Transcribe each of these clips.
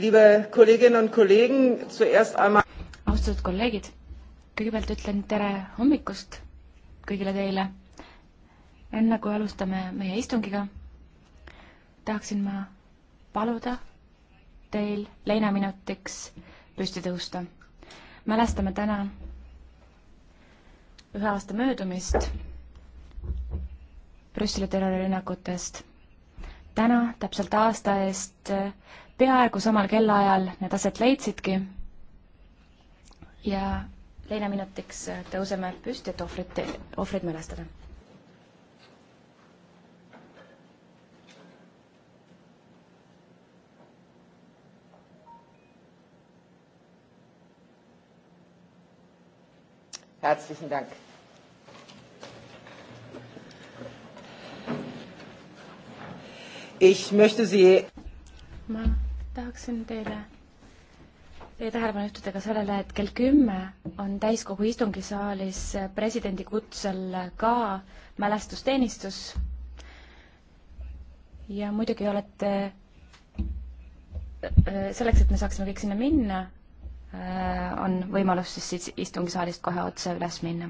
liebe Kolleginnen und Kollegen, zuerst einmal austatud kolleegid, kõigepealt ütlen tere hommikust kõigile teile. enne kui alustame meie istungiga, tahaksin ma paluda teil leinaminutiks püsti tõusta. mälestame täna ühe aasta möödumist Brüsseli terrorirünnakutest. täna täpselt aasta eest peaaegu samal kellaajal need aset leidsidki. ja leinaminutiks äh, tõuseme püsti, et ohvrit, ohvreid mälestada Herzlichen Dank. Ich möchte Sie. Ma tahaksin teile teie tähelepanu juhtida ka sellele, et kell kümme on täiskogu istungisaalis presidendi kutsel ka mälestusteenistus. ja muidugi olete äh, selleks, et me saaksime kõik sinna minna, äh, on võimalus siis siit istungisaalist kohe otse üles minna.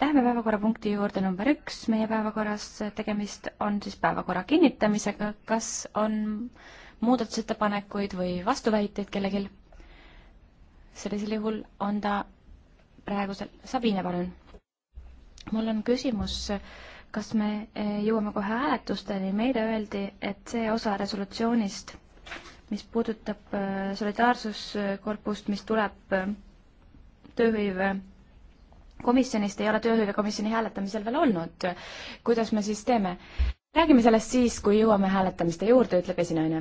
Läheme päevakorrapunkti juurde number üks meie päevakorras, tegemist on siis päevakorra kinnitamisega, kas on äh, muudatusettepanekuid või vastuväiteid kellelgi? sellisel juhul on ta praegusel, Sabine, palun. mul on küsimus, kas me eh, jõuame kohe hääletusteni, meile öeldi, et see osa resolutsioonist, mis puudutab eh, solidaarsuskorpust, mis tuleb eh, tööhõive komisjonist ei ole tööhõivekomisjoni hääletamisel veel olnud. kuidas me siis teeme? räägime sellest siis, kui jõuame hääletamiste juurde, ütleb esinaine.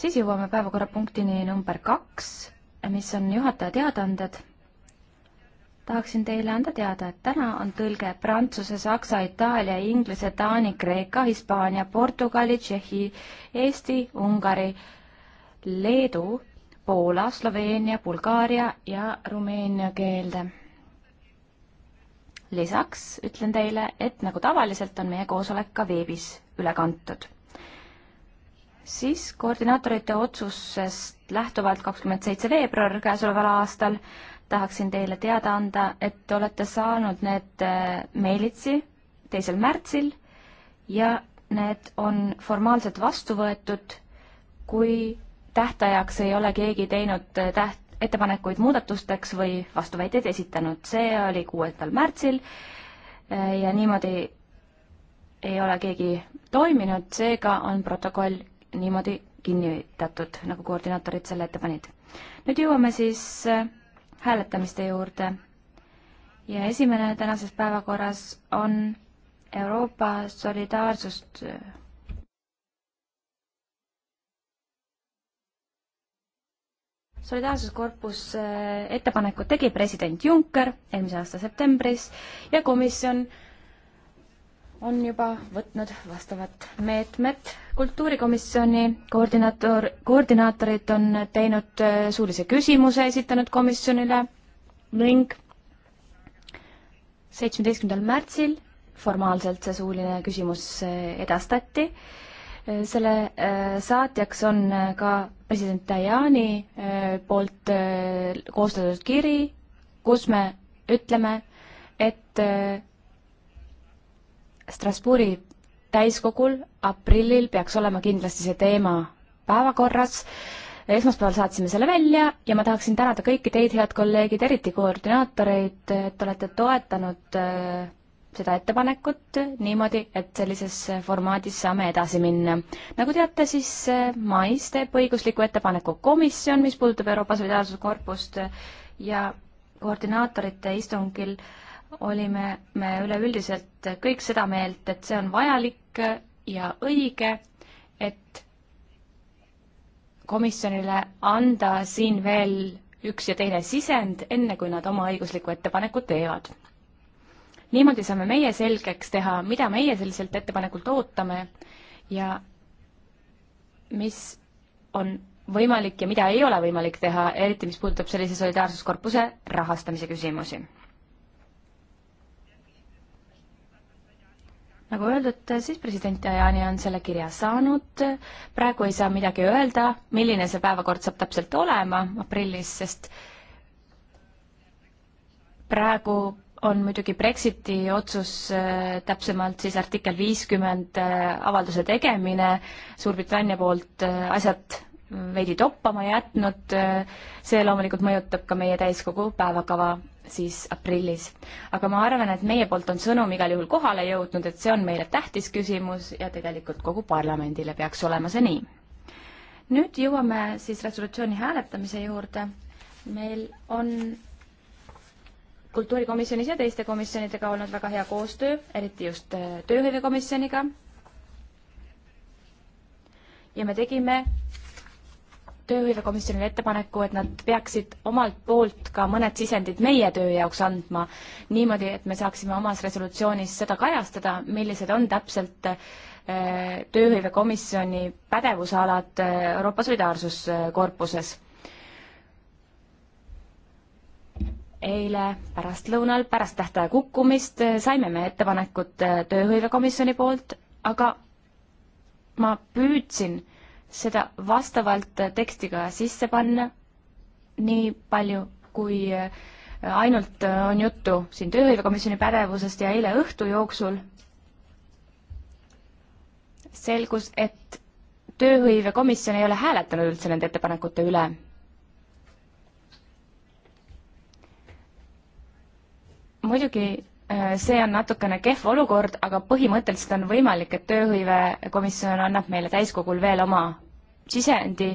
siis jõuame päevakorrapunktini number kaks, mis on juhataja teadaanded. tahaksin teile anda teada, et täna on tõlge prantsuse, saksa, itaalia, inglise, taani, kreeka, hispaania, portugali, tšehhi, eesti, ungari, leedu, Poola, Sloveenia, Bulgaaria ja Rumeenia keelde lisaks ütlen teile, et nagu tavaliselt on meie koosolek ka veebis üle kantud. siis koordinaatorite otsusest lähtuvalt kakskümmend seitse veebruar käesoleval aastal tahaksin teile teada anda, et olete saanud need äh, meilitsi teisel märtsil ja need on formaalselt vastu võetud, kui tähtajaks ei ole keegi teinud äh, täht-, ettepanekuid muudatusteks või vastuväiteid esitanud. see oli kuuendal märtsil eh, ja niimoodi ei ole keegi toiminud, seega on protokoll niimoodi kinnitatud, nagu koordinaatorid selle ette panid. nüüd jõuame siis eh, hääletamiste juurde. ja esimene tänases päevakorras on Euroopa solidaarsust eh, solidaarsuskorpus äh, ettepaneku tegi president Juncker eelmise aasta septembris ja komisjon on juba võtnud vastavad meetmed. kultuurikomisjoni koordinaator, koordinaatorid on teinud äh, suulise küsimuse, esitanud komisjonile ning seitsmeteistkümnendal märtsil formaalselt see suuline küsimus äh, edastati selle äh, saatjaks on äh, ka president Tajani äh, poolt koostatud kiri, kus me ütleme, et Strasbourgi täiskogul aprillil peaks olema kindlasti see teema päevakorras. esmaspäeval saatsime selle välja ja ma tahaksin tänada kõiki teid, head kolleegid, eriti koordinaatoreid, et olete toetanud äh, seda ettepanekut niimoodi, et sellises formaadis saame edasi minna. nagu teate, siis eh, mais teeb õigusliku ettepaneku komisjon, mis puudutab Euroopa Solidaarsuskorpust ja koordinaatorite istungil olime me üleüldiselt kõik seda meelt, et see on vajalik ja õige, et komisjonile anda siin veel üks ja teine sisend, enne kui nad oma õiguslikku ettepanekut teevad niimoodi saame meie selgeks teha, mida meie selliselt ettepanekult ootame ja mis on võimalik ja mida ei ole võimalik teha, eriti mis puudutab sellise solidaarsuskorpuse rahastamise küsimusi. nagu öeldud, siis president Tajani on selle kirja saanud, praegu ei saa midagi öelda, milline see päevakord saab täpselt olema aprillis, sest praegu on muidugi Brexiti otsus, äh, täpsemalt siis artikkel viiskümmend äh, avalduse tegemine Suurbritannia poolt äh, asjad veidi toppama jätnud. see loomulikult mõjutab ka meie täiskogu päevakava siis aprillis. aga ma arvan, et meie poolt on sõnum igal juhul kohale jõudnud, et see on meile tähtis küsimus ja tegelikult kogu parlamendile peaks olema see nii. nüüd jõuame siis resolutsiooni hääletamise juurde. meil on kultuurikomisjonis ja teiste komisjonidega olnud väga hea koostöö, eriti just äh, tööhõivekomisjoniga. ja me tegime tööhõivekomisjonile ettepaneku, et nad peaksid omalt poolt ka mõned sisendid meie töö jaoks andma, niimoodi, et me saaksime omas resolutsioonis seda kajastada, millised on täpselt äh, tööhõivekomisjoni pädevusalad äh, Euroopa Solidaarsuskorpuses eile pärastlõunal pärast tähtaja kukkumist äh, saime me ettepanekut äh, tööhõivekomisjoni poolt, aga ma püüdsin seda vastavalt äh, tekstiga sisse panna nii palju, kui ainult on juttu siin tööhõivekomisjoni pädevusest ja eile õhtu jooksul selgus, et tööhõivekomisjon ei ole hääletanud üldse nende ettepanekute üle muidugi äh, see on natukene kehv olukord, aga põhimõtteliselt on võimalik, et tööhõivekomisjon annab meile täiskogul veel oma sisendi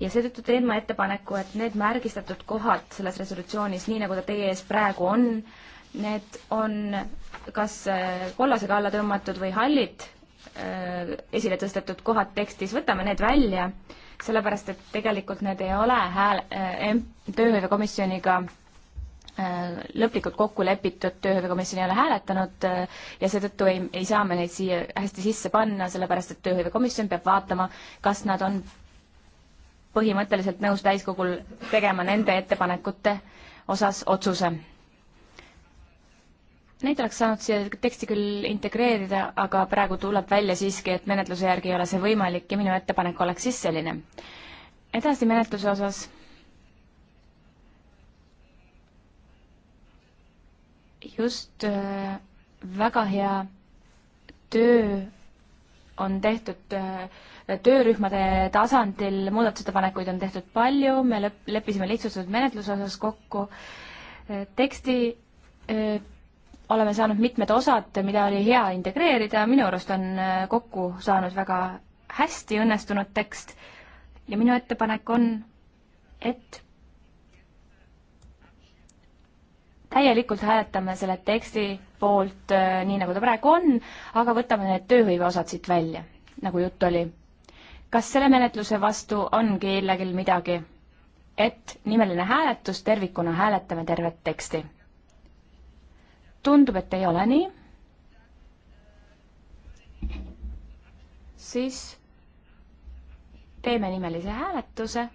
ja seetõttu teen ma ettepaneku, et need märgistatud kohad selles resolutsioonis, nii nagu ta teie ees praegu on, need on kas äh, kollasega alla tõmmatud või hallid äh, esile tõstetud kohad tekstis, võtame need välja, sellepärast et tegelikult need ei ole hääl-, tööhõivekomisjoniga äh, Äh, lõplikult kokku lepitud tööhõivekomisjon ei ole hääletanud äh, ja seetõttu ei, ei saa me neid siia hästi sisse panna, sellepärast et tööhõivekomisjon peab vaatama, kas nad on põhimõtteliselt nõus täiskogul tegema nende ettepanekute osas otsuse. Neid oleks saanud siia teksti küll integreerida, aga praegu tuleb välja siiski, et menetluse järgi ei ole see võimalik ja minu ettepanek oleks siis selline. edasi menetluse osas just äh, väga hea töö on tehtud äh, töörühmade tasandil, muudatusettepanekuid on tehtud palju, me leppisime lihtsustatud menetluse osas kokku. Äh, teksti öö, oleme saanud mitmed osad, mida oli hea integreerida, minu arust on kokku saanud väga hästi õnnestunud tekst ja minu ettepanek on, et täielikult hääletame selle teksti poolt äh, nii, nagu ta praegu on, aga võtame need tööhõive osad siit välja, nagu jutt oli. kas selle menetluse vastu on kellelgi midagi? et nimeline hääletus, tervikuna hääletame tervet teksti. tundub, et ei ole nii. siis teeme nimelise hääletuse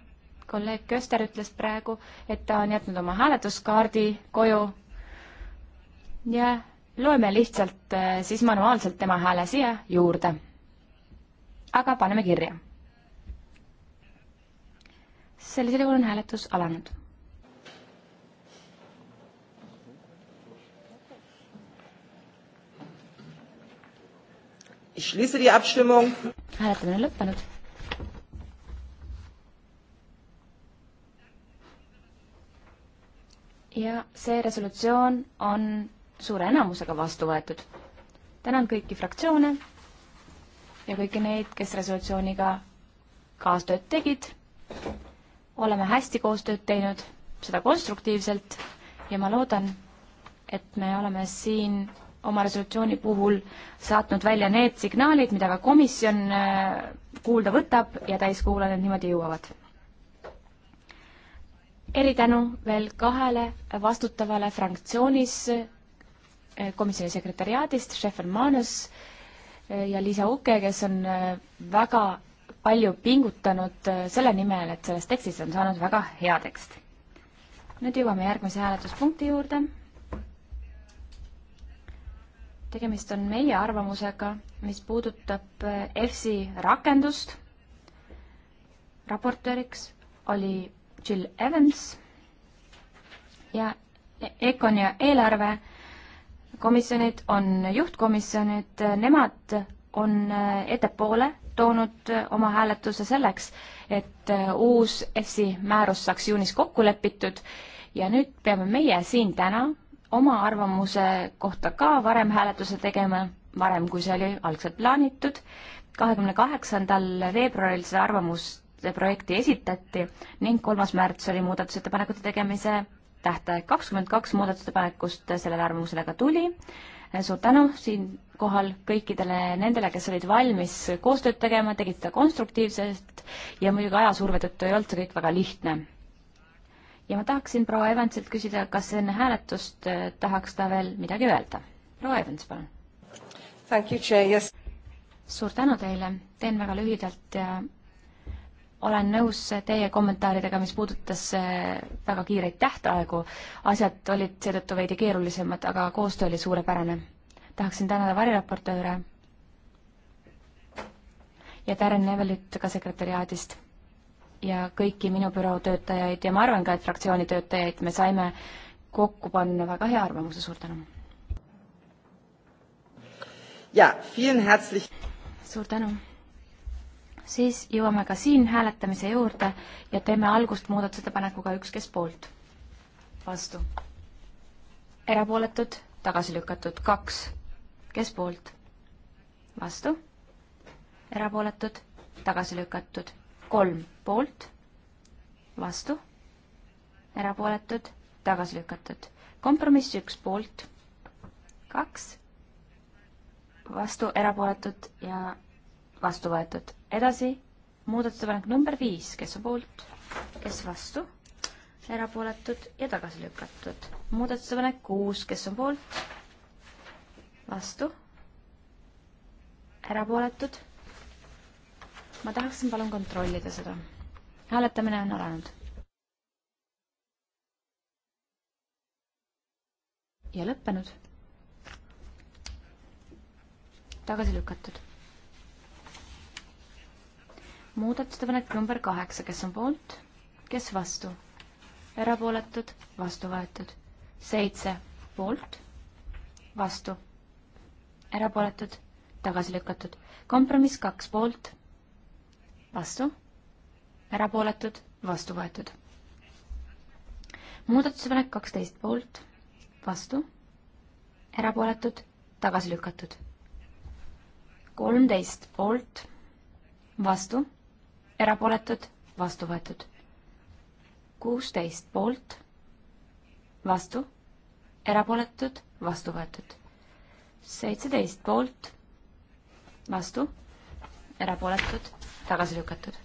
kolleeg Köster ütles praegu, et ta on jätnud oma hääletuskaardi koju ja loeme lihtsalt eh, siis manuaalselt tema hääle siia juurde. aga paneme kirja. sellisel juhul on hääletus alanud. hääletamine on lõppenud ja see resolutsioon on suure enamusega vastu võetud. tänan kõiki fraktsioone ja kõiki neid, kes resolutsiooniga kaastööd tegid. oleme hästi koostööd teinud, seda konstruktiivselt ja ma loodan, et me oleme siin oma resolutsiooni puhul saatnud välja need signaalid, mida ka komisjon äh, kuulda võtab ja täiskuulajad niimoodi jõuavad eritänu veel kahele vastutavale fraktsioonis eh, komisjoni sekretäriaadist, Stefan Manus eh, ja Liisa Uke, kes on eh, väga palju pingutanud selle nimel, et sellest tekstist on saanud väga hea tekst. nüüd jõuame järgmise hääletuspunkti juurde. tegemist on meie arvamusega, mis puudutab EFSI rakendust. raportööriks oli Jill Evans ja Econ ja eelarve komisjonid on juhtkomisjonid, nemad on äh, ettepoole toonud äh, oma hääletuse selleks, et äh, uus EFSI määrus saaks juunis kokku lepitud ja nüüd peame meie siin täna oma arvamuse kohta ka varem hääletuse tegema, varem kui see oli algselt plaanitud. kahekümne kaheksandal veebruaril seda arvamust projekti esitati ning kolmas märts oli muudatusettepanekute tegemise tähtaeg. kakskümmend kaks muudatusettepanekust sellele arvamusele ka tuli. suur tänu siinkohal kõikidele nendele, kes olid valmis koostööd tegema, tegid seda konstruktiivselt ja muidugi ajasurve tõttu ei olnud see kõik väga lihtne. ja ma tahaksin proua Evansilt küsida, kas enne hääletust äh, tahaks ta veel midagi öelda? proua Evans, palun. Yes. suur tänu teile, teen väga lühidalt ja olen nõus teie kommentaaridega, mis puudutas äh, väga kiireid tähtaegu. asjad olid seetõttu veidi keerulisemad, aga koostöö oli suurepärane. tahaksin tänada variraportööre ja Darren Nevelit ka sekretäriaadist ja kõiki minu büroo töötajaid ja ma arvan ka, et fraktsiooni töötajaid me saime kokku panna väga hea arvamuse, suur tänu. ja, suur tänu siis jõuame ka siin hääletamise juurde ja teeme algust muudatusettepanekuga üks, kes poolt. vastu. erapooletud, tagasi lükatud, kaks. kes poolt? vastu. erapooletud, tagasi lükatud, kolm poolt. vastu. erapooletud, tagasi lükatud. kompromiss üks poolt, kaks, vastu, erapooletud ja vastu võetud. edasi muudatusettepanek number viis, kes on poolt, kes vastu, erapooletud ja tagasi lükatud. muudatusettepanek kuus, kes on poolt, vastu, erapooletud. ma tahaksin palun kontrollida seda. hääletamine on alanud. ja lõppenud. tagasi lükatud muudatusettepanek number kaheksa, kes on poolt, kes vastu? erapooletud, vastu võetud. seitse poolt, vastu, erapooletud, tagasi lükatud. kompromiss kaks poolt, vastu, erapooletud, vastu võetud. muudatusepanek kaksteist poolt, vastu, erapooletud, tagasi lükatud. kolmteist poolt, vastu erapooletud, vastu võetud. kuusteist poolt, vastu, erapooletud, vastu võetud. seitseteist poolt, vastu, erapooletud, tagasi lükatud.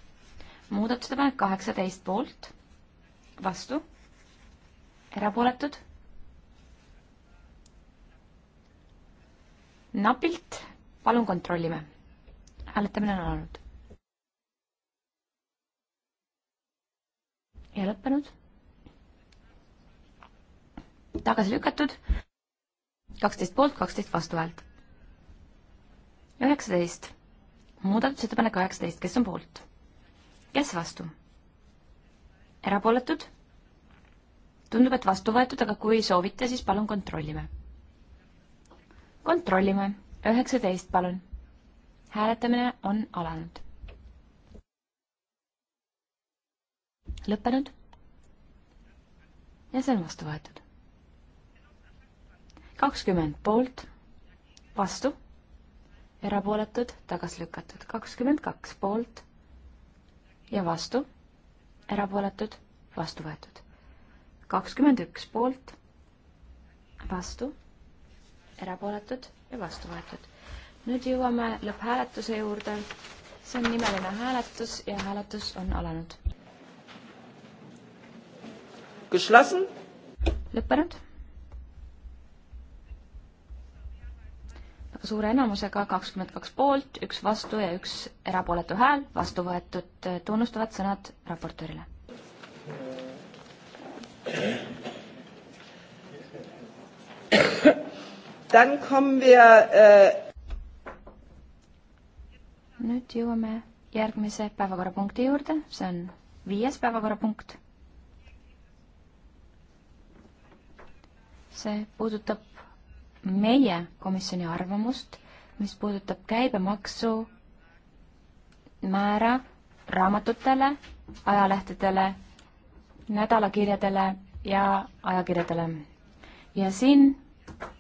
muudatusettepanek kaheksateist poolt, vastu, erapooletud napilt, palun kontrollime. hääletamine on alanud. ja lõppenud. tagasi lükatud. kaksteist poolt, kaksteist vastuhäält. üheksateist. muudatusettepanek üheksateist, kes on poolt? kes vastu? erapooletud? tundub, et vastu võetud, aga kui soovite, siis palun kontrollime. kontrollime. üheksateist, palun. hääletamine on alanud lõppenud ja see on vastu võetud. kakskümmend poolt, vastu, erapooletud, tagasi lükatud, kakskümmend kaks poolt ja vastu, erapooletud, vastu võetud. kakskümmend üks poolt, vastu, erapooletud ja vastu võetud. nüüd jõuame lõpphääletuse juurde. see on nimeline hääletus ja hääletus on alanud geschlossen. lõppenud. suure enamusega kakskümmend kaks poolt, üks vastu ja üks erapooletu hääl, vastu võetud tunnustavad sõnad raportöörile. Dann kommen wir äh nüüd jõuame järgmise päevakorrapunkti juurde, see on viies päevakorrapunkt see puudutab meie komisjoni arvamust, mis puudutab käibemaksu määra raamatutele, ajalehtedele, nädalakirjadele ja ajakirjadele. ja siin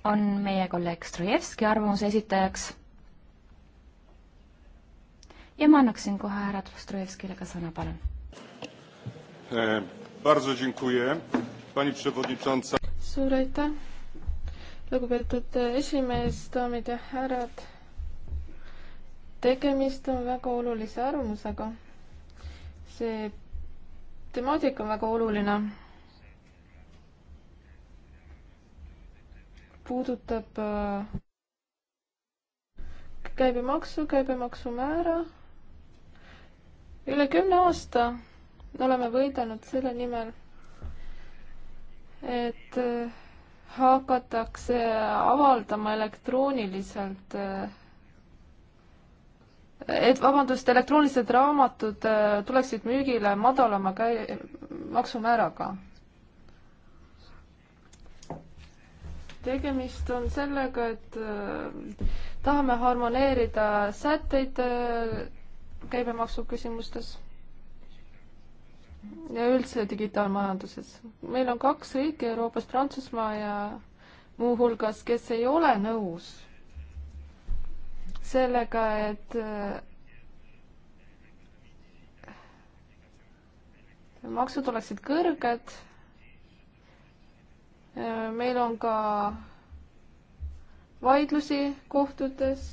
on meie kolleeg Strojevski arvamuse esitajaks. ja ma annaksin kohe härra Strojevskile ka sõna, palun eh,. Bardzo dziękuję, pani przewodnicząca suur aitäh, lugupeetud äh, esimees, daamid ja härrad. tegemist on väga olulise arvamusega. see temaatika on väga oluline. puudutab äh, käibemaksu, käibemaksumäära. üle kümne aasta oleme võidelnud selle nimel et äh, hakatakse avaldama elektrooniliselt, äh, et vabandust, elektroonilised raamatud äh, tuleksid müügile madalama käi-, maksumääraga. tegemist on sellega, et tahame harmoneerida sätteid käibemaksu küsimustes ja üldse digitaalmajanduses. meil on kaks riiki Euroopas, Prantsusmaa ja muuhulgas, kes ei ole nõus sellega, et äh, maksud oleksid kõrged. Äh, meil on ka vaidlusi kohtutes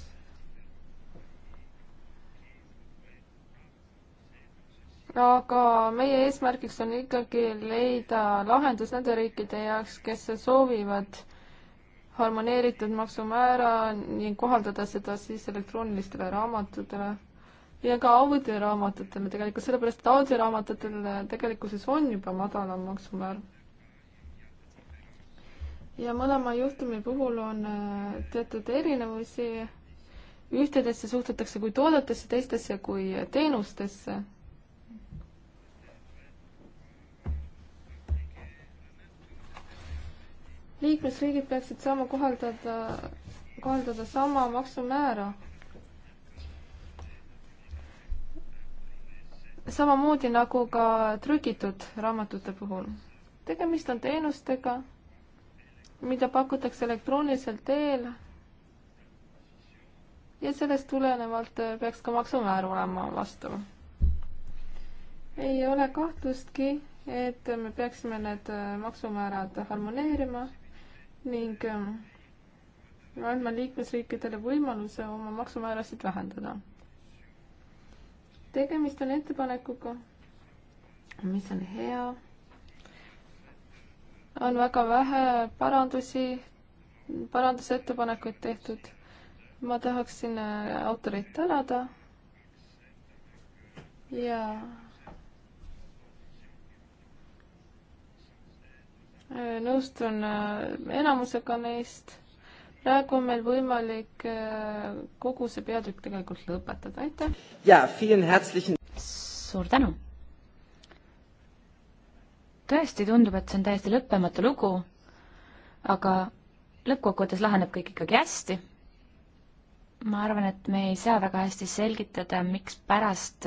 aga meie eesmärgiks on ikkagi leida lahendus nende riikide jaoks, kes soovivad harmoneeritud maksumäära ning kohaldada seda siis elektroonilistele raamatutele ja ka audioraamatutele tegelikult, sellepärast et audioraamatutele tegelikkuses on juba madalam maksumäär. ja mõlema juhtumi puhul on äh, teatud erinevusi, ühtedesse suhtutakse kui toodetesse, teistesse kui teenustesse liikmesriigid peaksid saama kohaldada, kohaldada sama maksumäära. samamoodi nagu ka trükitud raamatute puhul. tegemist on teenustega, mida pakutakse elektroonilisel teel ja sellest tulenevalt peaks ka maksumäär olema vastav. ei ole kahtlustki, et me peaksime need maksumäärad harmoneerima ning ähm, andma liikmesriikidele võimaluse oma maksumäärasid vähendada. tegemist on ettepanekuga, mis on hea, on väga vähe parandusi, parandusettepanekuid tehtud. ma tahaksin autoreid tänada ja nõustun äh, enamusega neist. praegu on meil võimalik äh, kogu see peatükk tegelikult lõpetada, aitäh! jaa, vielen herzlichen suur tänu! tõesti tundub, et see on täiesti lõppematu lugu, aga lõppkokkuvõttes laheneb kõik ikkagi hästi ma arvan, et me ei saa väga hästi selgitada, mikspärast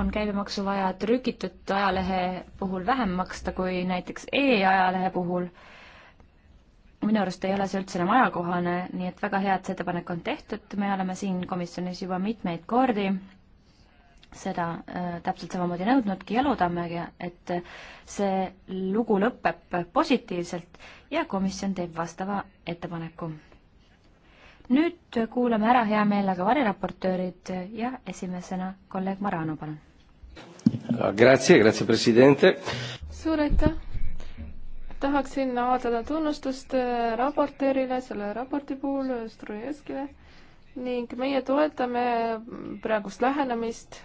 on käibemaksu vaja trükitud ajalehe puhul vähem maksta kui näiteks e-ajalehe puhul. minu arust ei ole see üldse enam ajakohane, nii et väga hea, et see ettepanek on tehtud, me oleme siin komisjonis juba mitmeid kordi seda äh, täpselt samamoodi nõudnudki Elutammega, et see lugu lõpeb positiivselt ja komisjon teeb vastava ettepaneku nüüd kuulame ära hea meelega variraportöörid ja esimesena kolleeg Marano, palun. Ah, grazie, grazie, president. suur aitäh. tahaksin avaldada tunnustust äh, raportöörile, selle raporti puhul, äh, Strujevskile ning meie toetame praegust lähenemist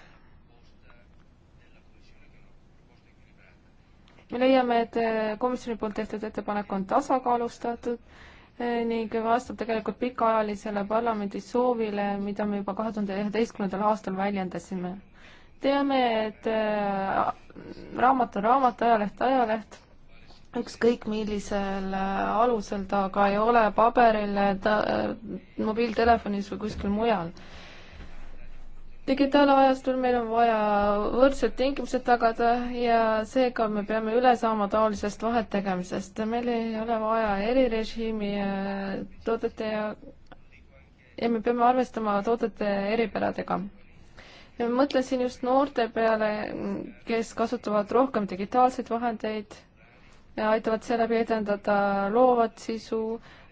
me leiame, et äh, komisjoni poolt tehtud ettepanek on tasakaalustatud Eh, ning vastab tegelikult pikaajalisele parlamendi soovile, mida me juba kahe tuhande üheteistkümnendal aastal väljendasime. teame, et eh, raamat on raamat, ajaleht ajaleht, ükskõik millisel eh, alusel ta ka ei ole, paberil, mobiiltelefonis või kuskil mujal digitaalajastul meil on vaja võrdsed tingimused tagada ja seega me peame üle saama taolisest vahettegemisest. meil ei ole vaja erirežiimi äh, toodete ja, ja me peame arvestama toodete eripäradega. mõtlesin just noorte peale, kes kasutavad rohkem digitaalseid vahendeid ja aitavad seeläbi edendada loovat sisu,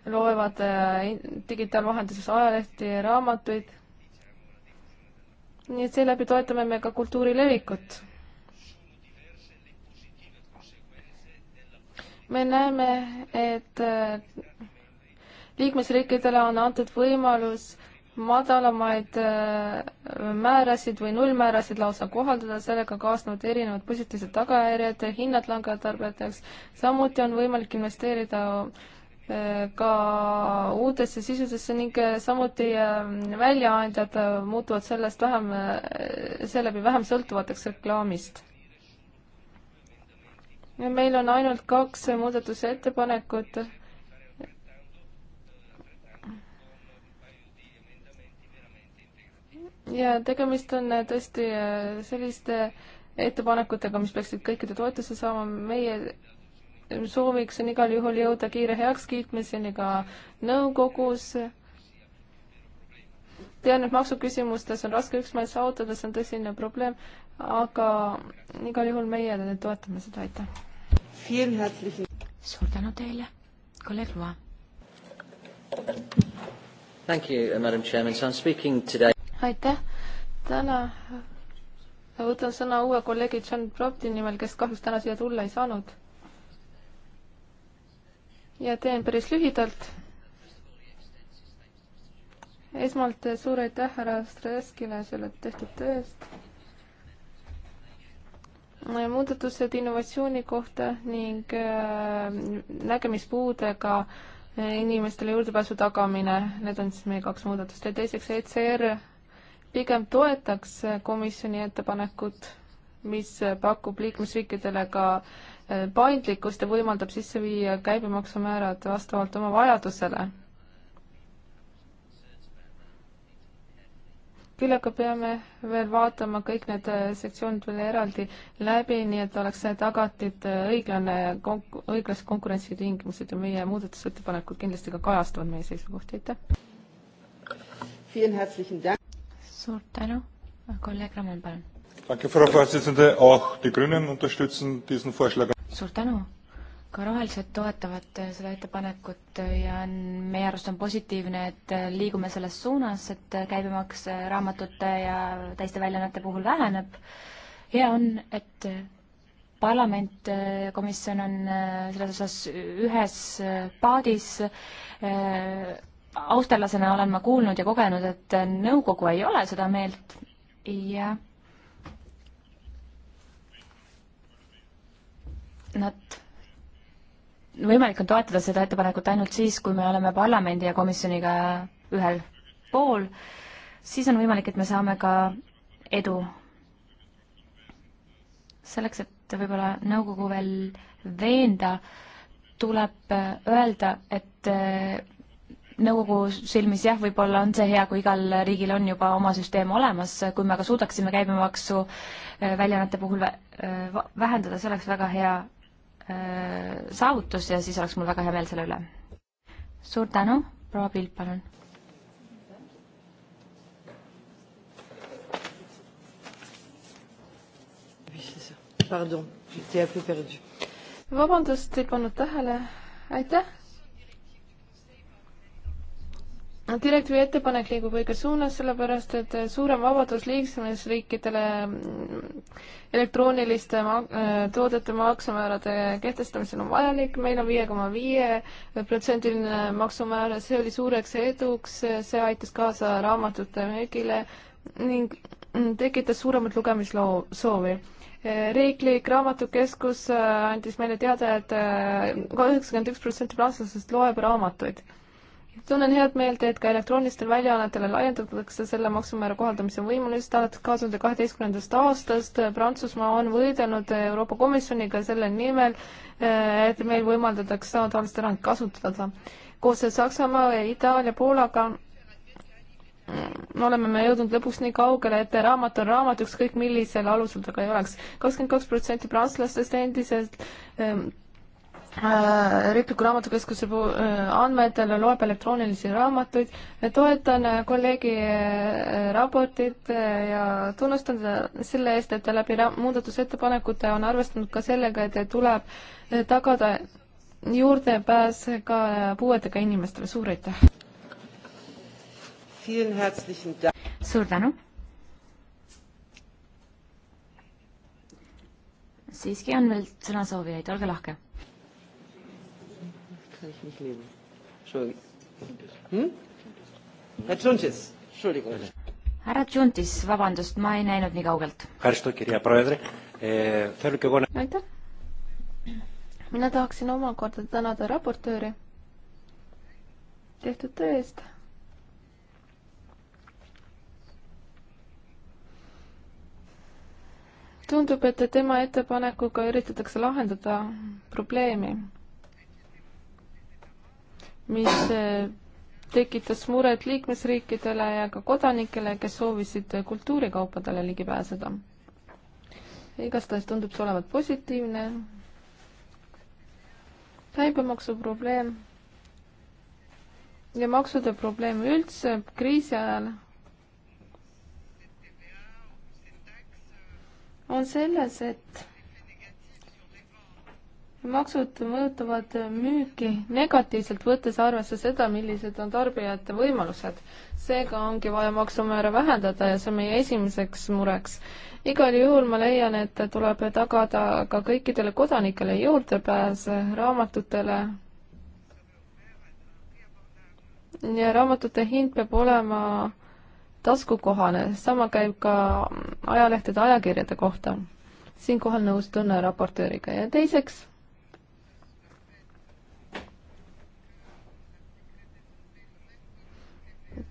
loevad äh, digitaalvahenduses ajalehti ja raamatuid nii et seeläbi toetame me ka kultuuri levikut. me näeme, et äh, liikmesriikidele on antud võimalus madalamaid äh, määrasid või nullmäärasid lausa kohaldada, sellega kaasnevad erinevad positiivsed tagajärjed, hinnad langevad tarbijateks, samuti on võimalik investeerida ka uutesse sisudesse ning äh, samuti äh, väljaandjad äh, muutuvad sellest vähem, seeläbi vähem sõltuvateks reklaamist. meil on ainult kaks muudatusettepanekut ja tegemist on tõesti selliste ettepanekutega, mis peaksid kõikide toetuse saama, meie sooviks on igal juhul jõuda kiire heakskiitmiseni ka nõukogus. tean, et maksuküsimustes on raske üksmeelt saavutada, see on tõsine probleem, aga igal juhul meie toetame seda, aitäh. suur tänu teile, kolleeg Loa. Thank you, uh, madam chairman, so I am speaking today. aitäh, täna võtan sõna uue kolleegi John Propti nimel, kes kahjuks täna siia tulla ei saanud ja teen päris lühidalt. esmalt suur aitäh härra Streskile selle tehtud töö eest. muudatused innovatsiooni kohta ning äh, nägemispuudega inimestele juurdepääsu tagamine, need on siis meie kaks muudatust ja teiseks ECR pigem toetaks komisjoni ettepanekut, mis pakub liikmesriikidele ka äh, Äh, paindlikkust ja võimaldab sisse viia käibemaksumäärad vastavalt oma vajadusele. küll aga peame veel vaatama kõik need äh, sektsioonid veel eraldi läbi, nii et oleks tagatud äh, õiglane konk-, õiglased konkurentsitingimused ja meie muudatusettepanekud kindlasti ka kajastavad meie seisukohti, aitäh! suur tänu, kolleeg Rammel, palun! Danke, Frau Vorsitzende. Auch die Grünen unterstützen diesen Vorschlag suur tänu! ka rohelised toetavad äh, seda ettepanekut äh, ja on, meie arust on positiivne, et äh, liigume selles suunas, et käibemaks raamatute ja teiste väljaannete puhul väheneb. hea on, et parlament, komisjon on selles osas ühes paadis. austerlasena olen ma kuulnud ja kogenud, et nõukogu ei ole seda meelt ja nad võimalik on toetada seda ettepanekut ainult siis, kui me oleme parlamendi ja komisjoniga ühel pool, siis on võimalik, et me saame ka edu. selleks, et võib-olla nõukogu veel veenda, tuleb öelda, et eh, nõukogu silmis jah, võib-olla on see hea, kui igal riigil on juba oma süsteem olemas, kui me aga suudaksime käibemaksu eh, väljaannete puhul eh, vähendada, see oleks väga hea Äh, saavutus ja siis oleks mul väga hea meel selle üle. suur tänu, proua Pilt, palun. vabandust, ei pannud tähele. aitäh, direktiivi ettepanek liigub õiges suunas, sellepärast et suurem vabadus liikmesriikidele mm, elektrooniliste ma äh, toodete maksumäärade kehtestamisel on vajalik, meil on viie koma viie protsendiline maksumäär, see oli suureks eduks, see aitas kaasa raamatute müügile ning tekitas suuremat lugemisloo-, soovi riiklik raamatukeskus äh, andis meile teada et, et äh, üheksakümmend üks protsenti prantslastest loeb raamatuid tunnen head meelt, et ka elektroonilistel väljaannetele laiendatakse selle maksumäära kohaldamise võimalust alates kahe tuhande kaheteistkümnendast aastast. Prantsusmaa on võidelnud Euroopa Komisjoniga selle nimel, et meil võimaldatakse samataalist erandit kasutada. koos Saksamaa, Itaalia, Poolaga oleme me jõudnud lõpuks nii kaugele, et raamat on raamat, ükskõik millisel alusel ta ka ei oleks. kakskümmend kaks protsenti prantslastest endiselt ehm, Äh, Riikliku Raamatukeskuse äh, andmetel loeb elektroonilisi raamatuid. toetan äh, kolleegi raportit ja tunnustan selle eest, et ta läbi muudatusettepanekute on arvestanud ka sellega, et tuleb tagada juurdepääs ka puuetega inimestele. suur aitäh! suur tänu! siiski on veel sõnasoovijaid, olge lahke kann ich nicht lesen. Entschuldigung. Hm? Herr Tsuntis, Entschuldigung. härra Tsuntis, vabandust, ma ei näinud nii kaugelt. Eh, aitäh. mina tahaksin omakorda tänada raportööri tehtud töö eest tundub, et tema ettepanekuga üritatakse lahendada probleemi, mis äh, tekitas muret liikmesriikidele ja ka kodanikele, kes soovisid kultuurikaupadele ligi pääseda. igastahes tundub see olevat positiivne. käibemaksu probleem ja maksude probleem üldse kriisi ajal on selles, et maksud mõjutavad müüki negatiivselt, võttes arvesse seda, millised on tarbijate võimalused. seega ongi vaja maksumäära vähendada ja see on meie esimeseks mureks. igal juhul ma leian, et tuleb tagada ka kõikidele kodanikele juurdepääs raamatutele. ja raamatute hind peab olema taskukohane, sama käib ka ajalehtede, ajakirjade kohta. siinkohal nõustun raportööriga ja teiseks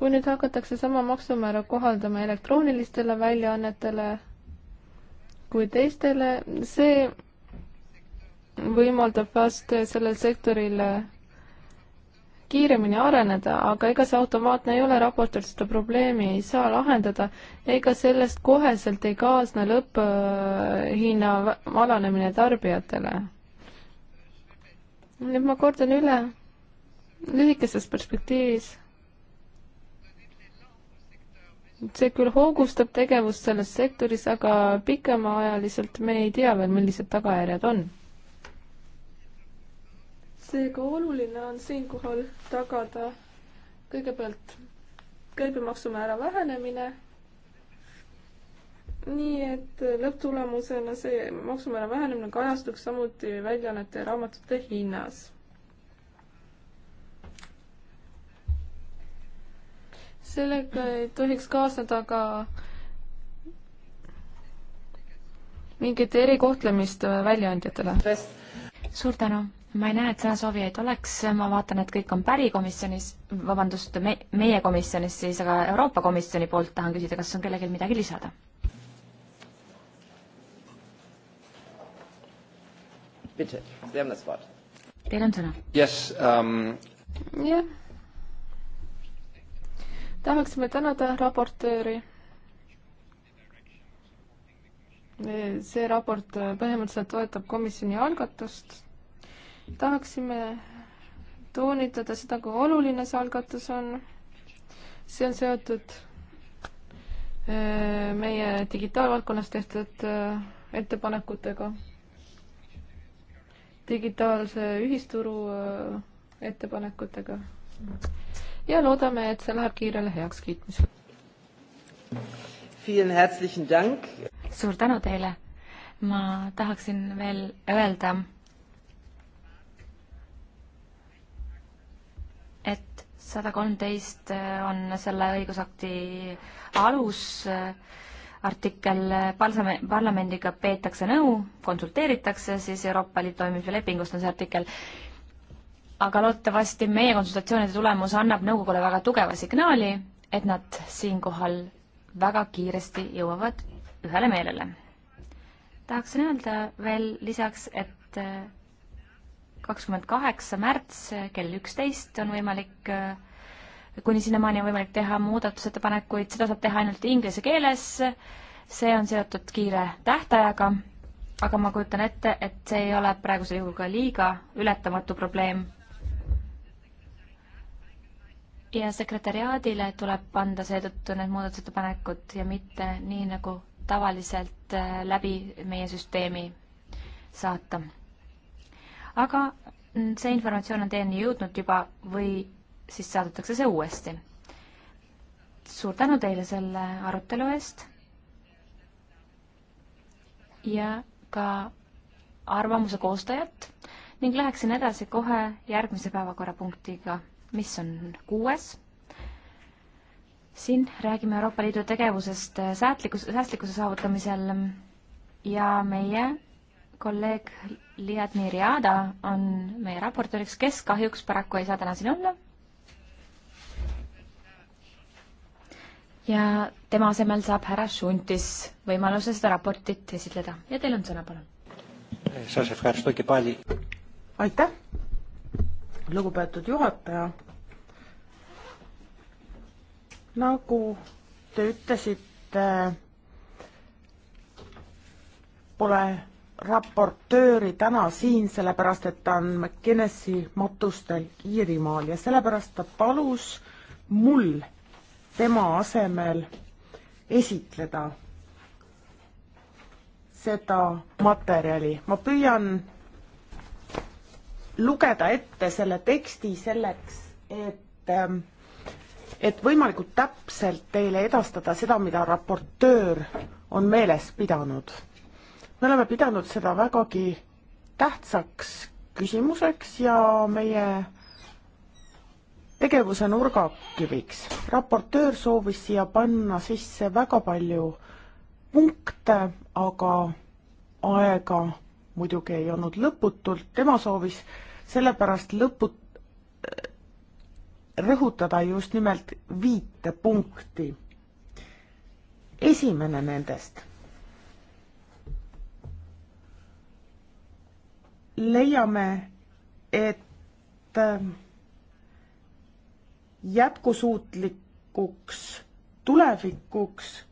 kui nüüd hakatakse sama maksumäära kohaldama elektroonilistele väljaannetele kui teistele, see võimaldab vast sellel sektoril kiiremini areneda, aga ega see automaatne ei ole, raportöör seda probleemi ei saa lahendada, ega sellest koheselt ei kaasne lõpphinna alanemine tarbijatele. nüüd ma kordan üle, lühikeses perspektiivis see küll hoogustab tegevust selles sektoris, aga pikemaajaliselt me ei tea veel, millised tagajärjed on. seega oluline on siinkohal tagada kõigepealt käibemaksumäära vähenemine, nii et lõpptulemusena see maksumäära vähenemine kajastuks samuti väljaannete ja raamatute hinnas sellega ei tohiks kaasneda ka mingit erikohtlemist väljaandjatele. suur tänu. ma ei näe, et sõnasoovijaid oleks, ma vaatan, et kõik on pärikomisjonis, vabandust, me, meie komisjonis siis, aga Euroopa Komisjoni poolt tahan küsida, kas on kellelgi midagi lisada? Bitte, Sie haben das Wort. Teil on sõna. Yes um.... jah yeah tahaksime tänada raportööri. see raport põhimõtteliselt toetab komisjoni algatust. tahaksime toonitada seda, kui oluline see algatus on. see on seotud äh, meie digitaalvaldkonnas tehtud äh, ettepanekutega, digitaalse ühisturu äh, ettepanekutega ja loodame, et see läheb kiirele heakskiitmisele. suur tänu teile. ma tahaksin veel öelda, et sada kolmteist on selle õigusakti alus artikkel palsame, parlamendiga peetakse nõu, konsulteeritakse, siis Euroopa Liidu toimimise lepingust on see artikkel aga loodetavasti meie konsultatsioonide tulemus annab nõukogule väga tugeva signaali, et nad siinkohal väga kiiresti jõuavad ühele meelele. tahaksin öelda veel lisaks, et äh, kakskümmend kaheksa märts kell üksteist on võimalik, äh, kuni sinnamaani on võimalik teha muudatusettepanekuid, seda saab teha ainult inglise keeles, see on seotud kiire tähtajaga, aga ma kujutan ette, et see ei ole praegusel juhul ka liiga ületamatu probleem ja sekretäriaadile tuleb anda seetõttu need muudatusettepanekud ja mitte nii, nagu tavaliselt äh, läbi meie süsteemi saata. aga mm, see informatsioon on teieni jõudnud juba või siis saadetakse see uuesti. suur tänu teile selle arutelu eest ja ka arvamuse koostajat ning läheksin edasi kohe järgmise päevakorrapunktiga mis on kuues. siin räägime Euroopa Liidu tegevusest äh, säätlikus, säästlikkuse saavutamisel ja meie kolleeg Liadni Riada on meie raportööriks, kes kahjuks paraku ei saa täna siin olla. ja tema asemel saab härra Šuntis võimaluse seda raportit esitleda ja teil on sõna, palun. aitäh, lugupeetud juhataja nagu te ütlesite, pole raportööri täna siin, sellepärast et ta on McKinnesi matustel Iirimaal ja sellepärast ta palus mul tema asemel esitleda seda materjali. ma püüan lugeda ette selle teksti selleks, et ähm, et võimalikult täpselt teile edastada seda, mida raportöör on meeles pidanud. me oleme pidanud seda vägagi tähtsaks küsimuseks ja meie tegevuse nurgakiviks. raportöör soovis siia panna sisse väga palju punkte, aga aega muidugi ei olnud lõputult, tema soovis sellepärast lõput-, rõhutada just nimelt viite punkti. esimene nendest leiame, et äh, jätkusuutlikuks tulevikuks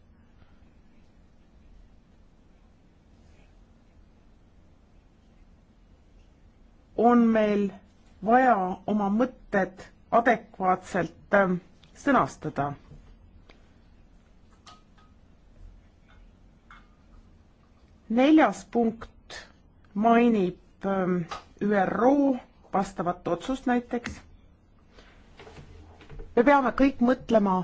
on meil vaja oma mõtted adekvaatselt ähm, sõnastada. neljas punkt mainib ähm, ÜRO vastavat otsust näiteks. me peame kõik mõtlema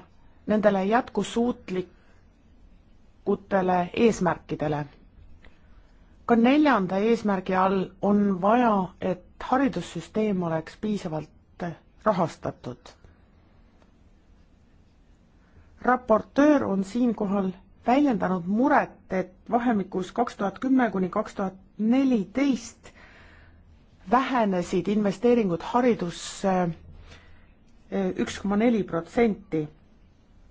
nendele jätkusuutlikutele eesmärkidele ka neljanda eesmärgi all on vaja, et haridussüsteem oleks piisavalt rahastatud. raportöör on siinkohal väljendanud muret, et vahemikus kaks tuhat kümme kuni kaks tuhat neliteist vähenesid investeeringud haridusse eh, üks koma neli protsenti.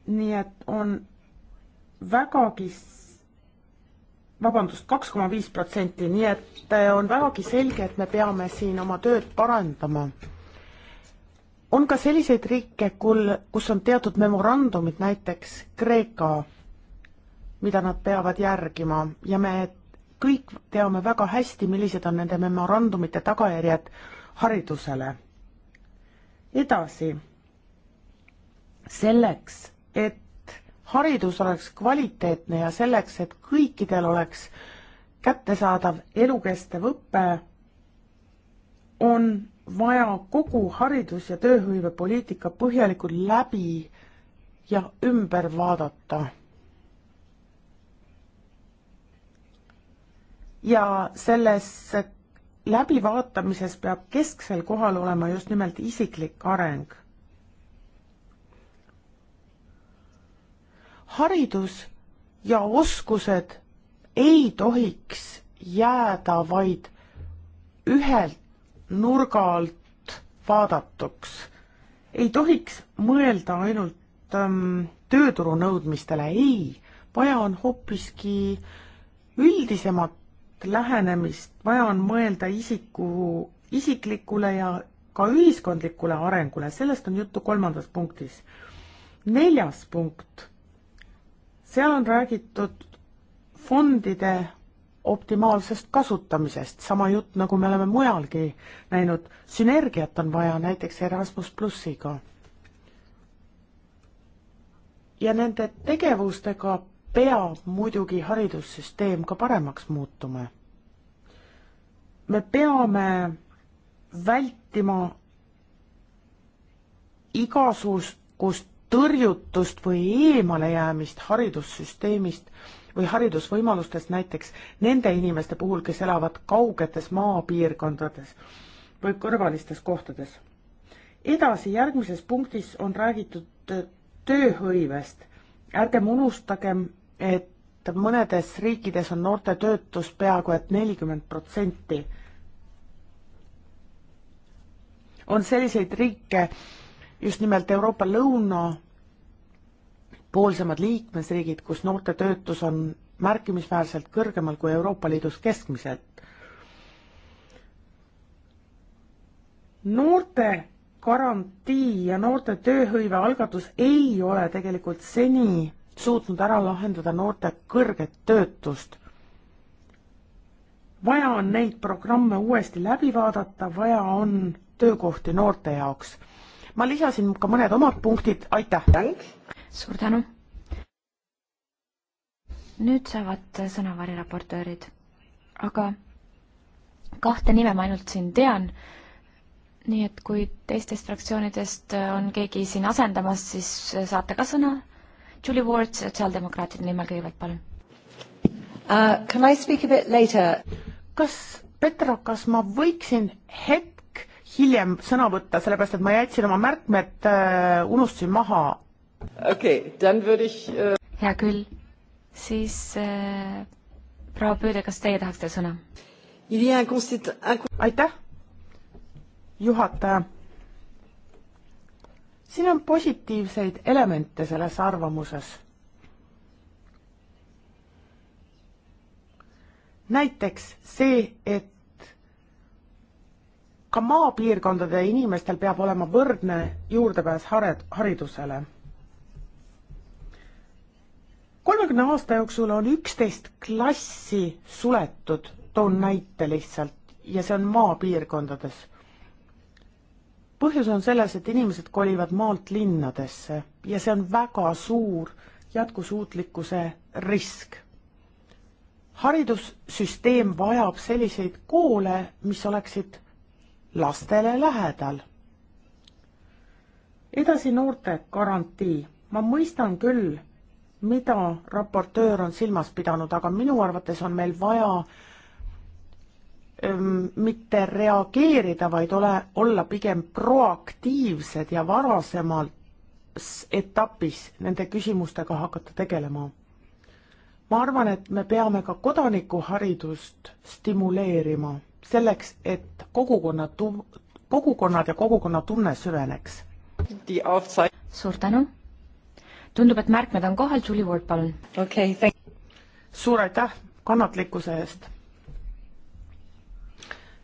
nii et on vägagi, vabandust, kaks koma viis protsenti, nii et eh, on vägagi selge, et me peame siin oma tööd parandama on ka selliseid riike, kul-, kus on teatud memorandumid, näiteks Kreeka, mida nad peavad järgima ja me kõik teame väga hästi, millised on nende memorandumite tagajärjed haridusele. edasi, selleks, et haridus oleks kvaliteetne ja selleks, et kõikidel oleks kättesaadav elukestev õpe, on vaja kogu haridus- ja tööhõivepoliitika põhjalikult läbi ja ümber vaadata. ja selles läbivaatamises peab kesksel kohal olema just nimelt isiklik areng. haridus ja oskused ei tohiks jääda vaid ühelt nurga alt vaadatuks. ei tohiks mõelda ainult ähm, tööturu nõudmistele, ei, vaja on hoopiski üldisemat lähenemist, vaja on mõelda isiku, isiklikule ja ka ühiskondlikule arengule, sellest on juttu kolmandas punktis. neljas punkt, seal on räägitud fondide optimaalsest kasutamisest, sama jutt, nagu me oleme mujalgi näinud, sünergiat on vaja näiteks Erasmus plussiga. ja nende tegevustega peab muidugi haridussüsteem ka paremaks muutuma. me peame vältima igasugust tõrjutust või eemalejäämist haridussüsteemist või haridusvõimalustest näiteks nende inimeste puhul, kes elavad kaugetes maapiirkondades või kõrvalistes kohtades. edasi, järgmises punktis on räägitud tööhõivest. ärgem unustagem, et mõnedes riikides on noorte töötus peaaegu et nelikümmend protsenti. on selliseid riike just nimelt Euroopa lõuna poolsemad liikmesriigid, kus noorte töötus on märkimisväärselt kõrgemal kui Euroopa Liidus keskmiselt. noorte garantii ja noorte tööhõive algatus ei ole tegelikult seni suutnud ära lahendada noorte kõrget töötust. vaja on neid programme uuesti läbi vaadata, vaja on töökohti noorte jaoks. ma lisasin ka mõned omad punktid, aitäh! suur tänu. nüüd saavad sõna variraportöörid, aga kahte nime ma ainult siin tean. nii et kui teistest fraktsioonidest on keegi siin asendamas, siis saate ka sõna. Julie Ward sotsiaaldemokraatide nimel kõigepealt, palun uh,. Can I speak a bit later? kas, Petra, kas ma võiksin hetk hiljem sõna võtta, sellepärast et ma jätsin oma märkmed äh,, unustasin maha okei okay,, dann würde ich äh.... hea küll, siis äh, proua Püüde, kas teie tahaksite sõna? aitäh, juhataja. siin on positiivseid elemente selles arvamuses. näiteks see, et ka maapiirkondade inimestel peab olema võrdne juurdepääs hared, haridusele kolmekümne aasta jooksul on üksteist klassi suletud, toon näite lihtsalt, ja see on maapiirkondades. põhjus on selles, et inimesed kolivad maalt linnadesse ja see on väga suur jätkusuutlikkuse risk. haridussüsteem vajab selliseid koole, mis oleksid lastele lähedal. edasi noorte garantii. ma mõistan küll mida raportöör on silmas pidanud, aga minu arvates on meil vaja öm, ähm, mitte reageerida, vaid ole, olla pigem proaktiivsed ja varasemas etapis nende küsimustega hakata tegelema. ma arvan, et me peame ka kodanikuharidust stimuleerima selleks, et kogukonna tu-, kogukonnad ja kogukonnatunne süveneks. suur tänu tundub, et märkmed on kohal, Julie Ward, palun. okei okay,, suur aitäh kannatlikkuse eest.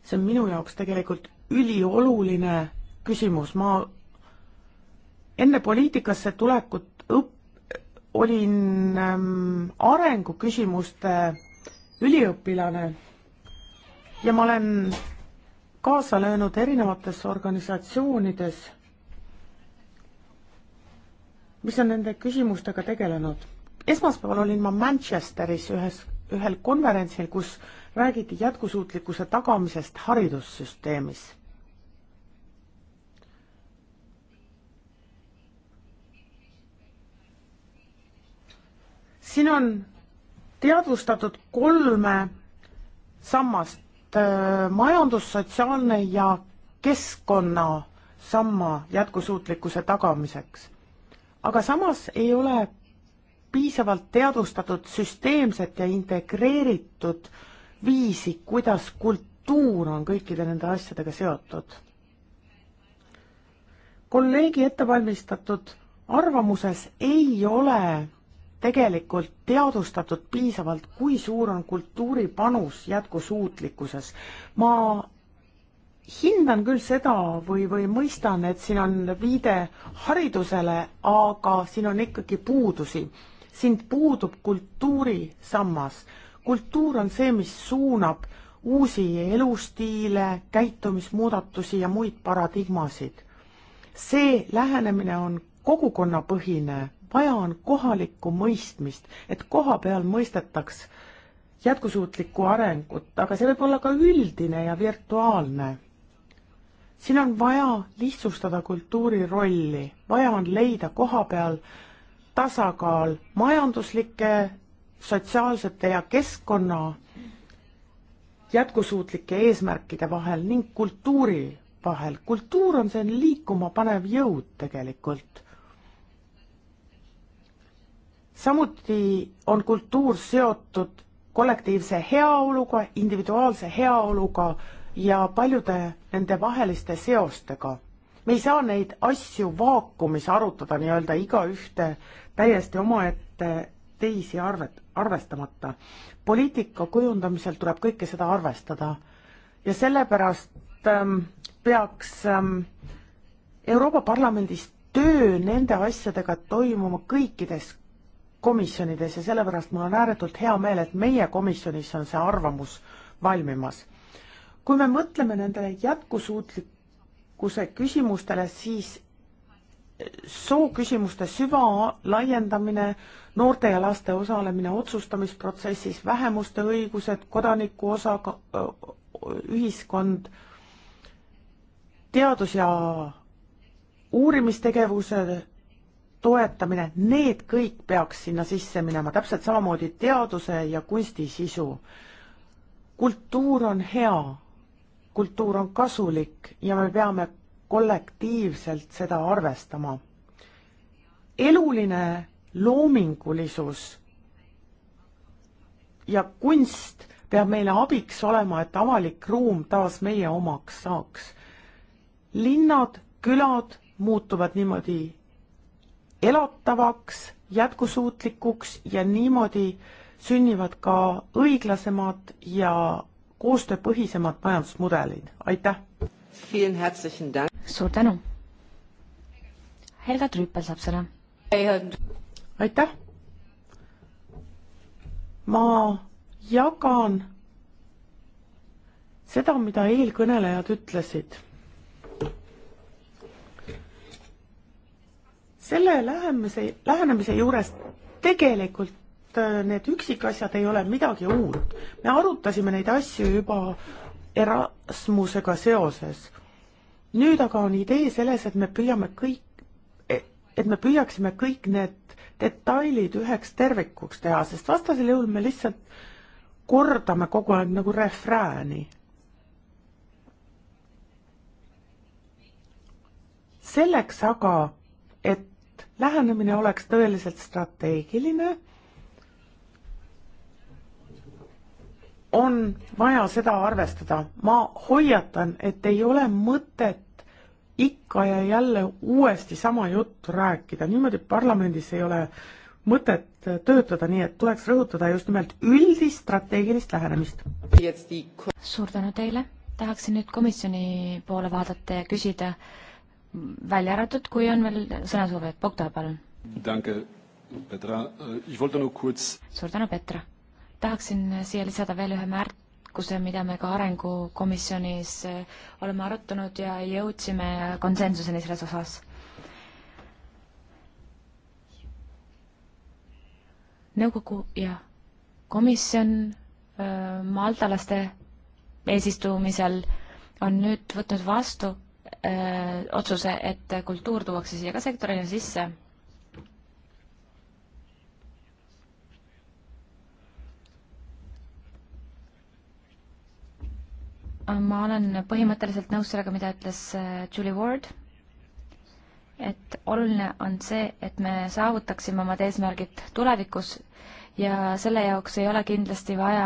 see on minu jaoks tegelikult ülioluline küsimus, ma enne poliitikasse tulekut õpp-, olin ähm, arenguküsimuste üliõpilane ja ma olen kaasa löönud erinevates organisatsioonides mis on nende küsimustega tegelenud. esmaspäeval olin ma Manchesteris ühes, ühel konverentsil, kus räägiti jätkusuutlikkuse tagamisest haridussüsteemis. siin on teadvustatud kolme sammast, äh, majandus, sotsiaalne ja keskkonna samma jätkusuutlikkuse tagamiseks aga samas ei ole piisavalt teadvustatud süsteemset ja integreeritud viisi, kuidas kultuur on kõikide nende asjadega seotud. kolleegi ettevalmistatud arvamuses ei ole tegelikult teadvustatud piisavalt, kui suur on kultuuri panus jätkusuutlikkuses. ma hindan küll seda või, või mõistan, et siin on viide haridusele, aga siin on ikkagi puudusi. siin puudub kultuurisammas. kultuur on see, mis suunab uusi elustiile, käitumismuudatusi ja muid paradigmasid. see lähenemine on kogukonnapõhine, vaja on kohalikku mõistmist, et koha peal mõistetaks jätkusuutlikku arengut, aga see võib olla ka üldine ja virtuaalne siin on vaja lihtsustada kultuuri rolli, vaja on leida koha peal tasakaal majanduslike, sotsiaalsete ja keskkonna jätkusuutlike eesmärkide vahel ning kultuuri vahel. kultuur on see liikuma panev jõud tegelikult. samuti on kultuur seotud kollektiivse heaoluga, individuaalse heaoluga, ja paljude nende vaheliste seostega. me ei saa neid asju vaakumis arutada nii-öelda igaühte täiesti omaette teisi arvet, arvestamata. poliitika kujundamisel tuleb kõike seda arvestada ja sellepärast ähm, peaks ähm, Euroopa Parlamendis töö nende asjadega toimuma kõikides komisjonides ja sellepärast mul on ääretult hea meel, et meie komisjonis on see arvamus valmimas kui me mõtleme nendele jätkusuutlikkuse küsimustele, siis sooküsimuste süvalaiendamine, noorte ja laste osalemine otsustamisprotsessis, vähemuste õigused, kodaniku osa, ühiskond, teadus- ja uurimistegevuse toetamine, need kõik peaks sinna sisse minema, täpselt samamoodi teaduse ja kunsti sisu. kultuur on hea kultuur on kasulik ja me peame kollektiivselt seda arvestama. eluline loomingulisus ja kunst peab meile abiks olema, et avalik ruum taas meie omaks saaks. linnad, külad muutuvad niimoodi elatavaks, jätkusuutlikuks ja niimoodi sünnivad ka õiglasemad ja koostööpõhisemad majandusmudelid, aitäh! suur tänu! Helga Trüüpel saab sõna. aitäh! ma jagan seda, mida eelkõnelejad ütlesid. selle lähemise, lähenemise juures tegelikult et äh, need üksikasjad ei ole midagi uut. me arutasime neid asju juba Erasmusega seoses. nüüd aga on idee selles, et me püüame kõik, e, et me püüaksime kõik need detailid üheks tervikuks teha, sest vastasel juhul me lihtsalt kordame kogu aeg nagu refrääni. selleks aga, et lähenemine oleks tõeliselt strateegiline on vaja seda arvestada. ma hoiatan, et ei ole mõtet ikka ja jälle uuesti sama juttu rääkida, niimoodi parlamendis ei ole mõtet töötada, nii et tuleks rõhutada just nimelt üldist strateegilist lähenemist. suur tänu teile, tahaksin nüüd komisjoni poole vaadata ja küsida, välja arvatud, kui on veel sõnasoovijad, Bogdan, palun. Äh, suur tänu, Petra tahaksin siia lisada veel ühe märkuse, mida me ka Arengukomisjonis eh, oleme arutanud ja jõudsime konsensuseni selles osas nõukogu ja komisjon eh, maldalaste eesistumisel on nüüd võtnud vastu öö, eh, otsuse, et kultuur tuuakse siia ka sektorina sisse ma olen põhimõtteliselt nõus sellega, mida ütles äh, Julie Ward, et oluline on see, et me saavutaksime omad eesmärgid tulevikus ja selle jaoks ei ole kindlasti vaja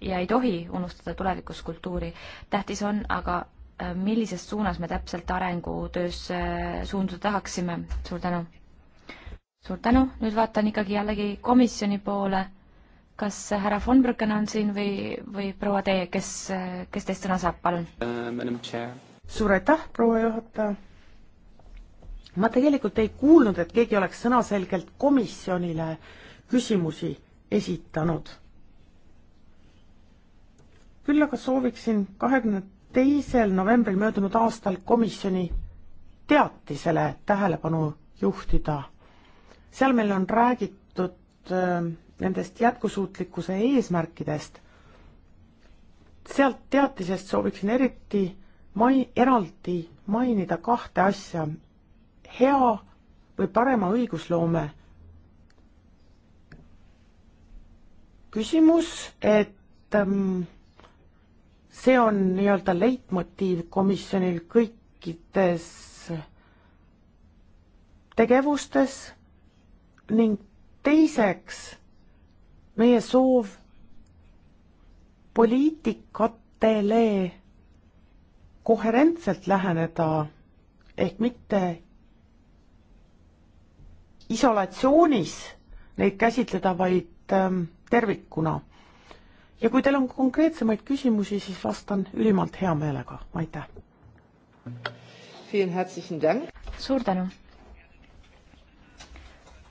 ja ei tohi unustada tulevikus kultuuri. tähtis on aga, äh, millises suunas me täpselt arengutöös äh, suunduda tahaksime. suur tänu! suur tänu, nüüd vaatan ikkagi jällegi komisjoni poole kas härra von Brücken on siin või, või proua teie, kes, kes teist sõna saab, palun uh,? suur aitäh, proua juhataja. ma tegelikult ei kuulnud, et keegi oleks sõnaselgelt komisjonile küsimusi esitanud. küll aga sooviksin kahekümne teisel novembril möödunud aastal komisjoni teatisele tähelepanu juhtida. seal meil on räägitud äh, nendest jätkusuutlikkuse eesmärkidest, sealt teatisest sooviksin eriti mai-, eraldi mainida kahte asja. hea või parema õigusloome küsimus, et ähm, see on nii-öelda leitmotiiv komisjonil kõikides tegevustes ning teiseks meie soov poliitikatele koherentselt läheneda ehk mitte isolatsioonis neid käsitleda, vaid ähm, tervikuna. ja kui teil on konkreetsemaid küsimusi, siis vastan ülimalt hea meelega, aitäh! suur tänu!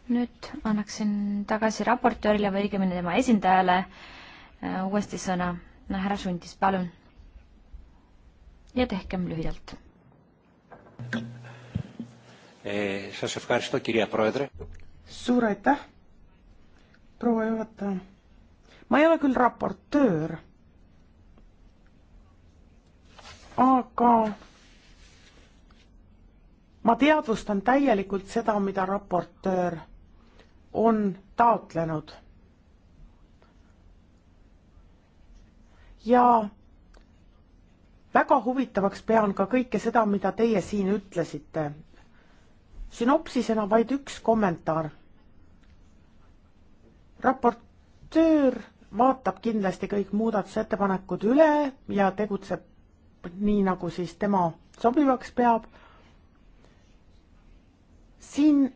nüüd annaksin tagasi raportöörile või õigemini tema esindajale äh, uuesti sõna. no härra Šuntis, palun. ja tehkem lühidalt. Eh, suur aitäh, proua juhataja. ma ei ole küll raportöör, aga ma teadvustan täielikult seda, mida raportöör on taotlenud. ja väga huvitavaks pean ka kõike seda, mida teie siin ütlesite. sünopsisena vaid üks kommentaar. raportöör vaatab kindlasti kõik muudatusettepanekud üle ja tegutseb nii, nagu siis tema sobivaks peab. siin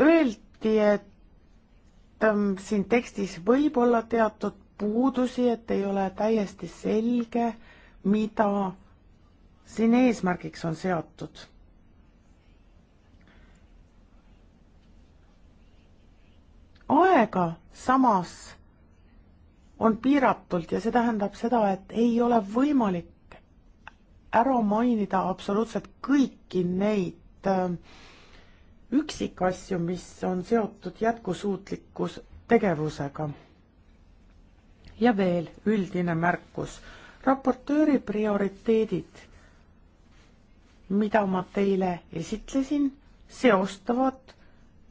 öeldi, et et ehm, siin tekstis võib olla teatud puudusi, et ei ole täiesti selge, mida siin eesmärgiks on seatud. aega samas on piiratult ja see tähendab seda, et ei ole võimalik ära mainida absoluutselt kõiki neid äh, üksikasju, mis on seotud jätkusuutlikkus tegevusega. ja veel üldine märkus, raportööri prioriteedid, mida ma teile esitlesin, seostavad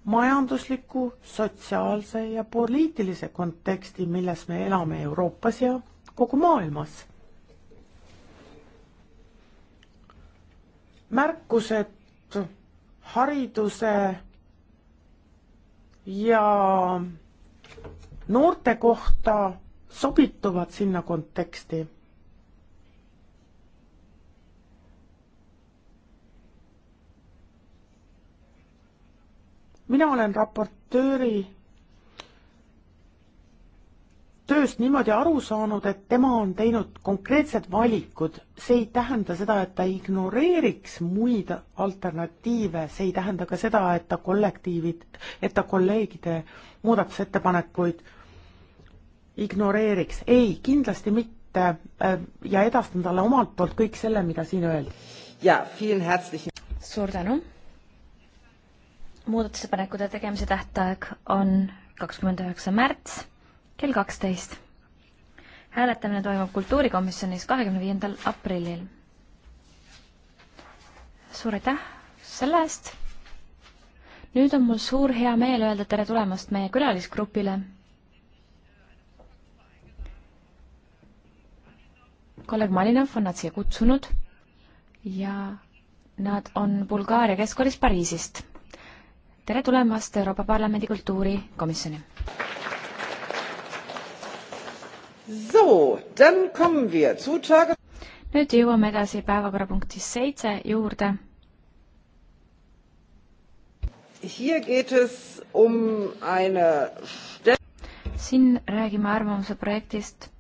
majandusliku, sotsiaalse ja poliitilise konteksti, milles me elame Euroopas ja kogu maailmas. märkused hariduse ja noorte kohta sobituvad sinna konteksti. mina olen raportööri tööst niimoodi aru saanud, et tema on teinud konkreetsed valikud, see ei tähenda seda, et ta ignoreeriks muid alternatiive, see ei tähenda ka seda, et ta kollektiivid, et ta kolleegide muudatusettepanekuid ignoreeriks, ei, kindlasti mitte ja edastan talle omalt poolt kõik selle, mida siin öeldi. jaa, suur tänu! muudatusettepanekute tegemise tähtaeg on kakskümmend üheksa märts kell kaksteist. hääletamine toimub kultuurikomisjonis kahekümne viiendal aprillil. suur aitäh selle eest. nüüd on mul suur hea meel öelda tere tulemast meie külalisgrupile. kolleeg Malinov on nad siia kutsunud ja nad on Bulgaaria keskkoolist Pariisist tere tulemast Euroopa Parlamendi kultuurikomisjoni! So, dann kommen wir zu Tage... nüüd jõuame edasi päevakorrapunktis seitse juurde. Hier geht es um eine siin räägime arvamuse projektist.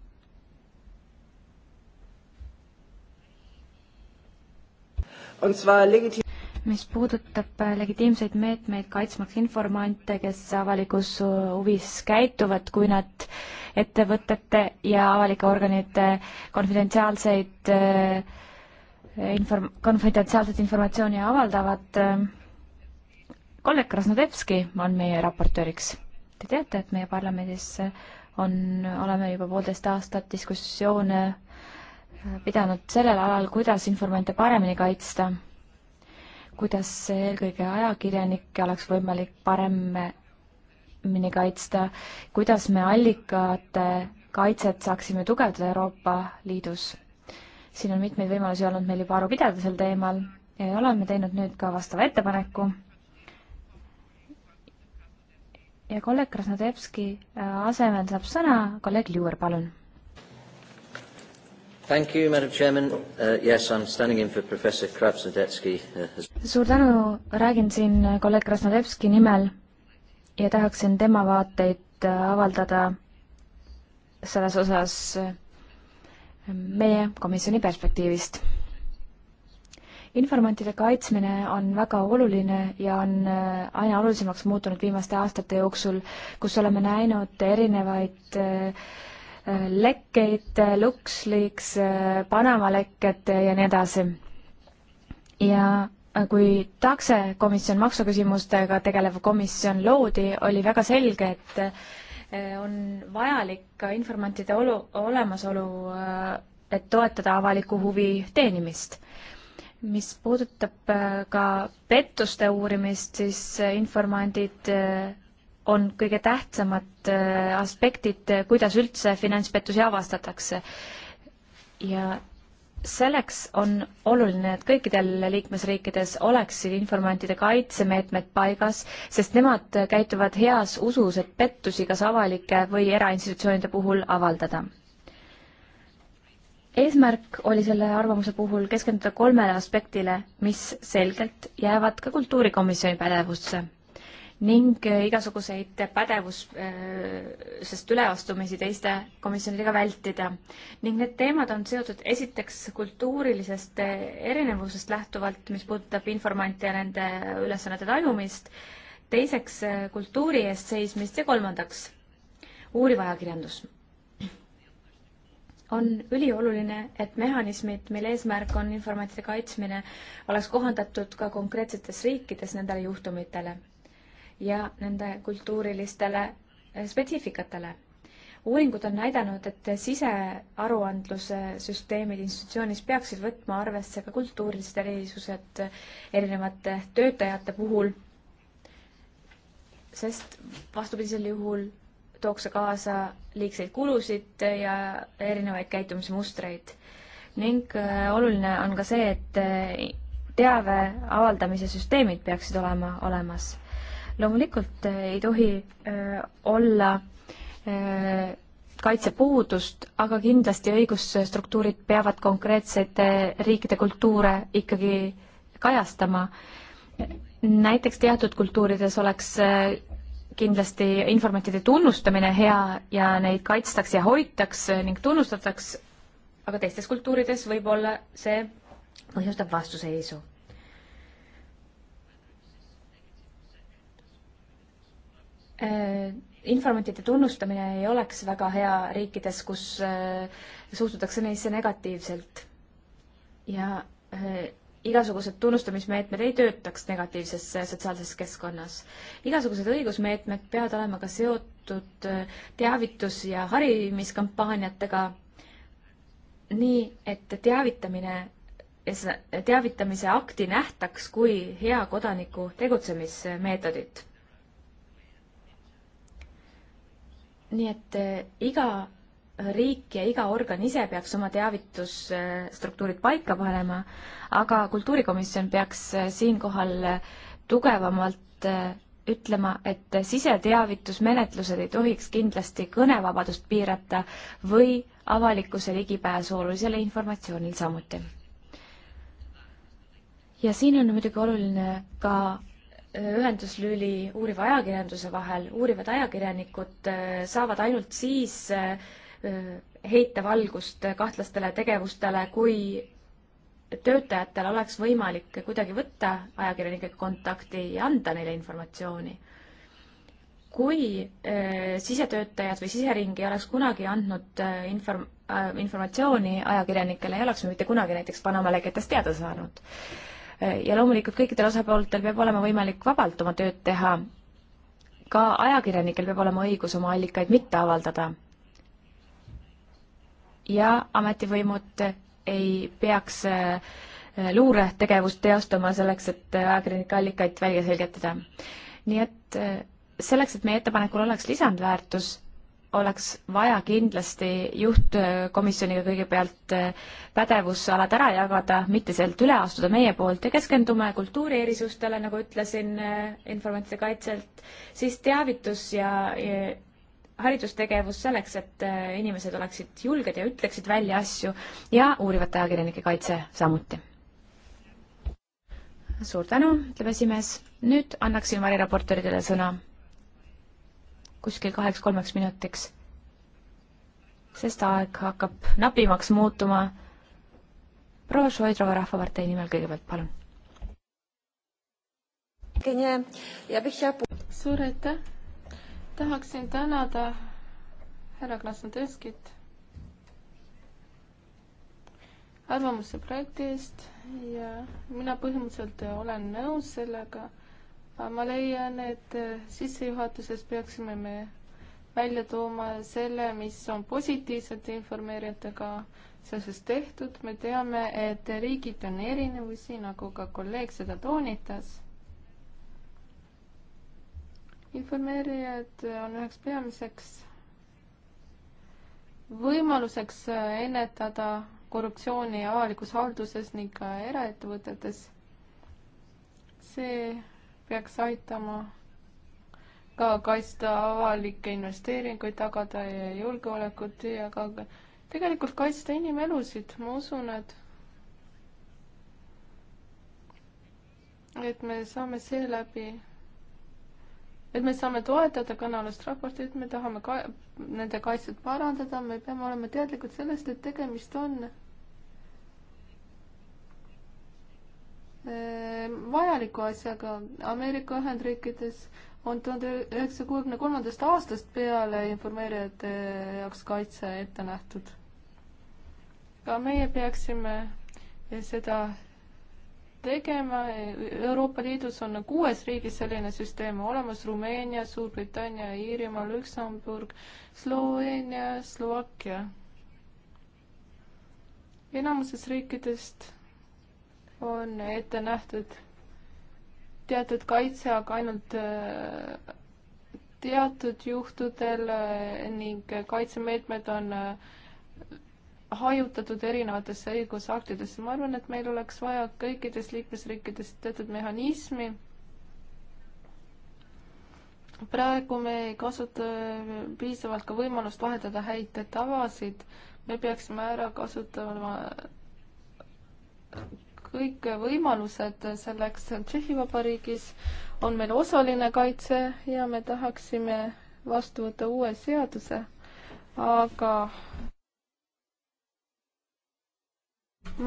mis puudutab äh, legitiimseid meetmeid kaitsmaks informante, kes avalikus huvis käituvad, kui nad äh, ettevõtete ja avalike organite konfidentsiaalseid äh, inform-, konfidentsiaalset informatsiooni avaldavad. Äh, kolleeg Krasnodebski on meie raportööriks. Te teate, et meie parlamendis on, oleme juba poolteist aastat diskussioone äh, pidanud sellel alal, kuidas informante paremini kaitsta kuidas eelkõige ajakirjanikke oleks võimalik parem paremini kaitsta, kuidas me allikate kaitset saaksime tugevdada Euroopa Liidus. siin on mitmeid võimalusi olnud meil juba aru pidada sel teemal ja oleme teinud nüüd ka vastava ettepaneku. ja kolleeg Krasnodebski äh, asemel saab sõna kolleeg Liuer, palun. Thank you, Madam Chairman. Uh, yes, I'm standing in for Professor Krasnodebski. Uh, Suur tänu, räägin siin kolleeg Krasnodebski nimel ja tahaksin tema vaateid äh, avaldada selles osas äh, meie komisjoni perspektiivist. informantide kaitsmine on väga oluline ja on äh, aina olulisemaks muutunud viimaste aastate jooksul, kus oleme näinud erinevaid lekkeid, LuxLeaks, Panama lekked ja nii edasi. ja Äh, kui takse komisjon, maksuküsimustega tegelev komisjon loodi, oli väga selge, et äh, on vajalik ka informantide olu, olemasolu, äh, et toetada avaliku huvi teenimist. mis puudutab ka pettuste uurimist, siis informandid on kõige tähtsamad aspektid, kuidas üldse finantspettusi avastatakse. ja selleks on oluline, et kõikidel liikmesriikides oleksid informantide kaitsemeetmed paigas, sest nemad käituvad heas usus, et pettusi kas avalike või erainstitutsioonide puhul avaldada. eesmärk oli selle arvamuse puhul keskenduda kolmele aspektile, mis selgelt jäävad ka kultuurikomisjoni pädevusse ning äh, igasuguseid pädevusest äh, üleastumisi teiste komisjonidega vältida. ning need teemad on seotud esiteks kultuurilisest äh, erinevusest lähtuvalt, mis puudutab informante ja nende ülesannete tajumist, teiseks kultuuri eest seismist ja kolmandaks uuriv ajakirjandus on ülioluline, et mehhanismid, mille eesmärk on informantide kaitsmine, oleks kohandatud ka konkreetsetes riikides nendele juhtumitele ja nende kultuurilistele eh, spetsiifikatele uuringud on näidanud, et sisearuandluse süsteemid institutsioonis peaksid võtma arvesse ka kultuurilised erisused erinevate töötajate puhul, sest vastupidisel juhul tooks see kaasa liigseid kulusid ja erinevaid käitumismustreid. ning eh, oluline on ka see, et eh, teave avaldamise süsteemid peaksid olema olemas loomulikult äh, ei tohi äh, olla äh, kaitsepuudust, aga kindlasti õigusstruktuurid peavad konkreetsete riikide kultuure ikkagi kajastama. näiteks teatud kultuurides oleks kindlasti informantide tunnustamine hea ja neid kaitstaks ja hoitaks ning tunnustataks, aga teistes kultuurides võib-olla see põhjustab vastuseisu Äh, informantide tunnustamine ei oleks väga hea riikides, kus äh, suhtutakse neisse negatiivselt. ja äh, igasugused tunnustamismeetmed ei töötaks negatiivses sotsiaalses keskkonnas. igasugused õigusmeetmed peavad olema ka seotud teavitus- ja harimiskampaaniatega, nii et teavitamine ja teavitamise akti nähtaks kui hea kodaniku tegutsemismeetodit nii et eh, iga eh, riik ja iga organ ise peaks oma teavitusstruktuurid paika panema, aga Kultuurikomisjon peaks eh, siinkohal tugevamalt ütlema, et siseteavitusmenetlused ei tohiks kindlasti kõnevabadust piirata või avalikkuse ligipääsu olulisele informatsioonile samuti. ja siin on muidugi oluline ka ühenduslüli uuriva ajakirjanduse vahel, uurivad ajakirjanikud äh, saavad ainult siis äh, äh, heita valgust kahtlastele tegevustele, kui töötajatel oleks võimalik kuidagi võtta ajakirjanikega kontakti ja anda neile informatsiooni. kui sisetöötajad või sisering ei oleks kunagi andnud inform-, informatsiooni ajakirjanikele, ei oleks me mitte kunagi näiteks Panama leketest teada saanud ja loomulikult kõikidel osapooltel peab olema võimalik vabalt oma tööd teha. ka ajakirjanikel peab olema õigus oma allikaid mitte avaldada. ja ametivõimud ei peaks äh, luuretegevust teostama selleks, et ajakirjanike allikaid välja selgitada. nii et äh, selleks, et meie ettepanekul oleks lisandväärtus, oleks vaja kindlasti juhtkomisjoniga kõigepealt eh, pädevusalad ära jagada, mitte sealt üle astuda meie poolt ja keskendume kultuuri erisustele, nagu ütlesin, eh, informantide kaitselt, siis teavitus ja, ja haridustegevus selleks, et eh, inimesed oleksid julged ja ütleksid välja asju ja uurivate ajakirjanike kaitse samuti. suur tänu, ütleb esimees. nüüd annaksin variraportööridele sõna kuskil kaheks-kolmeks minutiks, sest aeg hakkab napimaks muutuma. proua Šoidrova Rahvapartei nimel kõigepealt, palun. suur aitäh, tahaksin tänada härra Krasnodevskit arvamuse projekti eest ja mina põhimõtteliselt olen nõus sellega ma leian, et äh, sissejuhatuses peaksime me välja tooma selle, mis on positiivsete informeerijatega seoses tehtud. me teame, et riigid on erinevusi, nagu ka kolleeg seda toonitas informeerijad on üheks peamiseks võimaluseks äh, ennetada korruptsiooni avalikus halduses ning ka eraettevõtetes. see peaks aitama ka kaitsta avalikke investeeringuid, tagada julgeolekut ja ka tegelikult kaitsta inimelusid, ma usun, et et me saame seeläbi, et me saame toetada kõnealust raportit, me tahame ka nende kaitset parandada, me peame olema teadlikud sellest, et tegemist on Äh, vajaliku asjaga. Ameerika Ühendriikides on tuhande üheksasaja kuuekümne kolmandast aastast peale informeerijate jaoks kaitse ette nähtud. ka meie peaksime seda tegema, Euroopa Liidus on kuues riigis selline süsteem olemas, Rumeenia, Suurbritannia, Iirimaa, Luksemburg, Sloveenia, Slovakkia. enamuses riikidest on ette nähtud teatud kaitse, aga ainult äh, teatud juhtudel äh, ning kaitsemeetmed on äh, hajutatud erinevatesse õigusaktidesse. ma arvan, et meil oleks vaja kõikides liikmesriikides teatud mehhanismi. praegu me ei kasuta piisavalt ka võimalust vahetada häid tavasid. me peaksime ära kasutama kõik võimalused selleks Tšehhi Vabariigis, on meil osaline kaitse ja me tahaksime vastu võtta uue seaduse, aga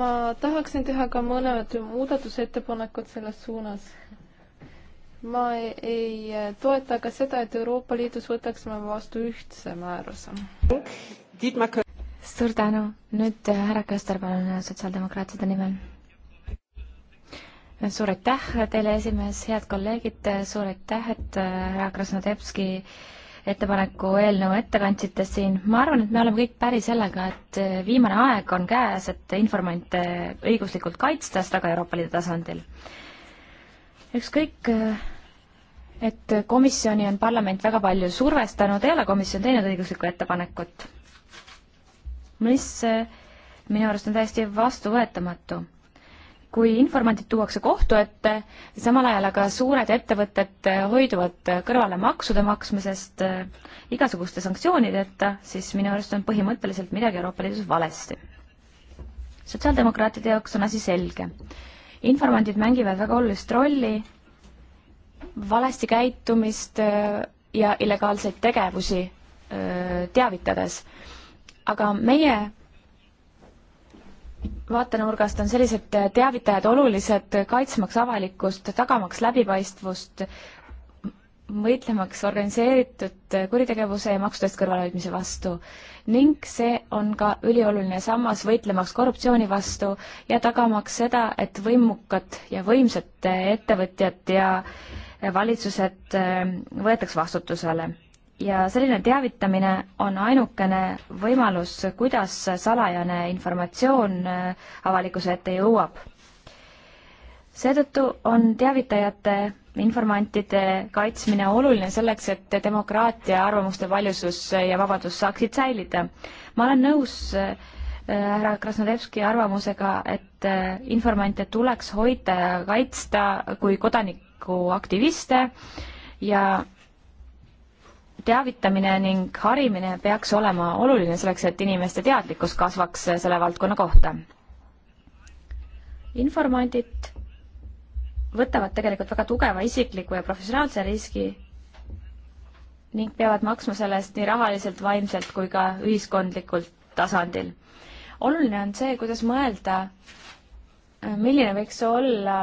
ma tahaksin teha ka mõned muudatusettepanekud selles suunas. ma ei, ei toeta ka seda, et Euroopa Liidus võtaksime vastu ühtse määruse. suur tänu, nüüd äh, härra Köster, palun sotsiaaldemokraatide nimel suur aitäh teile, esimees, head kolleegid, suur aitäh, et äh, härra Krasnodebski ettepaneku eelnõu ette kandsite siin. ma arvan, et me oleme kõik päri sellega, et äh, viimane aeg on käes, et informant äh, õiguslikult kaitsta, seda ka Euroopa Liidu tasandil. ükskõik, et komisjoni on parlament väga palju survestanud, ei ole komisjon teinud õiguslikku ettepanekut, mis minu arust on täiesti vastuvõetamatu kui informandid tuuakse kohtu ette, samal ajal aga suured ettevõtted hoiduvad kõrvale maksude maksmisest eh, igasuguste sanktsioonideta, siis minu arust on põhimõtteliselt midagi Euroopa Liidus valesti. sotsiaaldemokraatide jaoks on asi selge. informandid mängivad väga olulist rolli, valesti käitumist eh, ja illegaalseid tegevusi eh, teavitades. aga meie vaatenurgast on sellised teavitajad olulised, kaitsmaks avalikkust, tagamaks läbipaistvust, võitlemaks organiseeritud kuritegevuse ja maksudest kõrvalhoidmise vastu ning see on ka ülioluline sammas võitlemaks korruptsiooni vastu ja tagamaks seda, et võimukad ja võimsad ettevõtjad ja valitsused äh, võetaks vastutusele ja selline teavitamine on ainukene võimalus, kuidas salajane informatsioon äh, avalikkuse ette jõuab. seetõttu on teavitajate informantide kaitsmine oluline selleks, et demokraatia, arvamuste paljusus ja vabadus saaksid säilida. ma olen nõus äh, härra Krasnodebski arvamusega, et äh, informante tuleks hoida ja kaitsta kui kodanikuaktiviste ja teavitamine ning harimine peaks olema oluline selleks, et inimeste teadlikkus kasvaks selle valdkonna kohta. informandid võtavad tegelikult väga tugeva isikliku ja professionaalse riski ning peavad maksma selle eest nii rahaliselt, vaimselt kui ka ühiskondlikult tasandil. oluline on see, kuidas mõelda, milline võiks olla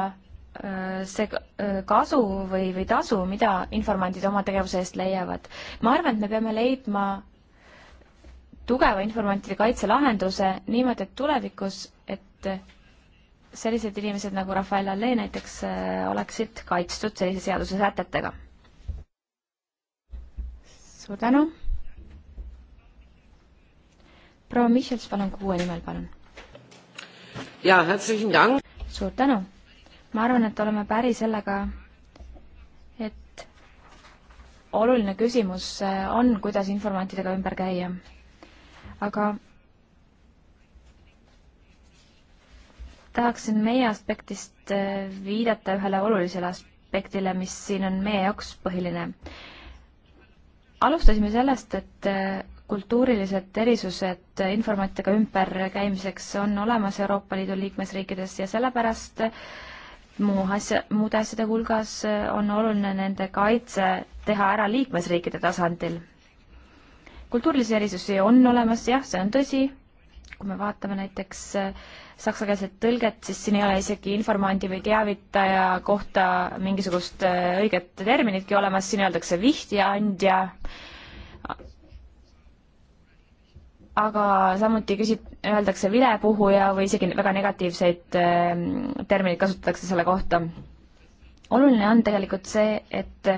see äh, kasu või, või tasu, mida informandid oma tegevuse eest leiavad. ma arvan, et me peame leidma tugeva informantide kaitse lahenduse niimoodi, et tulevikus, et sellised inimesed nagu Rafael Allee näiteks äh, oleksid kaitstud sellise seaduse sätetega. suur tänu. proua Michels, palun, kuue nimel, palun. jaa, suur tänu ma arvan, et oleme päri sellega, et oluline küsimus eh, on, kuidas informantidega ümber käia. aga tahaksin meie aspektist eh, viidata ühele olulisele aspektile, mis siin on meie jaoks põhiline. alustasime sellest, et eh, kultuurilised erisused informantidega ümberkäimiseks on olemas Euroopa Liidu liikmesriikides ja sellepärast äh, muu asja, muude asjade hulgas eh, on oluline nende kaitse teha ära liikmesriikide tasandil. kultuurilisi erisusi on olemas, jah, see on tõsi, kui me vaatame näiteks eh, saksakeelset tõlget, siis siin ei ole isegi informandi või teavitaja kohta mingisugust eh, õiget terminitki olemas, siin öeldakse vihjeandja, aga samuti küsit-, öeldakse vilepuhuja või isegi väga negatiivseid äh, termineid kasutatakse selle kohta. oluline on tegelikult see, et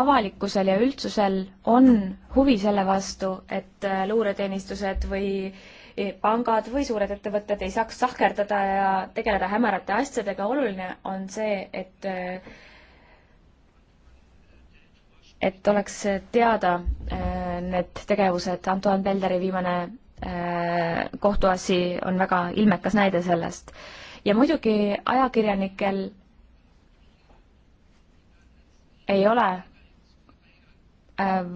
avalikkusel ja üldsusel on huvi selle vastu, et äh, luureteenistused või e, pangad või suured ettevõtted ei saaks sahkerdada ja tegeleda hämarate asjadega, oluline on see, et äh, et oleks teada äh, need tegevused, Antoine Belderi viimane äh, kohtuasi on väga ilmekas näide sellest. ja muidugi ajakirjanikel ei ole äh,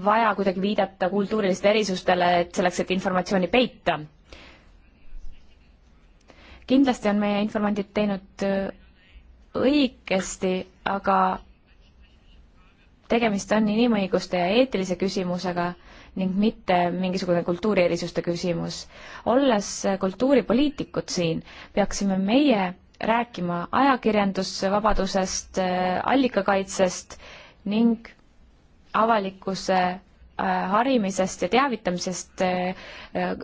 vaja kuidagi viidata kultuurilistele erisustele, et selleks, et informatsiooni peita. kindlasti on meie informandid teinud õigesti, aga tegemist on inimõiguste ja eetilise küsimusega ning mitte mingisugune kultuurierisuste küsimus. olles kultuuripoliitikud siin, peaksime meie rääkima ajakirjandusvabadusest, äh, allikakaitsest ning avalikkuse äh, harimisest ja teavitamisest äh,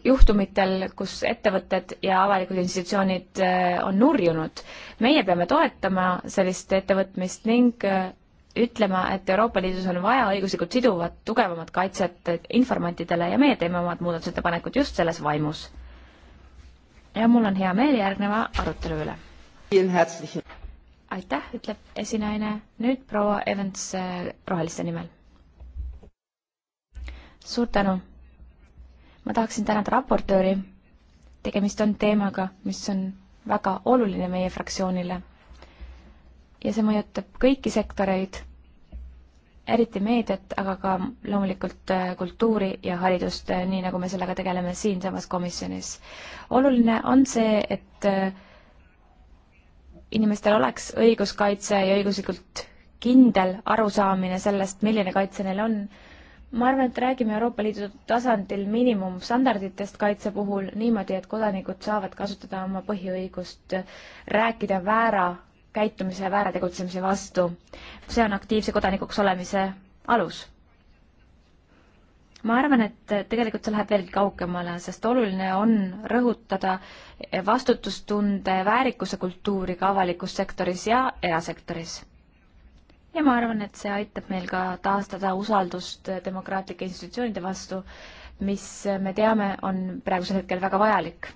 juhtumitel, kus ettevõtted ja avalikud institutsioonid on nurjunud. meie peame toetama sellist ettevõtmist ning ütlema, et Euroopa Liidus on vaja õiguslikult siduvat, tugevamat kaitset informantidele ja meie teeme omad muudatusettepanekud just selles vaimus. ja mul on hea meel järgneva arutelu üle. aitäh, ütleb esinaine, nüüd proua Evans äh, Roheliste nimel. suur tänu. ma tahaksin tänada raportööri. tegemist on teemaga, mis on väga oluline meie fraktsioonile ja see mõjutab kõiki sektoreid, eriti meediat, aga ka loomulikult äh, kultuuri ja haridust, äh, nii nagu me sellega tegeleme siinsamas komisjonis. oluline on see, et äh, inimestel oleks õiguskaitse ja õiguslikult kindel arusaamine sellest, milline kaitse neil on. ma arvan, et räägime Euroopa Liidu tasandil miinimumstandarditest kaitse puhul niimoodi, et kodanikud saavad kasutada oma põhiõigust rääkida väära käitumise ja väärategutsemise vastu. see on aktiivse kodanikuks olemise alus. ma arvan, et tegelikult see läheb veelgi kaugemale, sest oluline on rõhutada vastutustunde väärikuse kultuuri ka avalikus sektoris ja erasektoris ja ma arvan, et see aitab meil ka taastada usaldust demokraatlike institutsioonide vastu, mis me teame, on praegusel hetkel väga vajalik.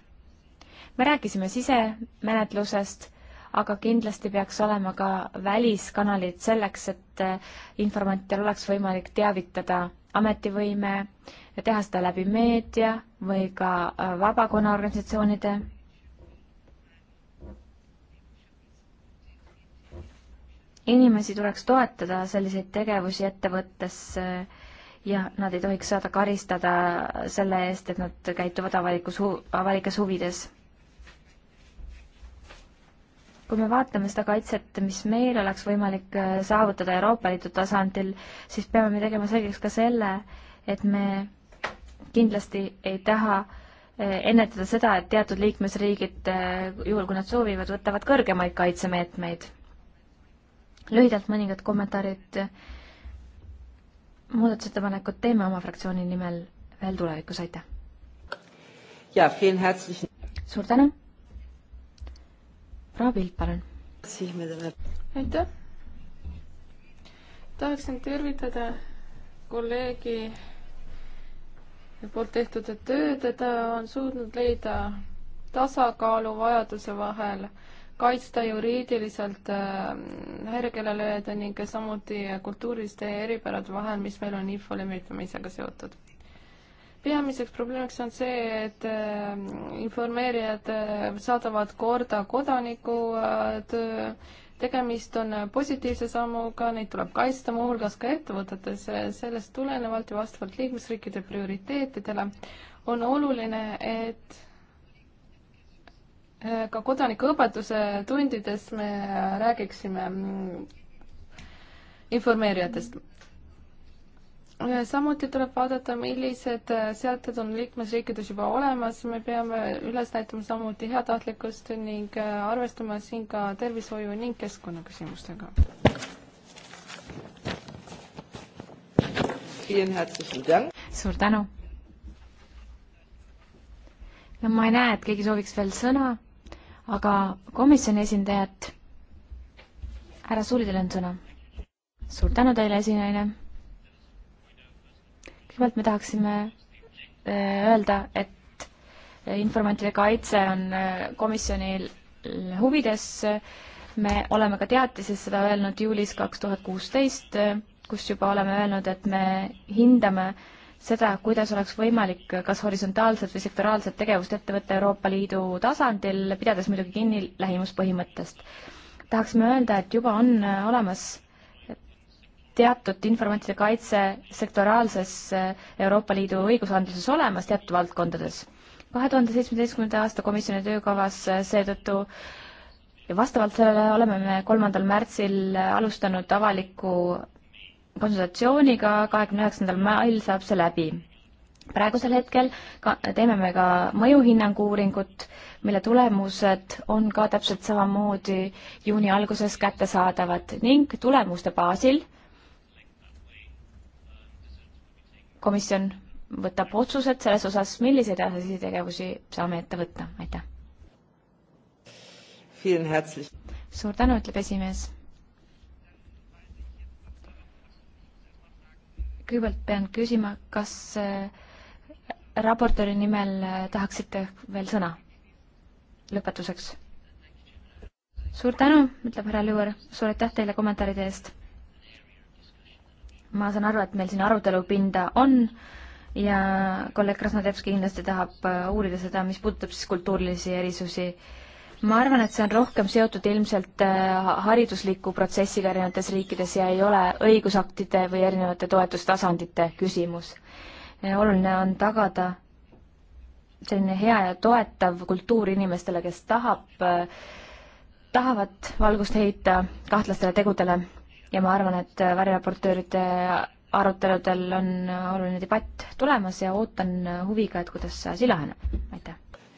me rääkisime sisemenetlusest aga kindlasti peaks olema ka väliskanalid selleks, et eh, informantil oleks võimalik teavitada ametivõime, teha seda läbi meedia või ka eh, vabakonnaorganisatsioonide. inimesi tuleks toetada selliseid tegevusi ettevõttes ja nad ei tohiks saada karistada selle eest, et nad käituvad avalikus hu-, avalikes huvides kui me vaatame seda kaitset, mis meil oleks võimalik äh, saavutada Euroopa Liidu tasandil, siis peame me tegema selgeks ka selle, et me kindlasti ei taha äh, ennetada seda, et teatud liikmesriigid, äh, juhul kui nad soovivad, võtavad kõrgemaid kaitsemeetmeid. lühidalt mõningad kommentaarid. muudatusettepanekud teeme oma fraktsiooni nimel veel tulevikus, aitäh! suur tänu! proua Pilt, palun. aitäh. tahaksin tervitada kolleegi poolt tehtud tööd, ta on suutnud leida tasakaalu vajaduse vahel kaitsta juriidiliselt äh, häirekellelööde ning samuti kultuuriliste eripärade vahel, mis meil on info levitamisega seotud peamiseks probleemiks on see, et ähm, informeerijad äh, saadavad korda kodaniku äh, töö, tegemist on äh, positiivse sammuga, neid tuleb kaitsta muuhulgas ka ettevõtetes, sellest tulenevalt ja vastavalt liikmesriikide prioriteetidele on oluline, et ka kodanikuõpetuse tundides me räägiksime mm, informeerijatest. Äh, samuti tuleb vaadata, millised äh, seated on liikmesriikides juba olemas, me peame üles näitama samuti heatahtlikkust ning äh, arvestama siin ka tervishoiu ning keskkonnaküsimustega. suur tänu! no ma ei näe, et keegi sooviks veel sõna, aga komisjoni esindajat, härra Suldil on sõna. suur tänu teile, esinaine kõigepealt me tahaksime äh, öelda, et äh, informantide kaitse on äh, komisjonil huvides. me oleme ka teatises seda öelnud juulis kaks tuhat kuusteist, kus juba oleme öelnud, et me hindame seda, kuidas oleks võimalik kas horisontaalset või sektoraalset tegevust ette võtta Euroopa Liidu tasandil, pidades muidugi kinni lähimuspõhimõttest. tahaksime öelda, et juba on olemas teatud informatsiooni kaitse sektoraalses eh, Euroopa Liidu õigusandluses olemas teatud valdkondades. kahe tuhande seitsmeteistkümnenda aasta komisjoni töökavas eh, seetõttu ja vastavalt sellele oleme me kolmandal märtsil alustanud avaliku konsultatsiooniga, kahekümne üheksandal mail saab see läbi. praegusel hetkel ka, teeme me ka mõjuhinnangu uuringut, mille tulemused on ka täpselt samamoodi juuni alguses kättesaadavad ning tulemuste baasil komisjon võtab otsused selles osas, milliseid edasisi tegevusi saame ette võtta, aitäh. suur tänu, ütleb esimees. kõigepealt pean küsima, kas äh, raportööri nimel äh, tahaksite veel sõna lõpetuseks? suur tänu, ütleb härra Lüür, suur aitäh teile kommentaaride eest ma saan aru, et meil siin arutelupinda on ja kolleeg Krasnodebski kindlasti tahab äh, uurida seda, mis puudutab siis kultuurilisi erisusi. ma arvan, et see on rohkem seotud ilmselt äh, haridusliku protsessiga erinevates riikides ja ei ole õigusaktide või erinevate toetustasandite küsimus. oluline on tagada selline hea ja toetav kultuur inimestele, kes tahab, äh, tahavad valgust heita kahtlastele tegudele ja ma arvan, et äh, variraportööride aruteludel on äh, oluline debatt tulemas ja ootan äh, huviga, et kuidas see asi laheneb, aitäh.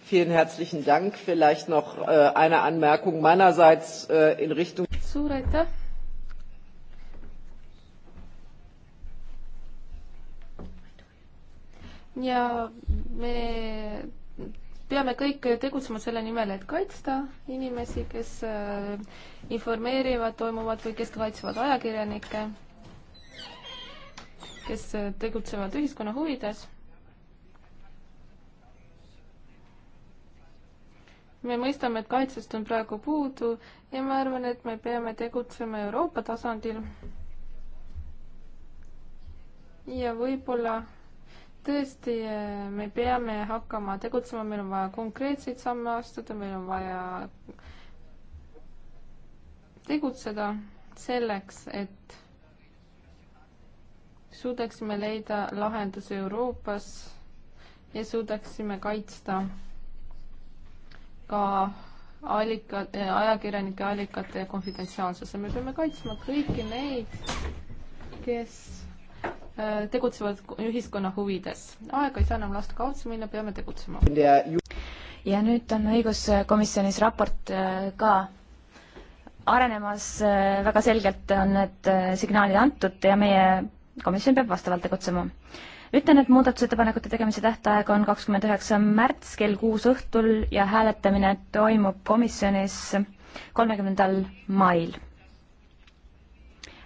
Vielen herzlichen Dank. Vielleicht noch äh, eine Anmerkung meinerseits äh, in Richtung. Suur aitäh. ja me peame kõik tegutsema selle nimel, et kaitsta inimesi, kes äh, informeerivad, toimuvad või kes kaitsevad ajakirjanikke, kes äh, tegutsevad ühiskonna huvides. me mõistame, et kaitsest on praegu puudu ja ma arvan, et me peame tegutsema Euroopa tasandil. ja võib-olla tõesti, eh, me peame hakkama tegutsema, meil on vaja konkreetseid samme astuda, meil on vaja tegutseda selleks, et suudaksime leida lahenduse Euroopas ja suudaksime kaitsta ka allikad, eh, ajakirjanike allikate konfidentsiaalsuse. me peame kaitsma kõiki neid, kes tegutsevad ühiskonna huvides. aega ei saa enam lasta kaotsi minna, peame tegutsema. ja nüüd on õiguskomisjonis raport äh, ka arenemas, äh, väga selgelt on need äh, signaalid antud ja meie komisjon peab vastavalt tegutsema. ütlen, et muudatusettepanekute tegemise tähtaeg on kakskümmend üheksa märts kell kuus õhtul ja hääletamine toimub komisjonis kolmekümnendal mail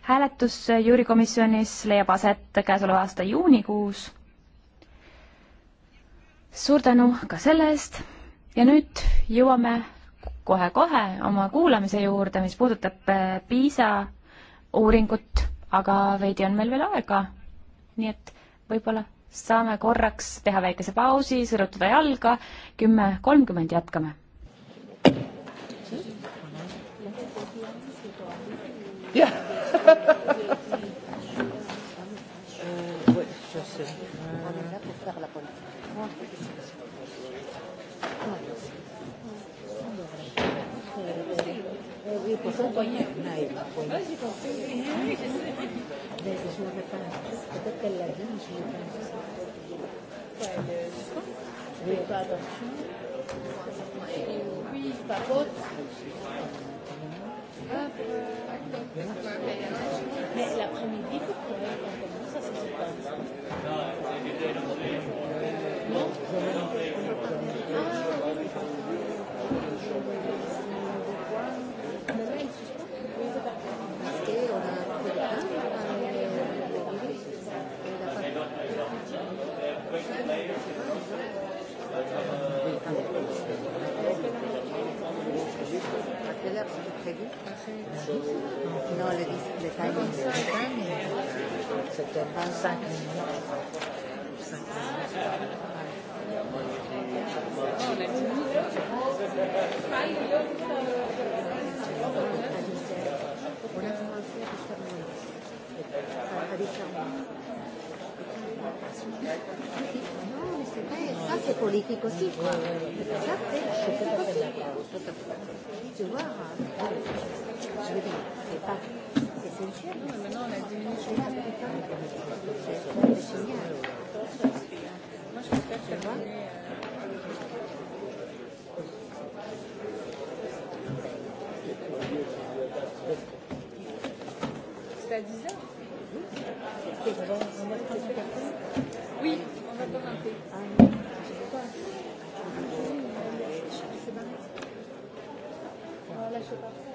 hääletus juurikomisjonis leiab aset käesoleva aasta juunikuus. suur tänu ka selle eest ja nüüd jõuame kohe-kohe oma kuulamise juurde, mis puudutab äh, PISA uuringut, aga veidi on meil veel aega. nii et võib-olla saame korraks teha väikese pausi, sõrutada jalga, kümme kolmkümmend jätkame. jah yeah pas attention. Oui, par contre. Mais l'après-midi, pourquoi Comment ça se passe No, le dice le timing. C'était 25 Non, mais c'est vrai, ça c'est politique aussi, quoi. Ça c'est politique aussi. Tu vois je veux dire, c'est pas essentiel. Oui, maintenant, on a diminué la C'est génial. Moi, je préfère que tu vois. C'est à 10 heures On va prendre un café Oui, on va prendre un thé. Ah, non. Je ne sais pas. Voilà, je sais pas.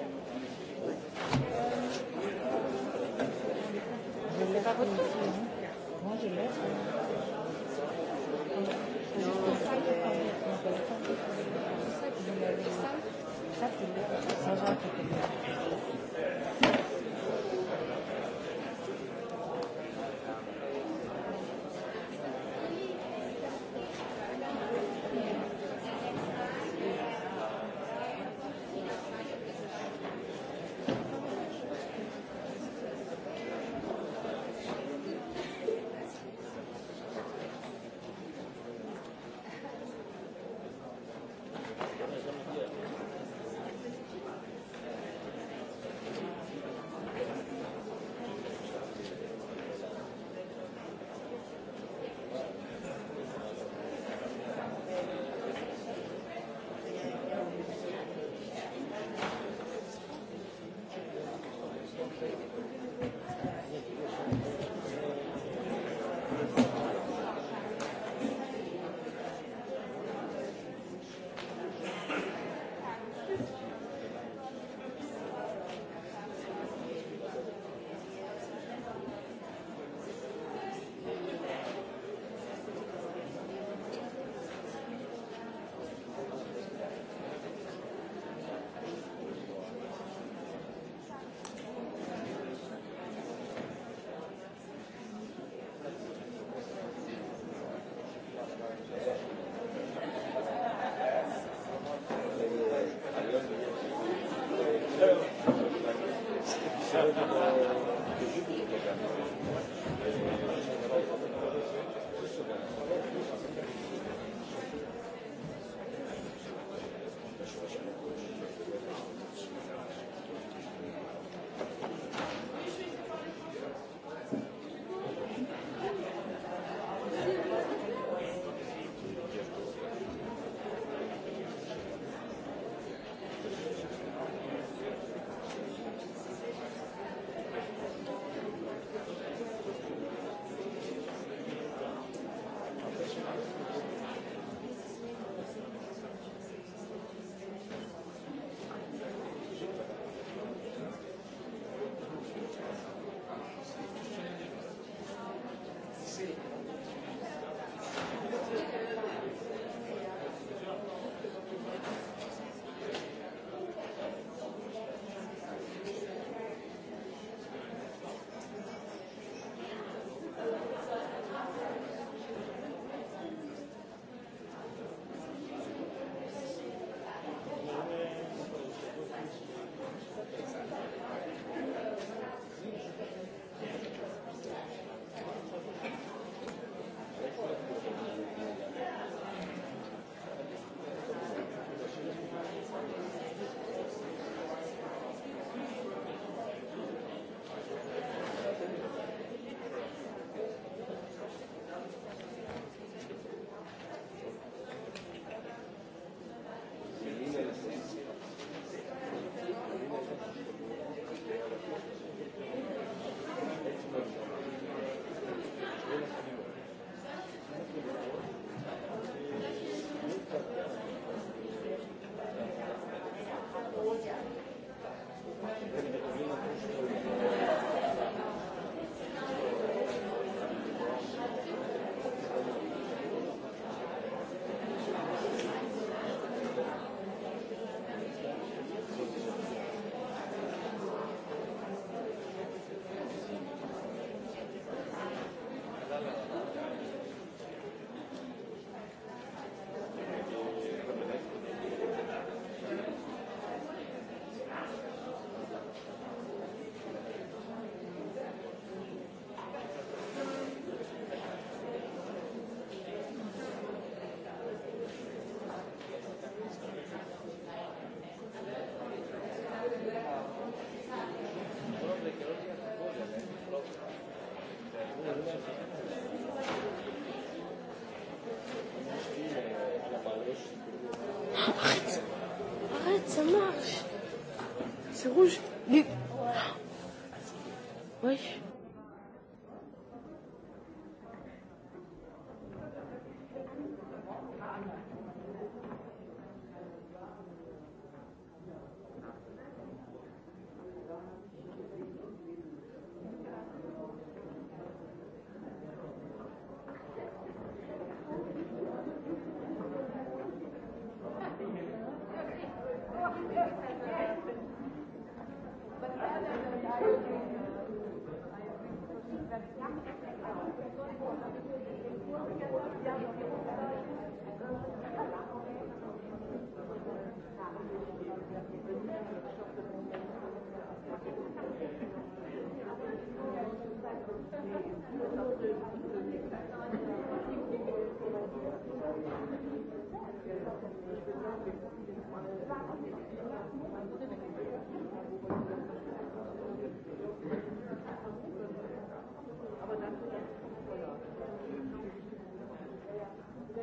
Thank eh, you.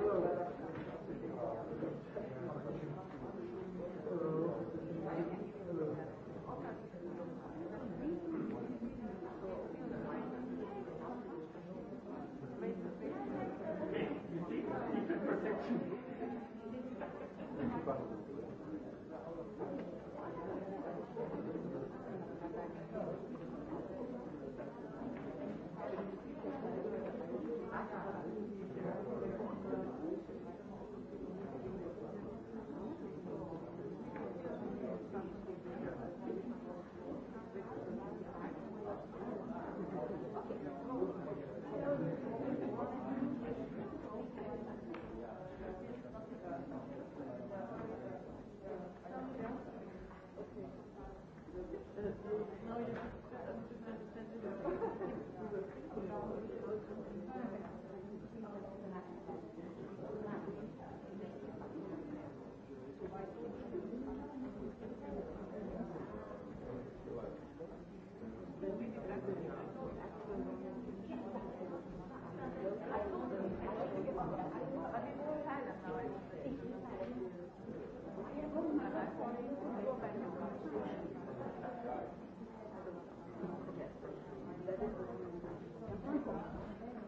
Thank you.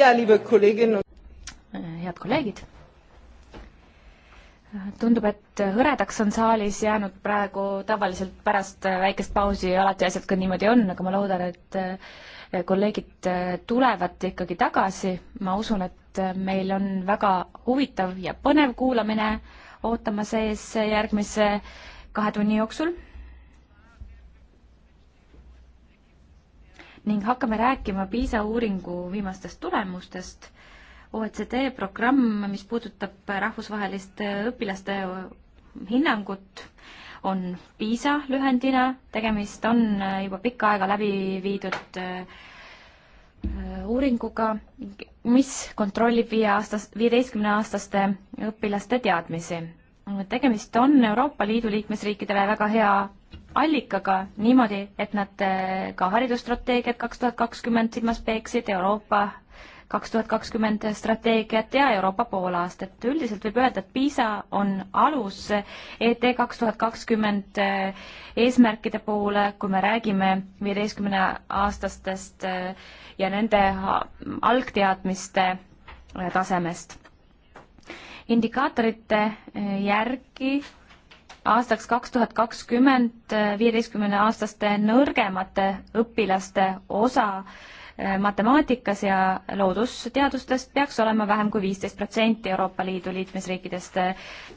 ja, liebe Kolleginnen und head kolleegid. tundub, et hõredaks on saalis jäänud praegu, tavaliselt pärast väikest pausi alati asjad ka niimoodi on, aga ma loodan, et eh, kolleegid eh, tulevad ikkagi tagasi. ma usun, et meil on väga huvitav ja põnev kuulamine ootamas ees järgmise kahe tunni jooksul ning hakkame rääkima PISA uuringu viimastest tulemustest. OECD programm, mis puudutab rahvusvahelist õpilaste hinnangut, on PISA lühendina, tegemist on juba pikka aega läbi viidud äh, uuringuga, mis kontrollib viieaastas, viieteistkümneaastaste õpilaste teadmisi. tegemist on Euroopa Liidu liikmesriikidele väga hea allikaga niimoodi, et nad eh, ka haridusstrateegiat kaks tuhat kakskümmend silmas peeksid, Euroopa kaks tuhat kakskümmend strateegiat ja Euroopa poolaastat. üldiselt võib öelda, et PISA on alus ET kaks tuhat kakskümmend eh, eesmärkide poole, kui me räägime viieteistkümne aastastest eh, ja nende algteadmiste tasemest. indikaatorite järgi aastaks kaks tuhat kakskümmend eh, viieteistkümne aastaste nõrgemate õpilaste osa eh, matemaatikas ja loodusteadustest peaks olema vähem kui viisteist protsenti Euroopa Liidu liikmesriikidest.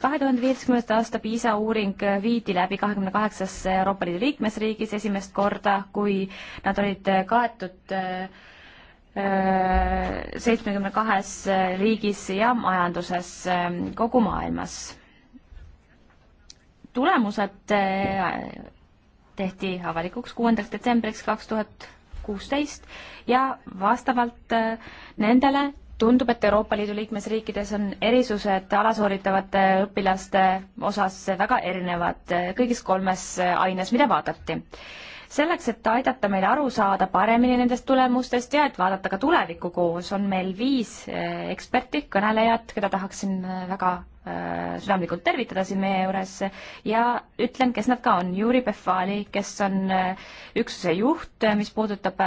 kahe tuhande viieteistkümnenda aasta PISA uuring viidi läbi kahekümne kaheksas Euroopa Liidu liikmesriigis esimest korda, kui nad olid kaetud eh, seitsmekümne kahes riigis ja majanduses kogu maailmas tulemused eh, tehti avalikuks kuuendaks detsembriks kaks tuhat kuusteist ja vastavalt eh, nendele tundub, et Euroopa Liidu liikmesriikides on erisused alasooritavate õpilaste osas väga erinevad eh, kõigis kolmes aines, mida vaadati selleks, et aidata meil aru saada paremini nendest tulemustest ja et vaadata ka tulevikku koos, on meil viis eh, eksperti, kõnelejat, keda tahaksin eh, väga eh, südamlikult tervitada siin meie juures ja ütlen, kes nad ka on. Juri Befali, kes on üksuse juht, mis puudutab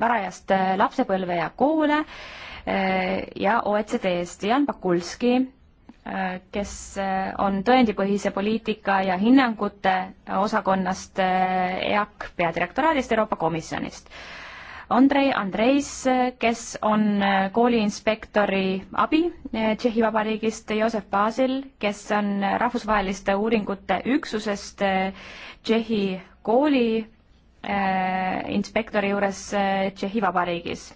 varajast lapsepõlve ja koole ja OECD-st. Jan Pakulski kes on tõendipõhise poliitika ja hinnangute osakonnast äh, EAK peadirektoraadist Euroopa Komisjonist. Andrei Andreis, kes on äh, kooliinspektori abi äh, Tšehhi Vabariigist, Joosep Baasil, kes on rahvusvaheliste uuringute üksusest Tšehhi kooli inspektori juures Tšehhi Vabariigis.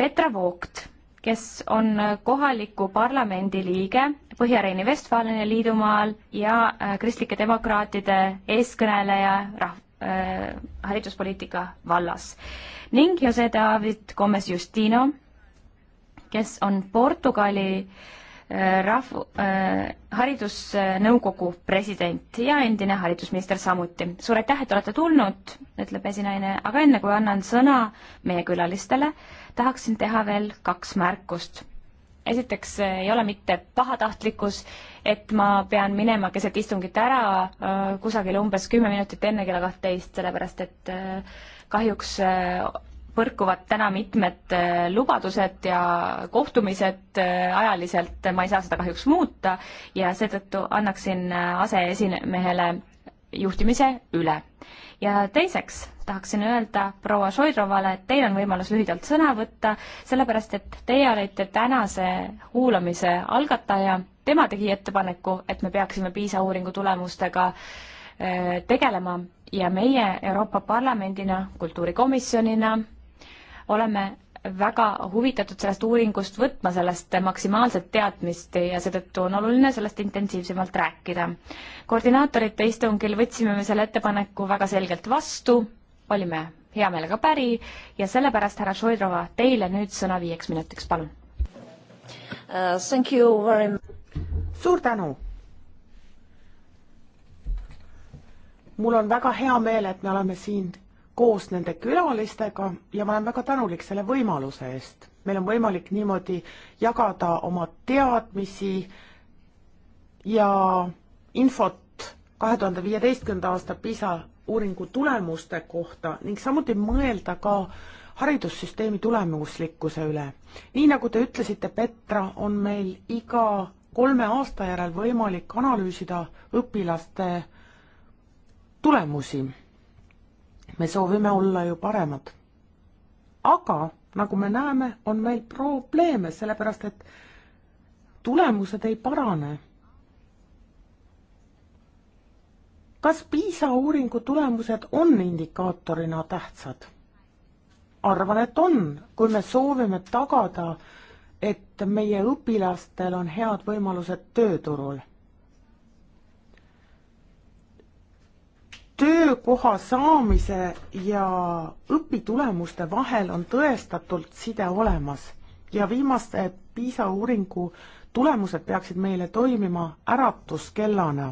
Petra Voogt kes on kohaliku parlamendi liige Põhja-Reini-Vestfaalene liidumaal ja äh, kristlike demokraatide eeskõneleja rah- äh,, hariduspoliitika vallas. ning Jose David Gomez Justino, kes on Portugali äh, rahv- äh,, haridusnõukogu president ja endine haridusminister samuti. suur aitäh, et olete tulnud, ütleb esinaine, aga enne kui annan sõna meie külalistele, tahaksin teha veel kaks märkust. esiteks ei ole mitte pahatahtlikkus, et ma pean minema keset istungit ära äh, kusagil umbes kümme minutit enne kella kahtteist, sellepärast et äh, kahjuks äh, põrkuvad täna mitmed äh, lubadused ja kohtumised äh, ajaliselt, ma ei saa seda kahjuks muuta ja seetõttu annaksin äh, aseesimehele juhtimise üle. ja teiseks tahaksin öelda proua Šoidrovale, et teil on võimalus lühidalt sõna võtta, sellepärast et teie olite tänase kuulamise algataja, tema tegi ettepaneku, et me peaksime PISA uuringu tulemustega tegelema ja meie Euroopa Parlamendina, kultuurikomisjonina oleme väga huvitatud sellest uuringust võtma, sellest maksimaalset teadmist ja seetõttu on oluline sellest intensiivsemalt rääkida. koordinaatorite istungil võtsime me selle ettepaneku väga selgelt vastu, olime hea meelega päri ja sellepärast, härra Šoidrova, teile nüüd sõna viieks minutiks, palun uh,. Thank you very much. suur tänu. mul on väga hea meel, et me oleme siin koos nende külalistega ja ma olen väga tänulik selle võimaluse eest. meil on võimalik niimoodi jagada oma teadmisi ja infot kahe tuhande viieteistkümnenda aasta PISA uuringu tulemuste kohta ning samuti mõelda ka haridussüsteemi tulemuslikkuse üle. nii nagu te ütlesite, Petra, on meil iga kolme aasta järel võimalik analüüsida õpilaste tulemusi me soovime olla ju paremad. aga nagu me näeme, on meil probleeme, sellepärast et tulemused ei parane. kas PISA uuringu tulemused on indikaatorina tähtsad? arvan, et on, kui me soovime tagada, et meie õpilastel on head võimalused tööturul töökoha saamise ja õpitulemuste vahel on tõestatult side olemas ja viimaste PISA uuringu tulemused peaksid meile toimima äratuskellana.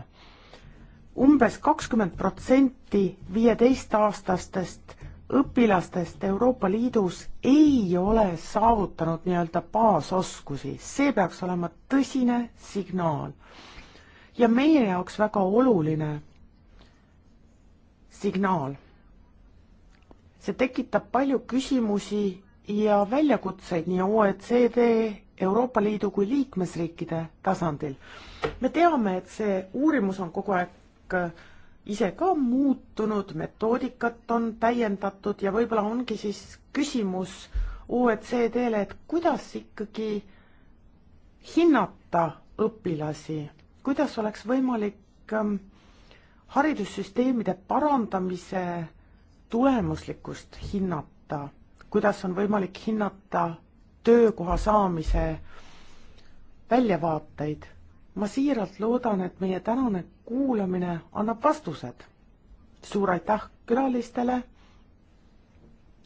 umbes kakskümmend protsenti viieteist-aastastest õpilastest Euroopa Liidus ei ole saavutanud nii-öelda baasoskusi, see peaks olema tõsine signaal. ja meie jaoks väga oluline signaal. see tekitab palju küsimusi ja väljakutseid nii OECD, Euroopa Liidu kui liikmesriikide tasandil. me teame, et see uurimus on kogu aeg äh, ise ka muutunud, metoodikat on täiendatud ja võib-olla ongi siis küsimus OECD-le, et kuidas ikkagi hinnata õpilasi, kuidas oleks võimalik ähm, haridussüsteemide parandamise tulemuslikkust hinnata, kuidas on võimalik hinnata töökoha saamise väljavaateid. ma siiralt loodan, et meie tänane kuulamine annab vastused. suur aitäh külalistele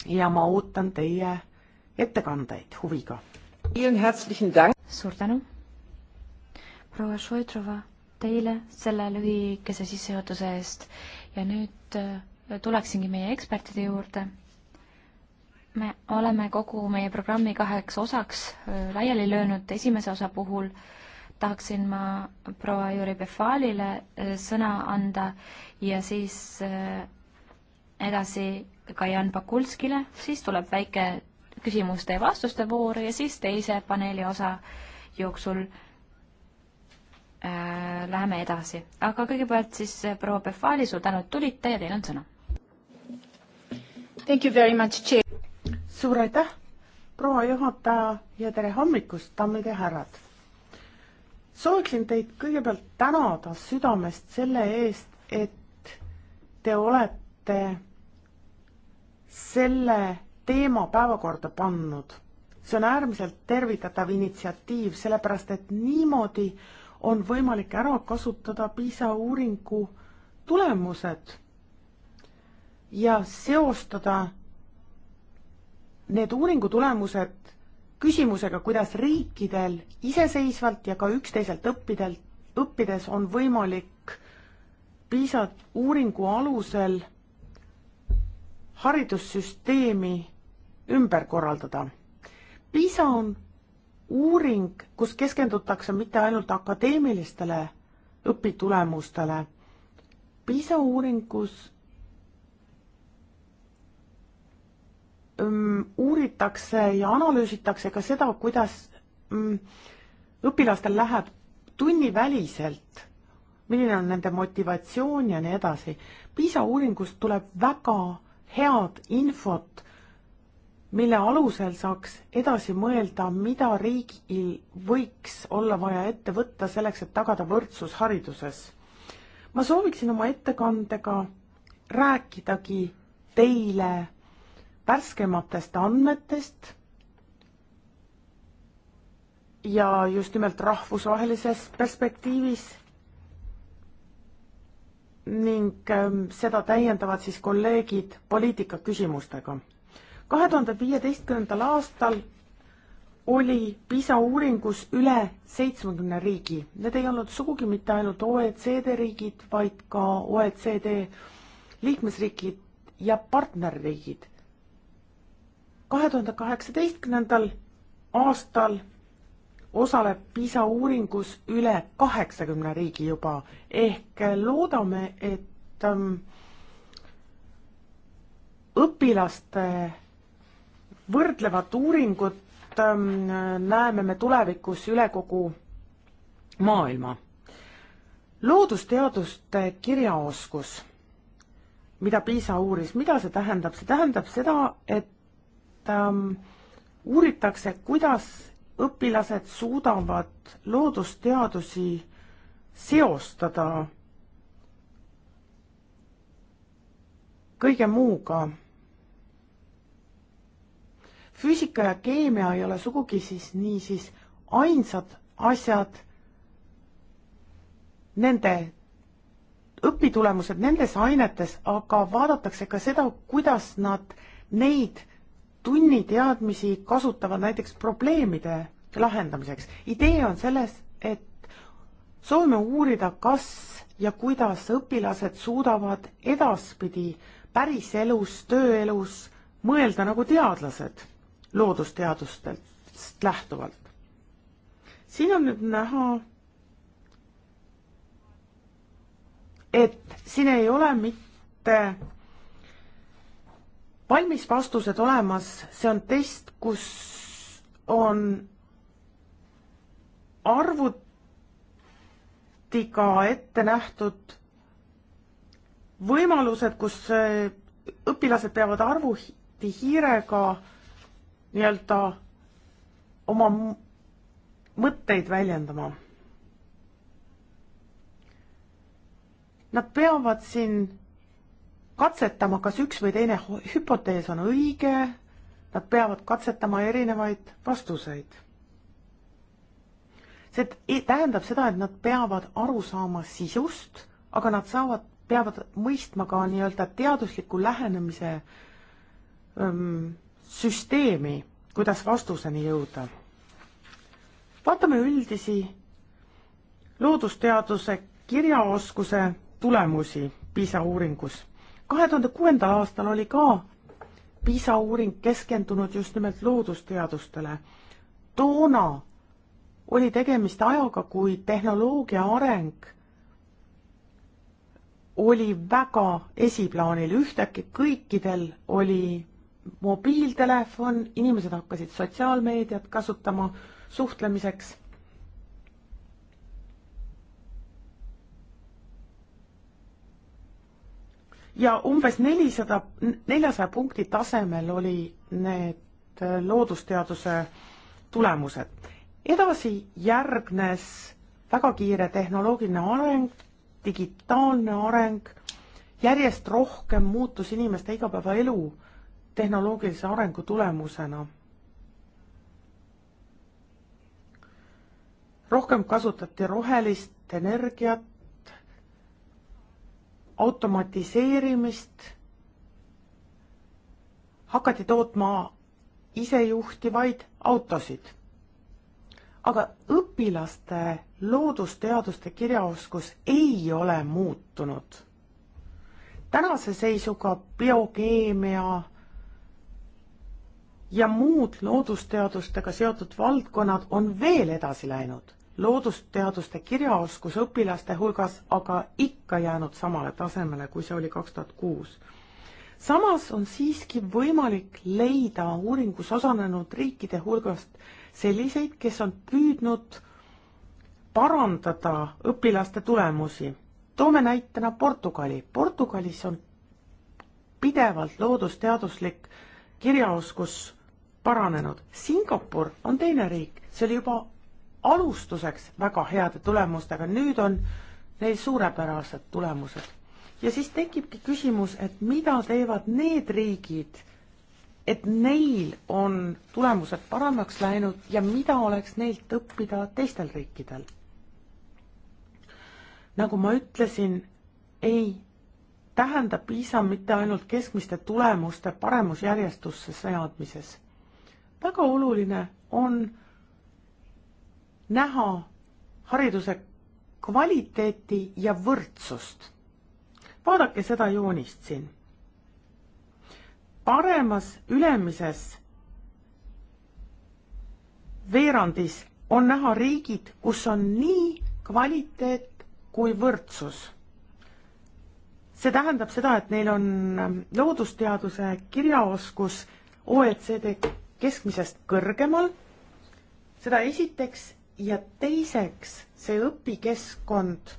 ja ma ootan teie ettekandeid huviga. suur tänu, proua Šoidrova teile selle lühikese sissejuhatuse eest ja nüüd äh, tuleksingi meie ekspertide juurde. me oleme kogu meie programmi kaheks osaks äh, laiali löönud, esimese osa puhul tahaksin ma proua Jüri Befalile äh, sõna anda ja siis edasi ka Jan Pakulskile, siis tuleb väike küsimuste ja vastuste voor ja siis teise paneeli osa jooksul äh, äh, läheme edasi. aga kõigepealt siis äh, proua Pefali, suur tänu, et tulite ja teil on sõna. Thank you very much, Chair. suur aitäh, proua juhataja ja tere hommikust, daamid ja härrad. sooviksin teid kõigepealt tänada südamest selle eest, et te olete selle teema päevakorda pannud. see on äärmiselt tervitatav initsiatiiv, sellepärast et niimoodi äh, on võimalik ära kasutada PISA uuringu tulemused ja seostada need uuringu tulemused küsimusega, kuidas riikidel iseseisvalt ja ka üksteiselt õppidelt, õppides on võimalik PISA uuringu alusel haridussüsteemi ümber korraldada. PISA on uuring, kus keskendutakse mitte ainult akadeemilistele õpitulemustele. PISA uuringus um, uuritakse ja analüüsitakse ka seda, kuidas um, õpilastel läheb tunniväliselt, milline on nende motivatsioon ja nii edasi. PISA uuringust tuleb väga head infot mille alusel saaks edasi mõelda, mida riigil võiks olla vaja ette võtta selleks, et tagada võrdsus hariduses. ma sooviksin oma ettekandega rääkidagi teile värskematest andmetest ja just nimelt rahvusvahelises perspektiivis ning ähm, seda täiendavad siis kolleegid poliitikaküsimustega kahe tuhande viieteistkümnendal aastal oli PISA uuringus üle seitsmekümne riigi. Need ei olnud sugugi mitte ainult OECD riigid, vaid ka OECD liikmesriigid ja partnerriigid. kahe tuhande kaheksateistkümnendal aastal osaleb PISA uuringus üle kaheksakümne riigi juba ehk loodame, et ähm, õpilaste võrdlevat uuringut ähm, näeme me tulevikus üle kogu maailma. loodusteaduste kirjaoskus, mida Piisa uuris, mida see tähendab, see tähendab seda, et ähm, uuritakse, kuidas õpilased suudavad loodusteadusi seostada kõige muuga füüsika ja keemia ei ole sugugi siis niisiis ainsad asjad, nende õpitulemused nendes ainetes, aga vaadatakse ka seda, kuidas nad neid tunniteadmisi kasutavad näiteks probleemide lahendamiseks. idee on selles, et soovime uurida, kas ja kuidas õpilased suudavad edaspidi päriselus, tööelus mõelda nagu teadlased loodusteadustest lähtuvalt. siin on nüüd näha, et siin ei ole mitte valmis vastused olemas, see on test, kus on arvutiga ette nähtud võimalused, kus äh, õpilased peavad arvutihiirega äh, nii-öelda oma mõtteid väljendama. Nad peavad siin katsetama, kas üks või teine hüpotees on õige, nad peavad katsetama erinevaid vastuseid. see tähendab seda, et nad peavad aru saama sisust, aga nad saavad, peavad mõistma ka nii-öelda teadusliku lähenemise öm, süsteemi, kuidas vastuseni jõuda. vaatame üldisi loodusteaduse kirjaoskuse tulemusi PISA uuringus. kahe tuhande kuuendal aastal oli ka PISA uuring keskendunud just nimelt loodusteadustele. toona oli tegemist ajaga, kui tehnoloogia areng oli väga esiplaanil, ühtäkki kõikidel oli mobiiltelefon, inimesed hakkasid sotsiaalmeediat kasutama suhtlemiseks. ja umbes nelisada, neljasaja punkti tasemel oli need äh, loodusteaduse tulemused. edasi järgnes väga kiire tehnoloogiline areng, digitaalne areng, järjest rohkem muutus inimeste igapäevaelu tehnoloogilise arengu tulemusena. rohkem kasutati rohelist energiat, automatiseerimist, hakati tootma isejuhtivaid autosid. aga õpilaste loodusteaduste kirjaoskus ei ole muutunud. tänase seisuga biokeemia, ja muud loodusteadustega seotud valdkonnad on veel edasi läinud loodusteaduste kirjaoskus õpilaste hulgas aga ikka jäänud samale tasemele, kui see oli kaks tuhat kuus. samas on siiski võimalik leida uuringus osalenud riikide hulgast selliseid, kes on püüdnud parandada õpilaste tulemusi. toome näitena Portugali. Portugalis on pidevalt loodusteaduslik kirjaoskus paranenud. Singapur on teine riik, see oli juba alustuseks väga heade tulemustega, nüüd on neil suurepärased tulemused. ja siis tekibki küsimus, et mida teevad need riigid, et neil on tulemused paremaks läinud ja mida oleks neilt õppida teistel riikidel? nagu ma ütlesin, ei tähenda PISA mitte ainult keskmiste tulemuste paremusjärjestusse seadmises väga oluline on näha hariduse kvaliteeti ja võrdsust. vaadake seda joonist siin. paremas ülemises veerandis on näha riigid, kus on nii kvaliteet kui võrdsus. see tähendab seda, et neil on loodusteaduse kirjaoskus OECD keskmisest kõrgemal, seda esiteks, ja teiseks, see õpikeskkond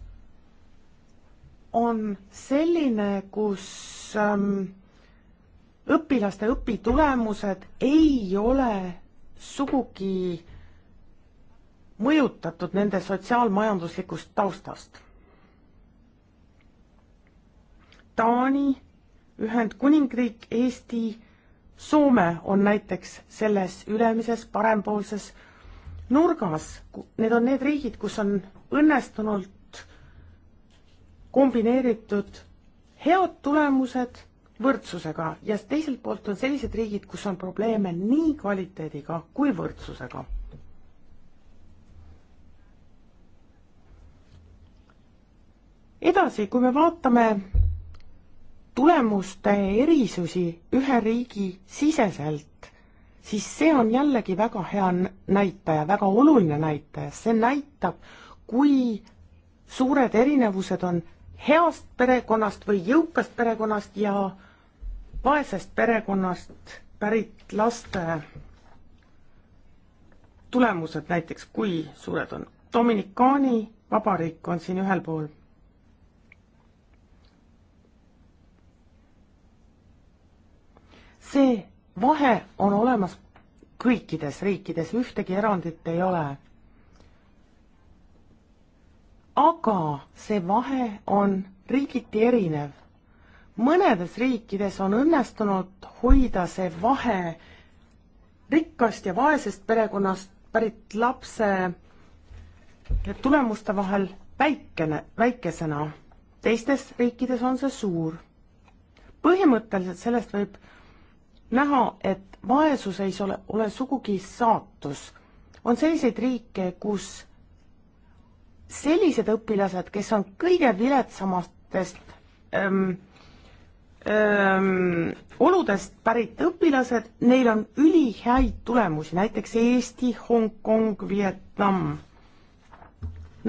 on selline, kus ähm, õpilaste õpitulemused ei ole sugugi mõjutatud nende sotsiaalmajanduslikust taustast. Taani, Ühendkuningriik, Eesti Soome on näiteks selles ülemises parempoolses nurgas, need on need riigid, kus on õnnestunult kombineeritud head tulemused võrdsusega ja teiselt poolt on sellised riigid, kus on probleeme nii kvaliteediga kui võrdsusega. edasi, kui me vaatame tulemuste erisusi ühe riigi siseselt, siis see on jällegi väga hea näitaja, väga oluline näitaja, see näitab, kui suured erinevused on heast perekonnast või jõukast perekonnast ja vaesest perekonnast pärit laste tulemused näiteks, kui suured on. Dominikaani vabariik on siin ühel pool see vahe on olemas kõikides riikides, ühtegi erandit ei ole. aga see vahe on riigiti erinev. mõnedes riikides on õnnestunud hoida see vahe rikkast ja vaesest perekonnast pärit lapse tulemuste vahel väikene, väikesena. teistes riikides on see suur. põhimõtteliselt sellest võib näha, et vaesus ei ole, ole sugugi saatus. on selliseid riike, kus sellised õpilased, kes on kõige viletsamatest ähm, ähm, oludest pärit õpilased, neil on ülihäid tulemusi, näiteks Eesti, Hongkong, Vietnam.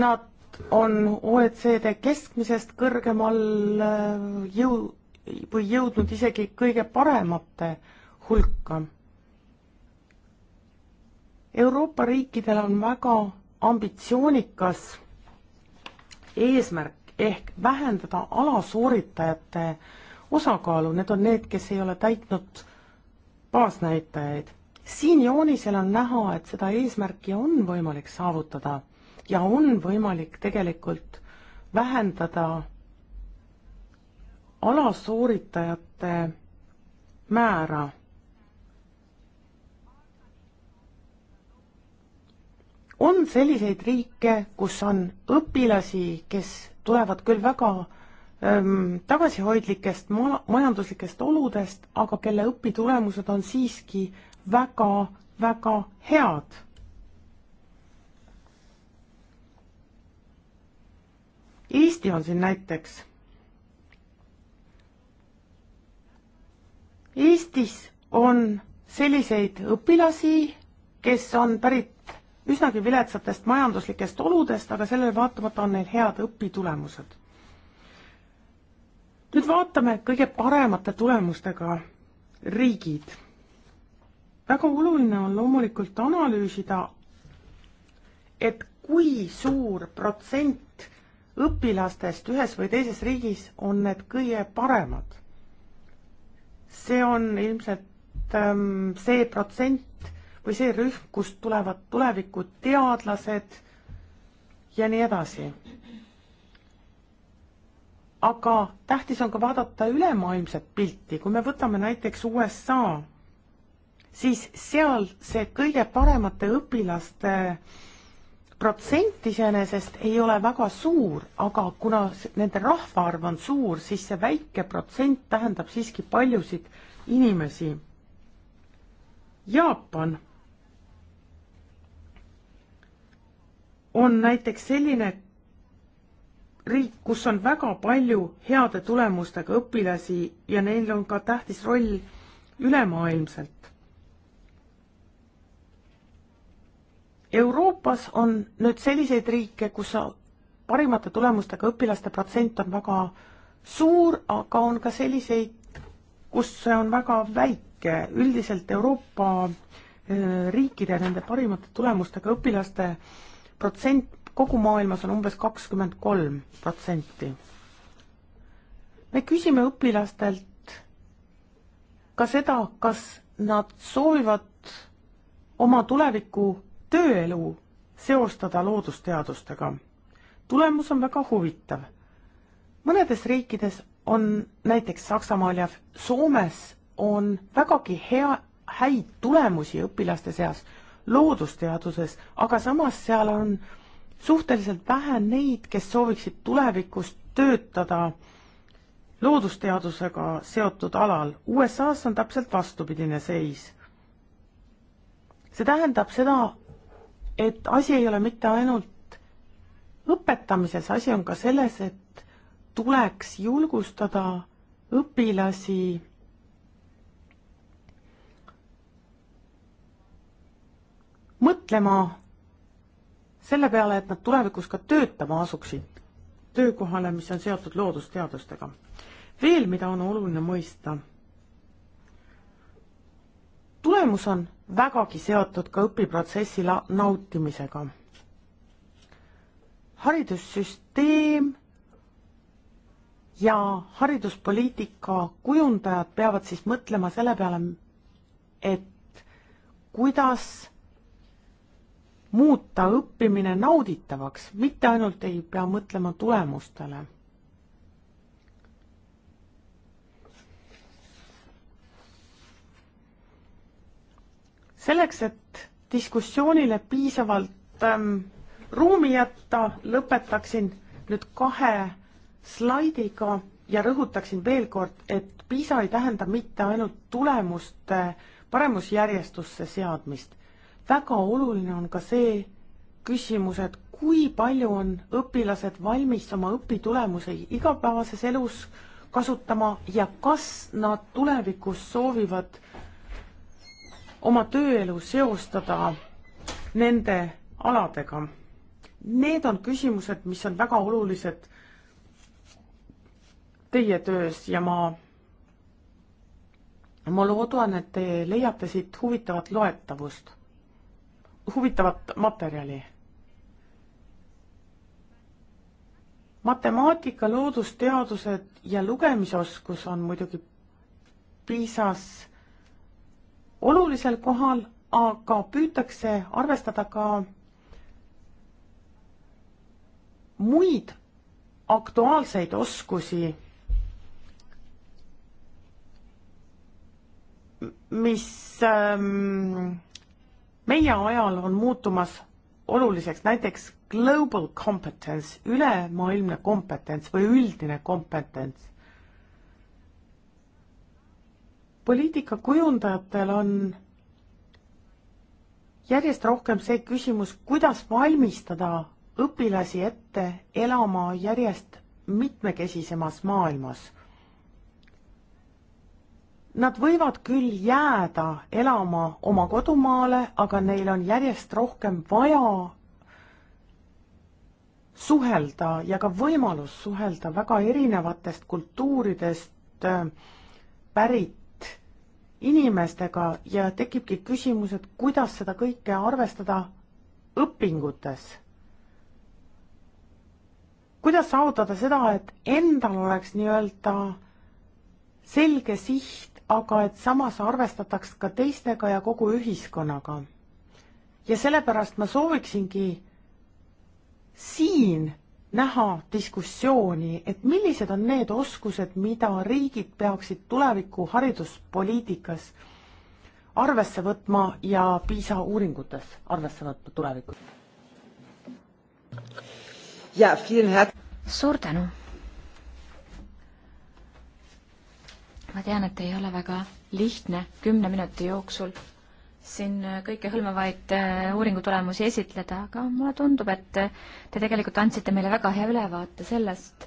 Nad on OECD keskmisest kõrgemal äh, jõu-, või jõudnud isegi kõige paremate hulka. Euroopa riikidel on väga ambitsioonikas eesmärk ehk vähendada alasooritajate osakaalu, need on need, kes ei ole täitnud baasnäitajaid. siin joonisel on näha, et seda eesmärki on võimalik saavutada ja on võimalik tegelikult vähendada alassooritajate määra. on selliseid riike, kus on õpilasi, kes tulevad küll väga ähm, tagasihoidlikest ma-, majanduslikest oludest, aga kelle õpitulemused on siiski väga, väga head Eesti on siin näiteks Eestis on selliseid õpilasi, kes on pärit üsnagi viletsatest majanduslikest oludest, aga sellele vaatamata on neil head õpitulemused. nüüd vaatame kõige paremate tulemustega riigid. väga oluline on loomulikult analüüsida, et kui suur protsent õpilastest ühes või teises riigis on need kõige paremad see on ilmselt ähm, see protsent või see rühm, kust tulevad tuleviku teadlased ja nii edasi. aga tähtis on ka vaadata ülemaailmset pilti, kui me võtame näiteks USA, siis seal see kõige paremate õpilaste äh, protsent iseenesest ei ole väga suur, aga kuna nende rahvaarv on suur, siis see väike protsent tähendab siiski paljusid inimesi. Jaapan on näiteks selline riik, kus on väga palju heade tulemustega õpilasi ja neil on ka tähtis roll ülemaailmselt. Euroopas on nüüd selliseid riike, kus parimate tulemustega õpilaste protsent on väga suur, aga on ka selliseid, kus see on väga väike. üldiselt Euroopa äh, riikide nende parimate tulemustega õpilaste protsent kogu maailmas on umbes kakskümmend kolm protsenti. me küsime õpilastelt ka seda, kas nad soovivad oma tuleviku tööelu seostada loodusteadustega. tulemus on väga huvitav. mõnedes riikides on näiteks Saksamaal ja Soomes on vägagi hea, häid tulemusi õpilaste seas loodusteaduses, aga samas seal on suhteliselt vähe neid, kes sooviksid tulevikus töötada loodusteadusega seotud alal. USA-s on täpselt vastupidine seis. see tähendab seda, et asi ei ole mitte ainult õpetamises, asi on ka selles, et tuleks julgustada õpilasi mõtlema selle peale, et nad tulevikus ka töötama asuksid töökohale, mis on seotud loodusteadustega. veel, mida on oluline mõista, tulemus on vägagi seotud ka õpiprotsessi nautimisega. haridussüsteem ja hariduspoliitika kujundajad peavad siis mõtlema selle peale, et kuidas muuta õppimine nauditavaks, mitte ainult ei pea mõtlema tulemustele selleks, et diskussioonile piisavalt ähm, ruumi jätta, lõpetaksin nüüd kahe slaidiga ja rõhutaksin veel kord, et PISA ei tähenda mitte ainult tulemuste paremusjärjestusse seadmist. väga oluline on ka see küsimus, et kui palju on õpilased valmis oma õpitulemusi igapäevases elus kasutama ja kas nad tulevikus soovivad äh, oma tööelu seostada nende aladega? Need on küsimused, mis on väga olulised teie töös ja ma, ma loodan, et te leiate siit huvitavat loetavust, huvitavat materjali matemaatika, loodusteadused ja lugemisoskus on muidugi PISA-s olulisel kohal, aga püütakse arvestada ka muid aktuaalseid oskusi, mis ähm, meie ajal on muutumas oluliseks, näiteks global competence, ülemaailmne kompetents või üldine kompetents. poliitikakujundajatel on järjest rohkem see küsimus, kuidas valmistada õpilasi ette elama järjest mitmekesisemas maailmas. Nad võivad küll jääda elama oma kodumaale, aga neil on järjest rohkem vaja suhelda ja ka võimalus suhelda väga erinevatest kultuuridest pärit inimestega ja tekibki küsimus, et kuidas seda kõike arvestada õpingutes. kuidas saavutada seda, et endal oleks nii-öelda selge siht, aga et samas arvestataks ka teistega ja kogu ühiskonnaga. ja sellepärast ma sooviksingi siin näha diskussiooni, et millised on need oskused, mida riigid peaksid tuleviku hariduspoliitikas arvesse võtma ja PISA uuringutes arvesse võtma tulevikus? suur tänu! ma tean, et ei ole väga lihtne kümne minuti jooksul siin kõikehõlmavaid äh, uuringutulemusi esitleda, aga mulle tundub, et te tegelikult andsite meile väga hea ülevaate sellest,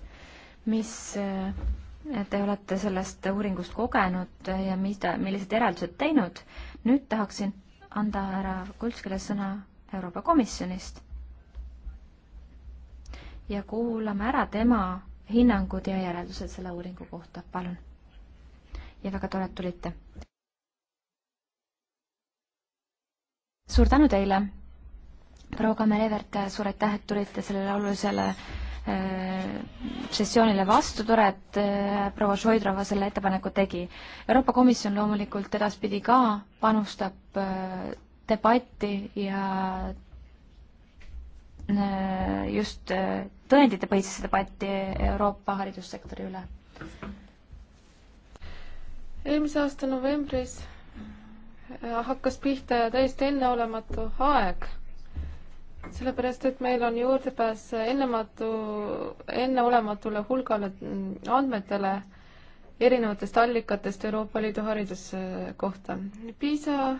mis äh, te olete sellest uuringust kogenud ja mida, millised järeldused teinud. nüüd tahaksin anda härra Kulskile sõna Euroopa Komisjonist ja kuulame ära tema hinnangud ja järeldused selle uuringu kohta, palun. ja väga tore, et tulite. suur tänu teile, proua Kammer-Evert, suur aitäh, et tulite sellele olulisele äh, sessioonile vastu, tore, et äh, proua Šoidrova selle ettepaneku tegi. Euroopa Komisjon loomulikult edaspidi ka panustab äh, debatti ja just tõenditepõhisesse debatti Euroopa haridussektori üle. eelmise aasta novembris hakkas pihta täiesti enneolematu aeg sellepärast, et meil on juurdepääs ennematu, enneolematule hulgale andmetele erinevatest allikatest Euroopa Liidu hariduse kohta. PISA,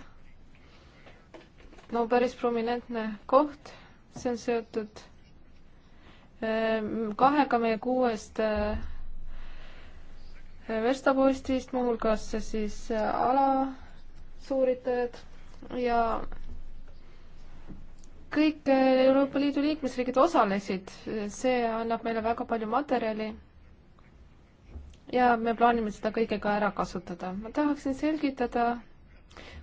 no päris prominentne koht, see on seotud ehm, kahega meie kuuest ehm, verstapostist, muuhulgas siis ehm, ala sooritajad ja kõik Euroopa Liidu liikmesriigid osalesid, see annab meile väga palju materjali. ja me plaanime seda kõige ka ära kasutada. ma tahaksin selgitada,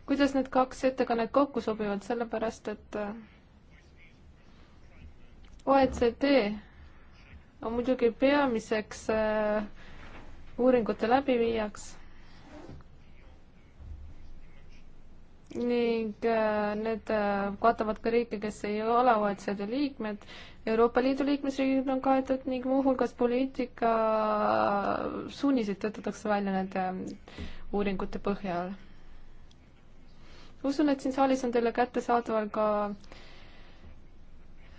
kuidas need kaks ettekannet kokku sobivad, sellepärast et äh, OECD on muidugi peamiseks äh, uuringute läbiviijaks ning äh, need äh, katavad ka riike, kes ei ole OECD liikmed. Euroopa Liidu liikmesriigid on kaetud ning muuhulgas poliitika äh, suuniseid töötatakse välja nende uuringute põhjal. usun, et siin saalis on teile kättesaadaval ka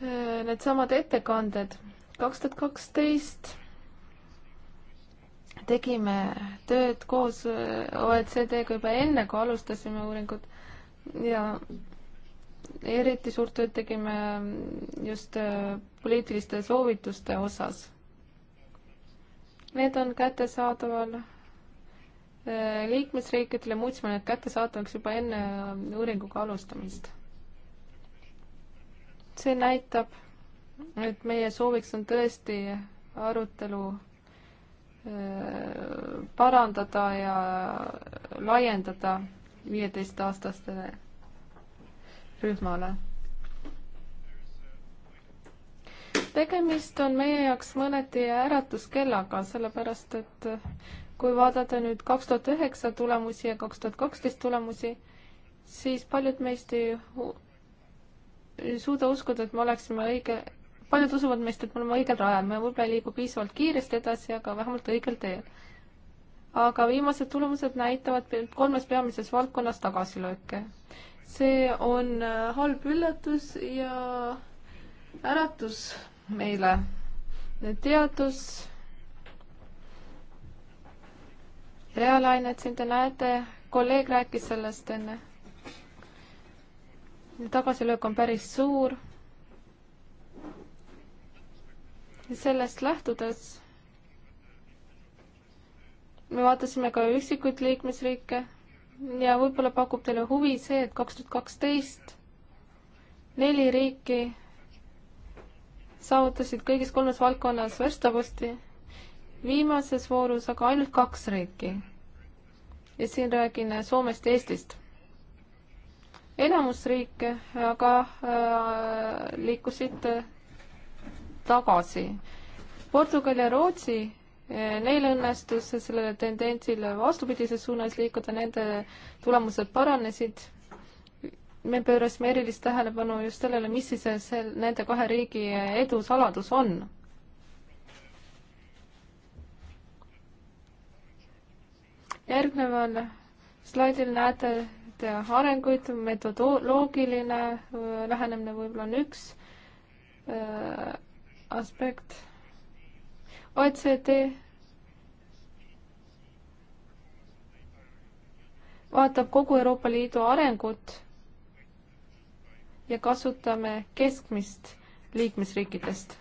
needsamad ettekanded. kaks tuhat kaksteist tegime tööd koos OECD-ga juba enne, kui alustasime uuringut ja eriti suurt tööd tegime just äh, poliitiliste soovituste osas. Need on kättesaadaval äh, liikmesriikidele, muutsime need kättesaadavaks juba enne äh, uuringuga alustamist. see näitab, et meie sooviks on tõesti arutelu parandada ja laiendada viieteist-aastastele rühmale. tegemist on meie jaoks mõneti äratuskellaga, sellepärast et kui vaadata nüüd kaks tuhat üheksa tulemusi ja kaks tuhat kaksteist tulemusi, siis paljud meist ei, ei suuda uskuda, et me oleksime õige, paljud usuvad meist, et me oleme õigel rajal, me võib-olla ei liigu piisavalt kiiresti edasi, aga vähemalt õigel teel aga viimased tulemused näitavad kolmes peamises valdkonnas tagasilööke. see on äh, halb üllatus ja äratus meile. teadus, reaalained siin te näete, kolleeg rääkis sellest enne. tagasilöök on päris suur. sellest lähtudes me vaatasime ka üksikuid liikmesriike ja võib-olla pakub teile huvi see, et kaks tuhat kaksteist neli riiki saavutasid kõigis kolmes valdkonnas verstaposti, viimases voorus aga ainult kaks riiki. ja siin räägin Soomest ja Eestist. enamus riike aga äh, liikusid tagasi. Portugal ja Rootsi Neil õnnestus sellele tendentsile vastupidises suunas liikuda, nende tulemused paranesid. me pöörasime erilist tähelepanu just sellele, mis siis sel, nende kahe riigi edusaladus on. järgneval slaidil näete te arenguid, metodoloogiline äh, lähenemine võib-olla on üks äh, aspekt OECD vaatab kogu Euroopa Liidu arengut ja kasutame keskmist liikmesriikidest.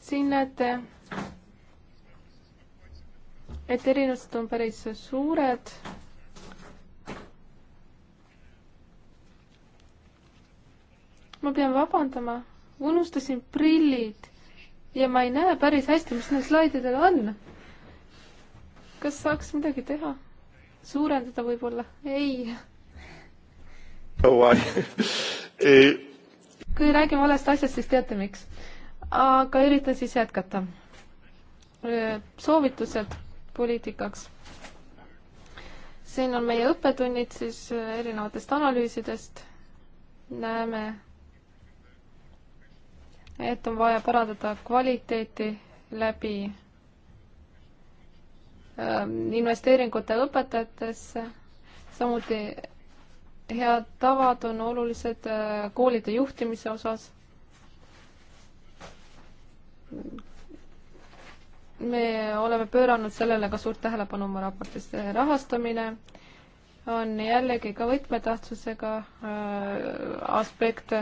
siin näete, et erinevused on päris suured. ma pean vabandama, unustasin prillid ja ma ei näe päris hästi, mis neil slaididel on. kas saaks midagi teha? suurendada võib-olla? ei oh,. Eh, kui räägin valest asjast, siis teate miks. aga üritan siis jätkata. soovitused poliitikaks. siin on meie õppetunnid siis erinevatest analüüsidest. näeme et on vaja parandada kvaliteeti läbi ähm, investeeringute õpetajatesse, samuti head tavad on olulised äh, koolide juhtimise osas. me oleme pööranud sellele ka suurt tähelepanu oma raportis. rahastamine on jällegi ka võtmetähtsusega äh, aspekt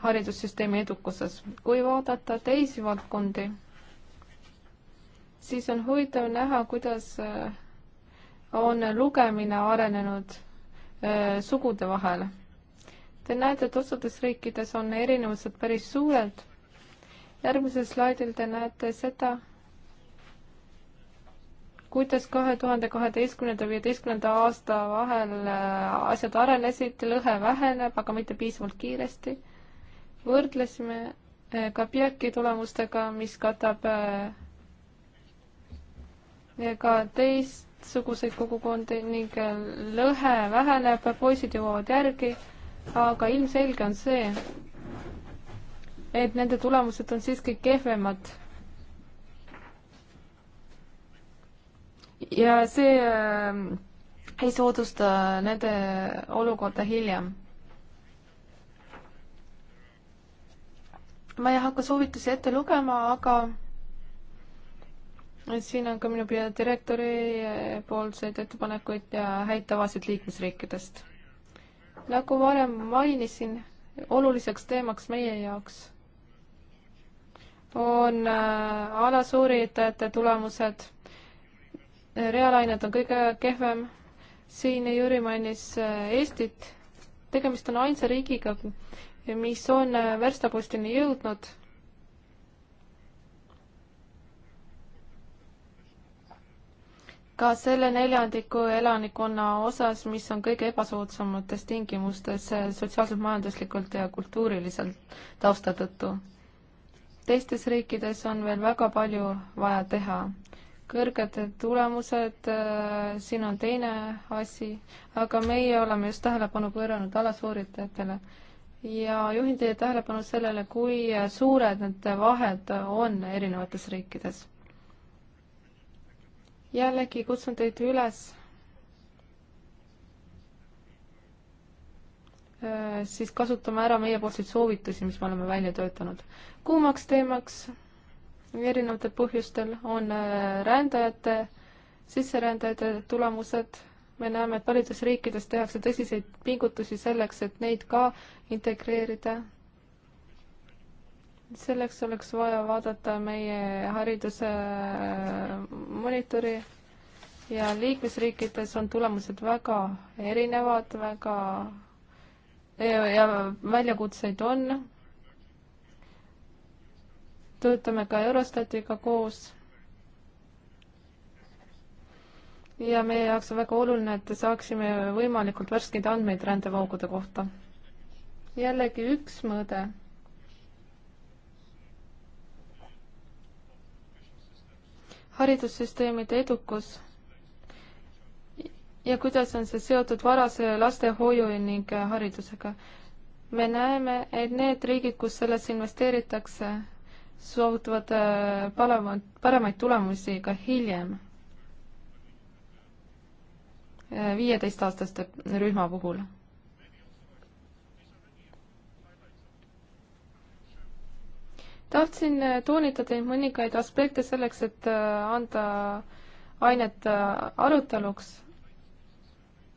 haridussüsteemi edukuses. kui vaadata teisi valdkondi, siis on huvitav näha, kuidas äh, on lugemine arenenud äh, sugude vahel. Te näete, et osades riikides on erinevused päris suured. järgmisel slaidil te näete seda, kuidas kahe tuhande kaheteistkümnenda ja viieteistkümnenda aasta vahel äh, asjad arenesid, lõhe väheneb, aga mitte piisavalt kiiresti võrdlesime eh, ka PIAC-i tulemustega, mis katab eh, eh, ka teistsuguseid kogukondi ning lõhe väheneb, poisid jõuavad järgi, aga ilmselge on see, et nende tulemused on siiski kehvemad. ja see ei soodusta nende olukorda hiljem ma ei hakka soovitusi ette lugema, aga siin on ka minu peadirektori poolseid ettepanekuid ja häid tavasid liikmesriikidest. nagu varem mainisin, oluliseks teemaks meie jaoks on äh, alasuuritajate tulemused. reaalained on kõige kehvem. siin Jüri mainis äh, Eestit. tegemist on ainsa riigiga, mis on äh, verstapostini jõudnud. ka selle neljandiku elanikkonna osas, mis on kõige ebasoodsamates tingimustes äh, sotsiaalselt, majanduslikult ja kultuuriliselt tausta tõttu. teistes riikides on veel väga palju vaja teha kõrged tulemused, äh, siin on teine asi, aga meie oleme just tähelepanu pööranud alasoorijatele ja juhin teie tähelepanu sellele, kui suured need vahed on erinevates riikides. jällegi kutsun teid üles äh, siis kasutama ära meiepoolseid soovitusi, mis me oleme välja töötanud. kuumaks teemaks erinevatel põhjustel on äh, rändajate, sisserändajate tulemused me näeme, et paljudes riikides tehakse tõsiseid pingutusi selleks, et neid ka integreerida. selleks oleks vaja vaadata meie hariduse äh, monitori ja liikmesriikides on tulemused väga erinevad, väga ja, ja väljakutseid on. töötame ka Eurostatiga koos ja meie jaoks on väga oluline, et saaksime võimalikult värskeid andmeid rändevoogude kohta. jällegi üks mõõde. haridussüsteemide edukus ja kuidas on see seotud varase lastehoiu ning haridusega. me näeme, et need riigid, kus sellesse investeeritakse, soovutavad äh, paremaid, paremaid tulemusi ka hiljem viieteistaastaste rühma puhul. tahtsin toonitada mõningaid aspekte selleks, et äh, anda ainet äh, aruteluks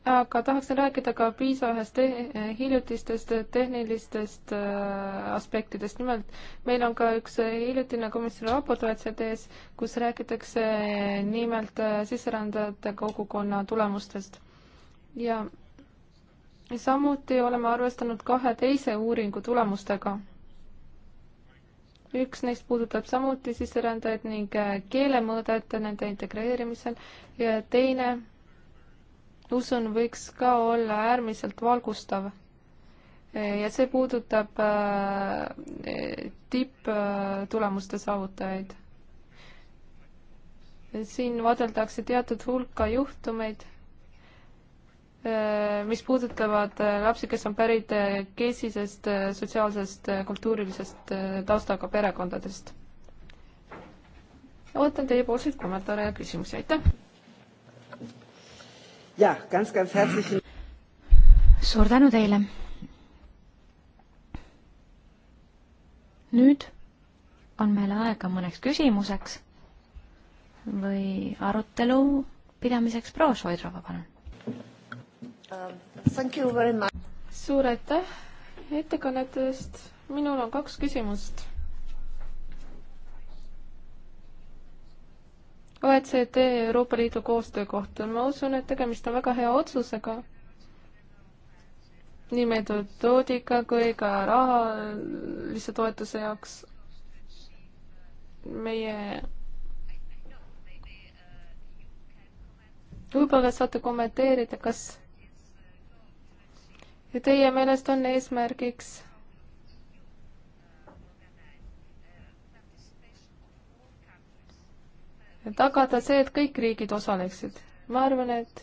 aga tahaksin rääkida ka PISA ühest te eh, hiljutistest eh, tehnilistest äh, aspektidest. nimelt meil on ka üks hiljutine komisjoni raport OECD-s, kus räägitakse nimelt sisserändajate kogukonna tulemustest. ja samuti oleme arvestanud kahe teise uuringu tulemustega. üks neist puudutab samuti sisserändajaid ning keelemõõdet nende integreerimisel ja teine usun, võiks ka olla äärmiselt valgustav. ja see puudutab äh, tipptulemuste saavutajaid. siin vaadeldakse teatud hulka juhtumeid, äh, mis puudutavad äh, lapsi, kes on pärit kesisest sotsiaalsest kultuurilisest taustaga perekondadest. ootan teiepoolseid kommentaare ja küsimusi, aitäh! suur tänu teile. nüüd on meil aega mõneks küsimuseks või arutelu pidamiseks. proua Šoidrova, palun. Uh, suur aitäh ettekannete eest. minul on kaks küsimust OECD Euroopa Liidu koostöö kohta, ma usun, et tegemist on väga hea otsusega, nii metodoodika kui ka rahalise toetuse jaoks meie võib-olla saate kommenteerida, kas teie meelest on eesmärgiks tagada see, et kõik riigid osaleksid. ma arvan, et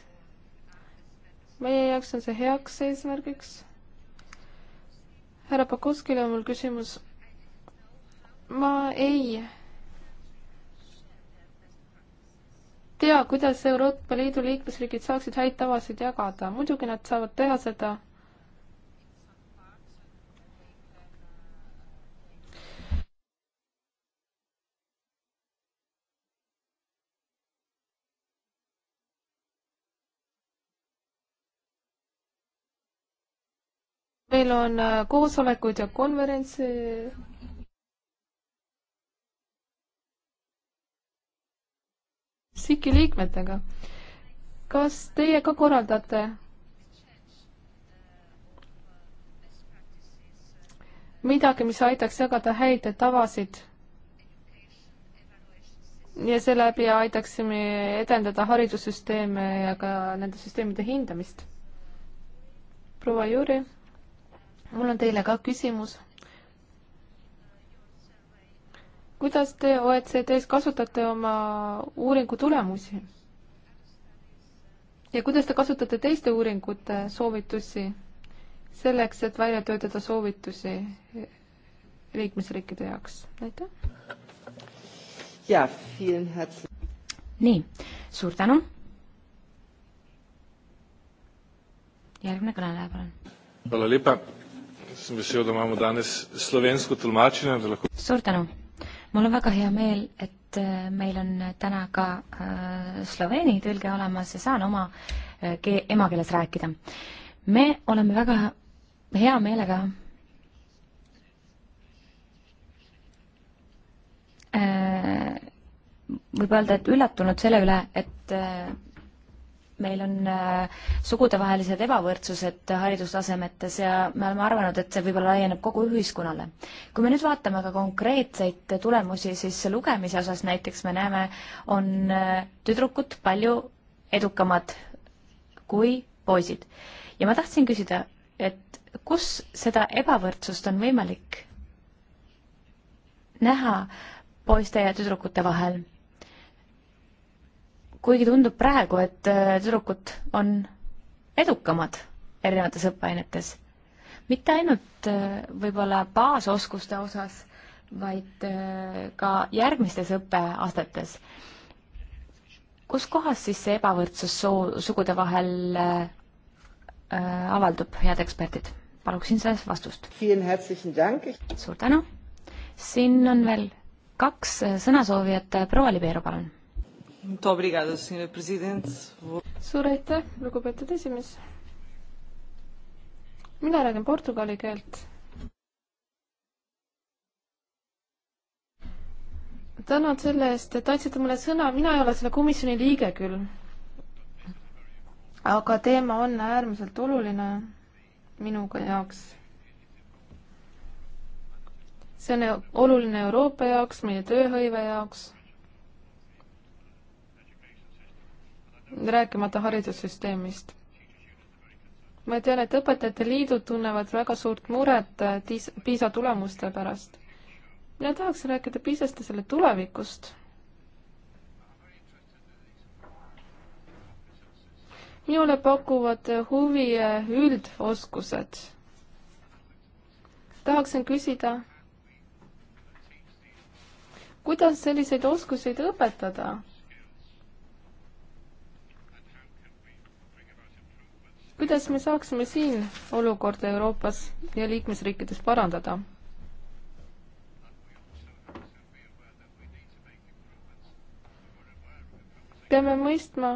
meie jaoks on see heaks eesmärgiks. härra Pakovskile on mul küsimus. ma ei tea, kuidas Euroopa Liidu liikmesriigid saaksid häid tavasid jagada. muidugi nad saavad teha seda meil on äh, koosolekuid ja konverentse SIK-i liikmetega. kas teie ka korraldate midagi, mis aitaks jagada häid tavasid? ja seeläbi aitaksime edendada haridussüsteeme ja ka nende süsteemide hindamist. proua Jüri mul on teile ka küsimus. kuidas te OECD-s kasutate oma uuringu tulemusi? ja kuidas te kasutate teiste uuringute soovitusi selleks, et välja töötada soovitusi liikmesriikide jaoks? aitäh! jaa, nii, suur tänu! järgmine kõneleja, palun sem vesel, da imamo danes slovensko tolmačenje, da lahko. suur tänu. mul on väga hea meel, et eh, meil on täna ka äh, eh, sloveeni tõlge olemas ja saan oma äh, emakeeles rääkida. me oleme väga hea meelega äh, võib öelda, et üllatunud selle üle, et äh, meil on äh, sugudevahelised ebavõrdsused haridustasemetes ja me oleme arvanud, et see võib-olla laieneb kogu ühiskonnale. kui me nüüd vaatame ka konkreetseid tulemusi, siis lugemise osas näiteks me näeme, on äh, tüdrukud palju edukamad kui poisid. ja ma tahtsin küsida, et kus seda ebavõrdsust on võimalik näha poiste ja tüdrukute vahel kuigi tundub praegu, et äh, tüdrukud on edukamad erinevates õppeainetes. mitte ainult äh, võib-olla baasoskuste osas, vaid äh, ka järgmistes õppeastetes. kus kohas siis see ebavõrdsus soo-, sugude vahel avaldub, head eksperdid? paluksin selles vastust. suur tänu. siin on veel kaks sõnasoovijat, proua Libero, palun suur aitäh, lugupeetud esimees. mina räägin portugali keelt. tänan selle eest, et andsite mulle sõna, mina ei ole selle komisjoni liige küll. aga teema on äärmiselt oluline minuga jaoks. see on oluline Euroopa jaoks, meie tööhõive jaoks rääkimata haridussüsteemist. ma tean, et õpetajate liidud tunnevad väga suurt muret äh, PISA tulemuste pärast. mina tahaks rääkida PISA-st ja selle tulevikust. minule pakuvad huvi äh, üldoskused. tahaksin küsida, kuidas selliseid oskuseid õpetada? kuidas me saaksime siin olukorda Euroopas ja liikmesriikides parandada? peame mõistma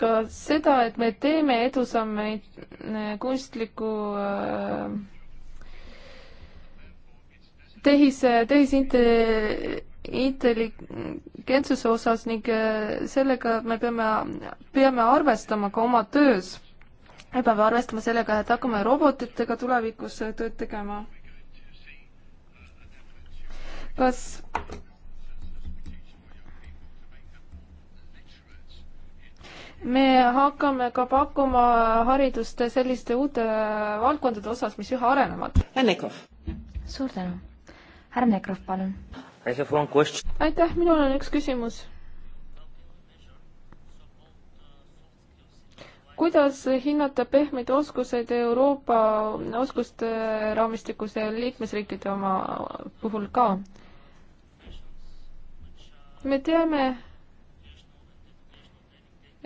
ka seda, et me teeme edusammeid kunstliku äh, tehis, tehisinte-, intelligentsuse osas ning äh, sellega me peame, peame arvestama ka oma töös. me peame arvestama sellega, et hakkame robotitega tulevikus äh, tööd tegema. kas me hakkame ka pakkuma haridust selliste uute äh, valdkondade osas, mis üha arenevad. Suur tänu. härra Nekrov, palun aitäh, minul on üks küsimus. kuidas hinnata pehmeid oskuseid Euroopa oskuste raamistikus ja liikmesriikide oma puhul ka? me teame,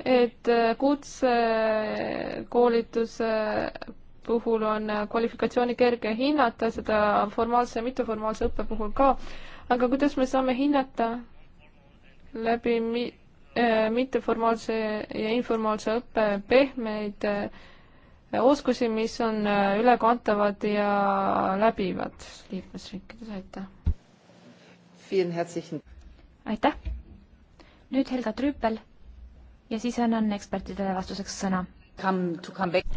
et kutsekoolituse puhul on kvalifikatsiooni kerge hinnata, seda formaalse ja mitteformaalse õppe puhul ka, aga kuidas me saame hinnata läbi mi-, äh, mitteformaalse ja informaalse õppe pehmeid äh, oskusi, mis on äh, ülekantavad ja läbivad liikmesriikides, aitäh! aitäh! nüüd Helga Trüüpel ja siis annan ekspertidele vastuseks sõna.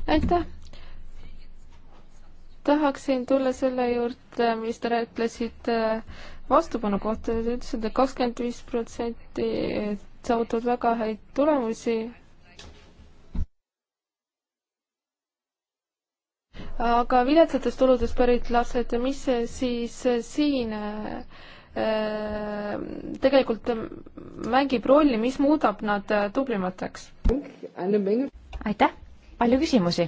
aitäh! tahaksin tulla selle juurde, mis te ütlesite äh, vastupanu kohta, te ütlesite, et kakskümmend viis protsenti saavutavad väga häid tulemusi. aga viletsatest oludest pärit lapsed, mis siis siin äh, tegelikult mängib rolli, mis muudab nad tublimateks? aitäh, palju küsimusi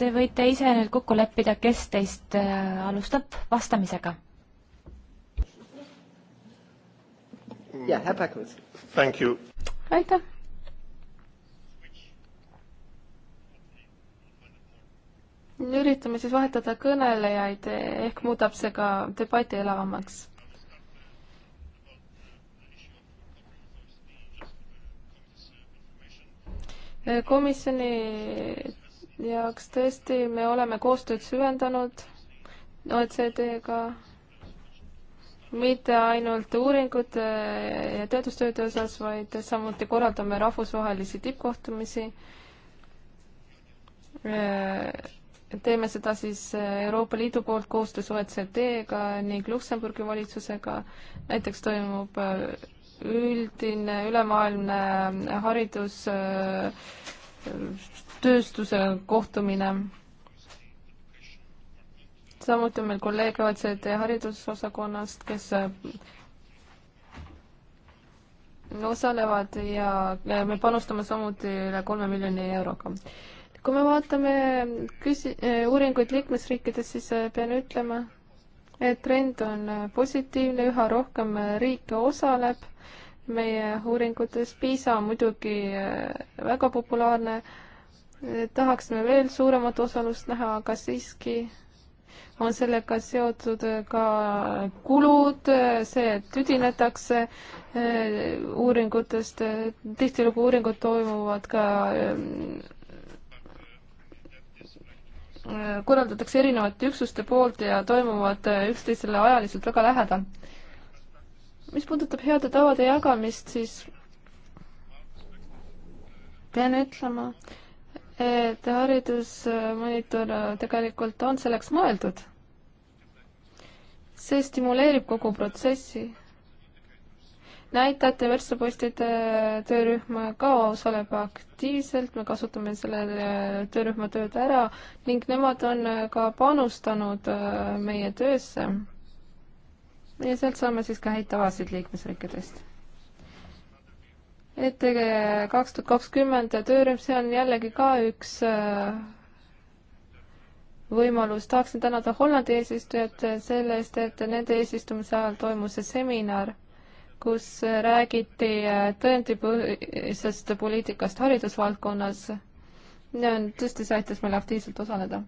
te võite ise nüüd kokku leppida, kes teist äh, alustab vastamisega. jah, härra Päkkus. aitäh. üritame siis vahetada kõnelejaid, ehk muudab see ka debati elavamaks. komisjoni jaoks. tõesti, me oleme koostööd süvendanud OECD-ga mitte ainult uuringute äh, ja teadustööde osas, vaid samuti korraldame rahvusvahelisi tippkohtumisi. Äh, teeme seda siis Euroopa Liidu poolt koostöös OECD-ga ning Luksemburgi valitsusega. näiteks toimub äh, üldine ülemaailmne haridus tööstuse kohtumine. samuti on meil kolleeg OECD haridusosakonnast, kes äh, osalevad ja me panustame samuti üle kolme miljoni euroga. kui me vaatame küsi-, äh, uuringuid liikmesriikides, siis äh, pean ütlema, et trend on positiivne, üha rohkem riike osaleb meie uuringutes, PISA on muidugi väga populaarne tahaksime veel suuremat osalust näha, aga siiski on sellega seotud ka kulud, see, et tüdinetakse eh, uuringutest, eh, tihtilugu uuringud toimuvad ka, eh, korraldatakse erinevate üksuste poolt ja toimuvad üksteisele ajaliselt väga lähedal. mis puudutab heade tavade jagamist, siis pean ütlema, et haridusmonitor tegelikult on selleks mõeldud. see stimuleerib kogu protsessi. näitajate verssapostide töörühm ka osaleb aktiivselt, me kasutame selle töörühma tööd ära ning nemad on ka panustanud meie töösse. ja sealt saame siis ka häid tavasid liikmesriikidest et äh, kaks tuhat kakskümmend töörühm, see on jällegi ka üks äh, võimalus. tahaksin tänada Hollandi eesistujat selle eest, et nende eesistumise ajal toimus see seminar, kus räägiti äh, tõendipõhisest poliitikast haridusvaldkonnas. tõesti, see aitas meil aktiivselt osaleda.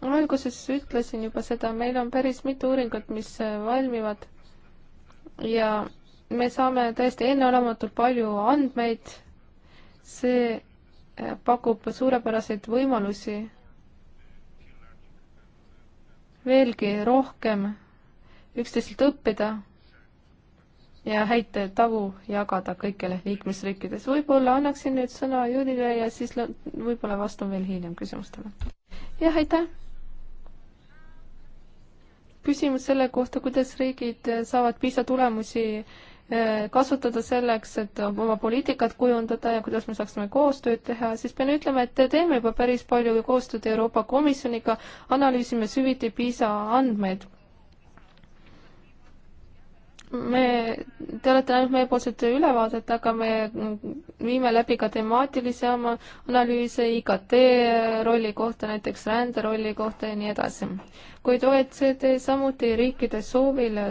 alguses ütlesin juba seda, meil on päris mitu uuringut, mis valmivad ja me saame tõesti enneolematult palju andmeid, see äh, pakub suurepäraseid võimalusi veelgi rohkem üksteiselt õppida ja häid tavu jagada kõikjale liikmesriikides. võib-olla annaksin nüüd sõna Jürile ja siis võib-olla vastan veel hiljem küsimustele. jah, aitäh! küsimus selle kohta, kuidas riigid saavad PISA tulemusi äh, Äh, kasutada selleks, et oma poliitikat kujundada ja kuidas me saaksime koostööd teha, siis pean ütlema, et teeme juba päris palju koostööd Euroopa Komisjoniga, analüüsime süviti PISA andmeid. me, te olete näinud meiepoolset ülevaadet, aga me viime läbi ka temaatilisi oma analüüse IKT rolli kohta, näiteks rände rolli kohta ja nii edasi. kuid OECD samuti riikide soovil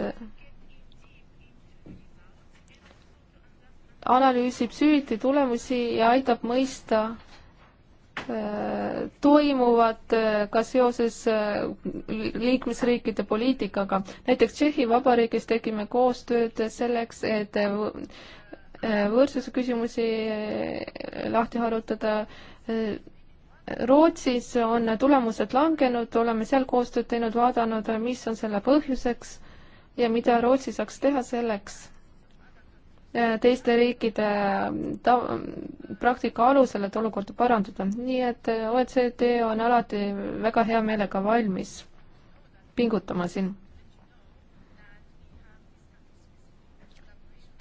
analüüsib süüdi tulemusi ja aitab mõista äh, toimuvad äh, ka seoses äh, liikmesriikide poliitikaga. näiteks Tšehhi Vabariigis tegime koostööd selleks, et võrdsuse küsimusi lahti harutada. Rootsis on tulemused langenud, oleme seal koostööd teinud, vaadanud, mis on selle põhjuseks ja mida Rootsi saaks teha selleks teiste riikide äh, ta-, praktika alusel, et olukorda parandada. nii et äh, OECD on alati väga hea meelega valmis pingutama siin.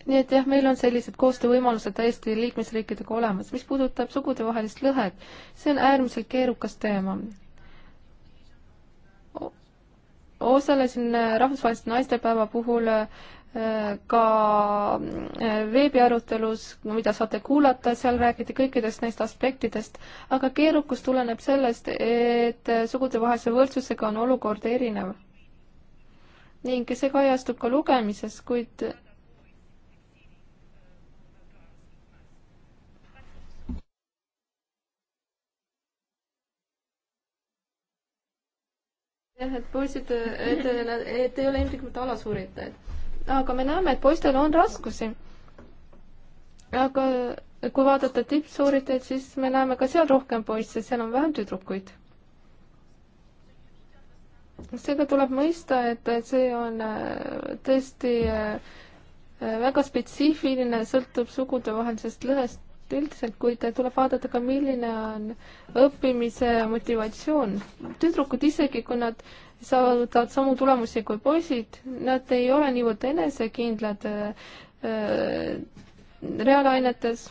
nii et jah, meil on sellised koostöövõimalused täiesti liikmesriikidega olemas. mis puudutab sugudevahelist lõhet, see on äärmiselt keerukas teema o. osalesin äh, rahvusvahelise naistepäeva puhul äh, ka äh, veebiarutelus, mida saate kuulata, seal räägiti kõikidest neist aspektidest, aga keerukus tuleneb sellest, et sugudevahelise võrdsusega on olukord erinev. ning see kajastub ka lugemises, kuid jah, et poisid, et, et ei ole ilmtingimata alasuuritajad aga me näeme, et poistel on raskusi. aga kui vaadata tippsuuritajaid, siis me näeme ka seal rohkem poisse, seal on vähem tüdrukuid. seega tuleb mõista, et see on äh, tõesti äh, äh, väga spetsiifiline, sõltub sugudevahelisest lõhest õppimist üldiselt, kuid tuleb vaadata ka, milline on õppimise motivatsioon. tüdrukud isegi, kui nad saavutavad samu tulemusi kui poisid, nad ei ole niivõrd enesekindlad äh, reaalainetes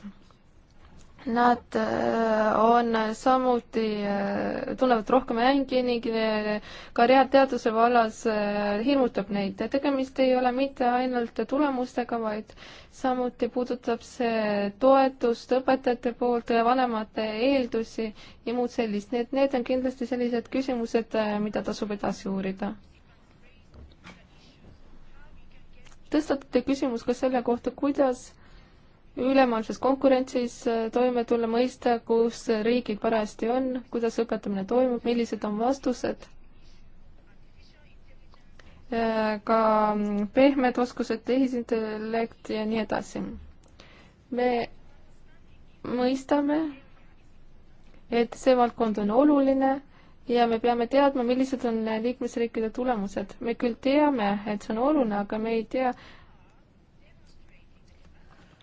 Nad äh, on samuti, äh, tunnevad rohkem mängi ning äh, karjäär teaduse vallas hirmutab neid. tegemist ei ole mitte ainult tulemustega, vaid samuti puudutab see toetust õpetajate poolt, vanemate eeldusi ja muud sellist. nii et need on kindlasti sellised küsimused, mida tasub edasi uurida. tõstatati küsimus ka selle kohta, kuidas ülemaailmses konkurentsis äh, toime tulla, mõista, kus riigid parajasti on, kuidas õpetamine toimub, millised on vastused. Äh, ka pehmed oskused, tehisintellekt ja nii edasi. me mõistame, et see valdkond on oluline ja me peame teadma, millised on liikmesriikide tulemused. me küll teame, et see on oluline, aga me ei tea,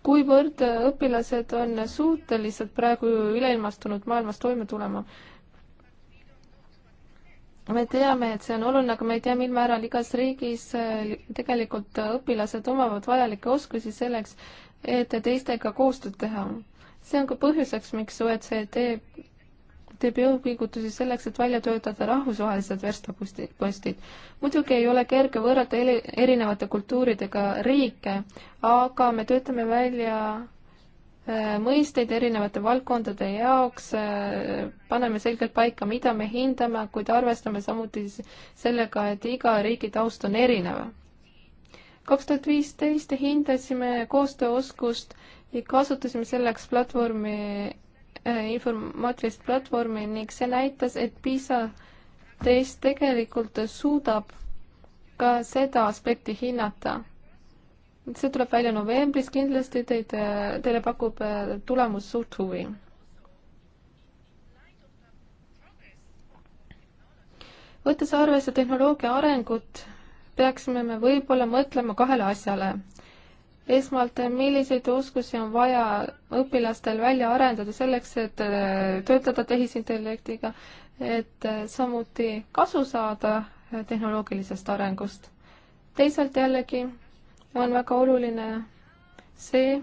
kuivõrd õpilased on suutelised praegu üleilmastunud maailmas toime tulema? me teame, et see on oluline, aga me ei tea, mil määral igas riigis äh, tegelikult õpilased omavad vajalikke oskusi selleks, et teistega koostööd teha. see on ka põhjuseks, miks OECD teeb jõupingutusi selleks, et välja töötada rahvusvahelised verstapostid. muidugi ei ole kerge võrrelda erinevate kultuuridega riike, aga me töötame välja äh, mõisteid erinevate valdkondade jaoks, äh, paneme selgelt paika, mida me hindame, kuid arvestame samuti sellega, et iga riigi taust on erinev. kaks tuhat viisteist hindasime koostööoskust ja kasutasime selleks platvormi Äh, informaatilist platvormi ning see näitas, et PISA test tegelikult suudab ka seda aspekti hinnata. see tuleb välja novembris, kindlasti teid, äh, teile pakub äh, tulemus suurt huvi. võttes arvesse tehnoloogia arengut, peaksime me võib-olla mõtlema kahele asjale esmalt, milliseid oskusi on vaja õpilastel välja arendada selleks, et äh, töötada tehisintellektiga, et äh, samuti kasu saada äh, tehnoloogilisest arengust. teisalt jällegi on väga oluline see,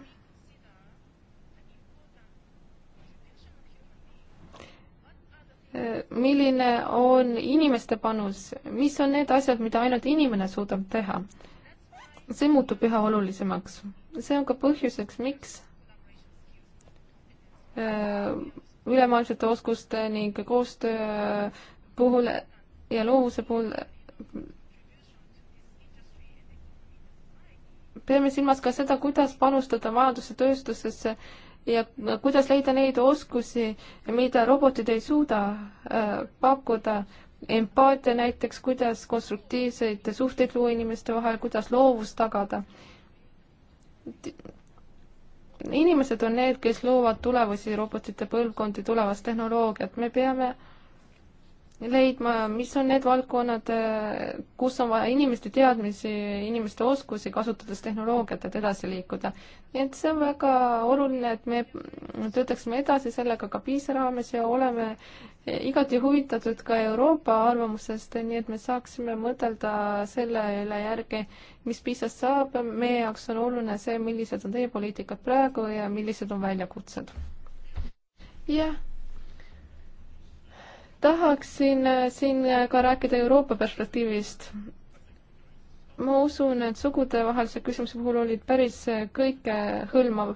milline on inimeste panus, mis on need asjad, mida ainult inimene suudab teha see muutub üha olulisemaks. see on ka põhjuseks, miks äh, ülemaailmsete oskuste ning koostöö puhul ja loovuse puhul peame silmas ka seda, kuidas panustada majanduse tööstusesse ja kuidas leida neid oskusi, mida robotid ei suuda äh, pakkuda empaatia näiteks, kuidas konstruktiivseid suhteid luua inimeste vahel, kuidas loovust tagada. inimesed on need, kes loovad tulevasi robotite põlvkondi, tulevast tehnoloogiat, me peame leidma, mis on need valdkonnad, kus on vaja inimeste teadmisi, inimeste oskusi, kasutades tehnoloogiat, et edasi liikuda. nii et see on väga oluline, et me töötaksime edasi sellega ka PISA raames ja oleme igati huvitatud ka Euroopa arvamusest, nii et me saaksime mõtelda selle üle järgi, mis PISA-st saab, meie jaoks on oluline see, millised on teie poliitikad praegu ja millised on väljakutsed. jah. tahaksin äh, siin äh, ka rääkida Euroopa perspektiivist. ma usun, et sugudevahelise küsimuse puhul olid päris äh, kõikehõlmav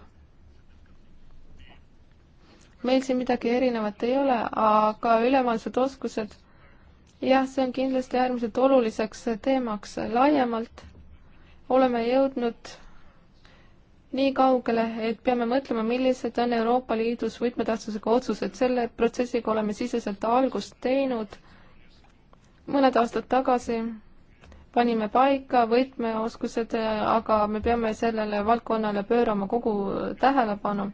meil siin midagi erinevat ei ole, aga ülemaailmsed oskused, jah, see on kindlasti äärmiselt oluliseks teemaks laiemalt. oleme jõudnud nii kaugele, et peame mõtlema, millised on Euroopa Liidus võtmetähtsusega otsused. selle protsessiga oleme siseselt algust teinud. mõned aastad tagasi panime paika võtmeoskused, aga me peame sellele valdkonnale pöörama kogu tähelepanu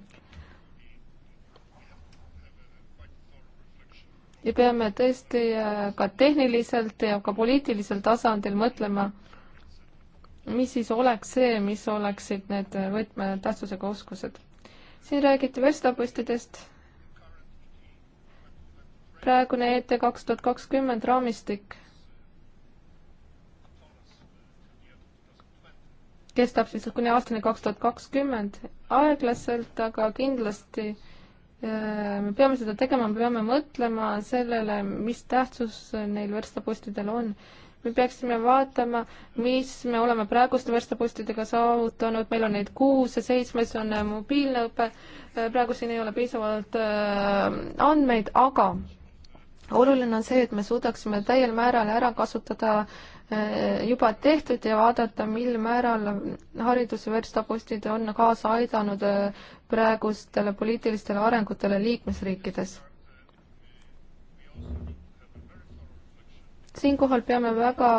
ja peame tõesti äh, ka tehniliselt ja ka poliitilisel tasandil mõtlema, mis siis oleks see, mis oleksid need äh, võtmetähtsusega oskused. siin räägiti verstapostidest. praegune ET kaks tuhat kakskümmend raamistik kestab siis kuni aastani kaks tuhat kakskümmend, aeglaselt, aga kindlasti Äh, me peame seda tegema, me peame mõtlema sellele, mis tähtsus neil verstapostidel on. me peaksime vaatama, mis me oleme praeguste verstapostidega saavutanud, meil on neid kuus ja seitsmes on äh, mobiilne õpe, äh, praegu siin ei ole piisavalt andmeid, aga oluline on see, et me suudaksime täiel määral ära kasutada juba tehtud ja vaadata, mil määral haridusverstapostid on kaasa aidanud praegustele poliitilistele arengutele liikmesriikides. siinkohal peame väga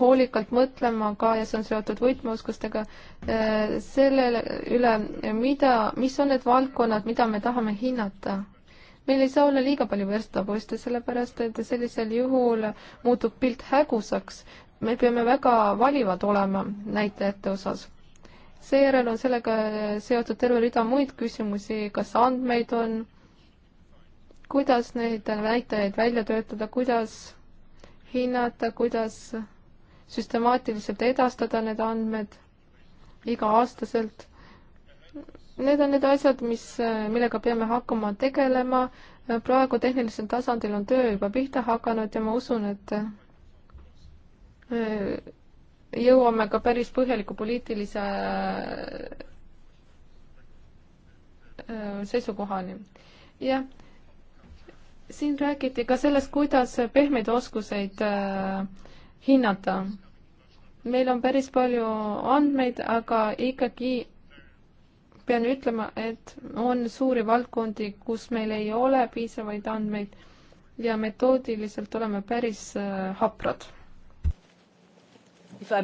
hoolikalt mõtlema ka ja see on seotud võtmeoskustega eh, sellele üle, mida, mis on need valdkonnad, mida me tahame hinnata. meil ei saa olla liiga palju verstaposte, sellepärast et sellisel juhul muutub pilt hägusaks. me peame väga valivad olema näitajate osas seejärel on sellega seotud terve rida muid küsimusi, kas andmeid on, kuidas neid näitajaid välja töötada, kuidas hinnata, kuidas süstemaatiliselt edastada need andmed iga-aastaselt. Need on need asjad, mis, millega peame hakkama tegelema. praegu tehnilisel tasandil on töö juba pihta hakanud ja ma usun, et jõuame ka päris põhjaliku poliitilise äh, seisukohani. jah, siin räägiti ka sellest, kuidas pehmeid oskuseid äh, hinnata. meil on päris palju andmeid, aga ikkagi pean ütlema, et on suuri valdkondi, kus meil ei ole piisavaid andmeid ja metoodiliselt oleme päris äh, haprad The...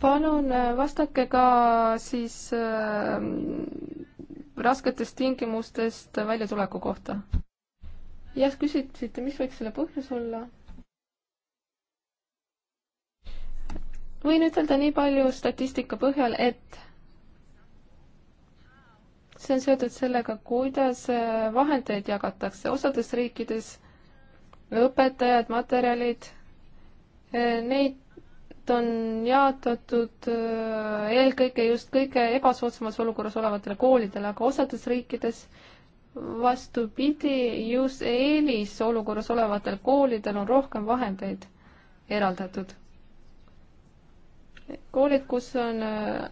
palun äh, vastake ka siis äh, rasketest tingimustest väljatuleku kohta. jah, küsisite, mis võiks selle põhjus olla? võin ütelda nii palju statistika põhjal, et see on seotud sellega, kuidas äh, vahendeid jagatakse. osades riikides õpetajad, materjalid Neid on jaotatud äh, eelkõige just kõige ebasoodsamas olukorras olevatele koolidele, aga osades riikides vastupidi, just eelis olukorras olevatel koolidel on rohkem vahendeid eraldatud. koolid, kus on äh,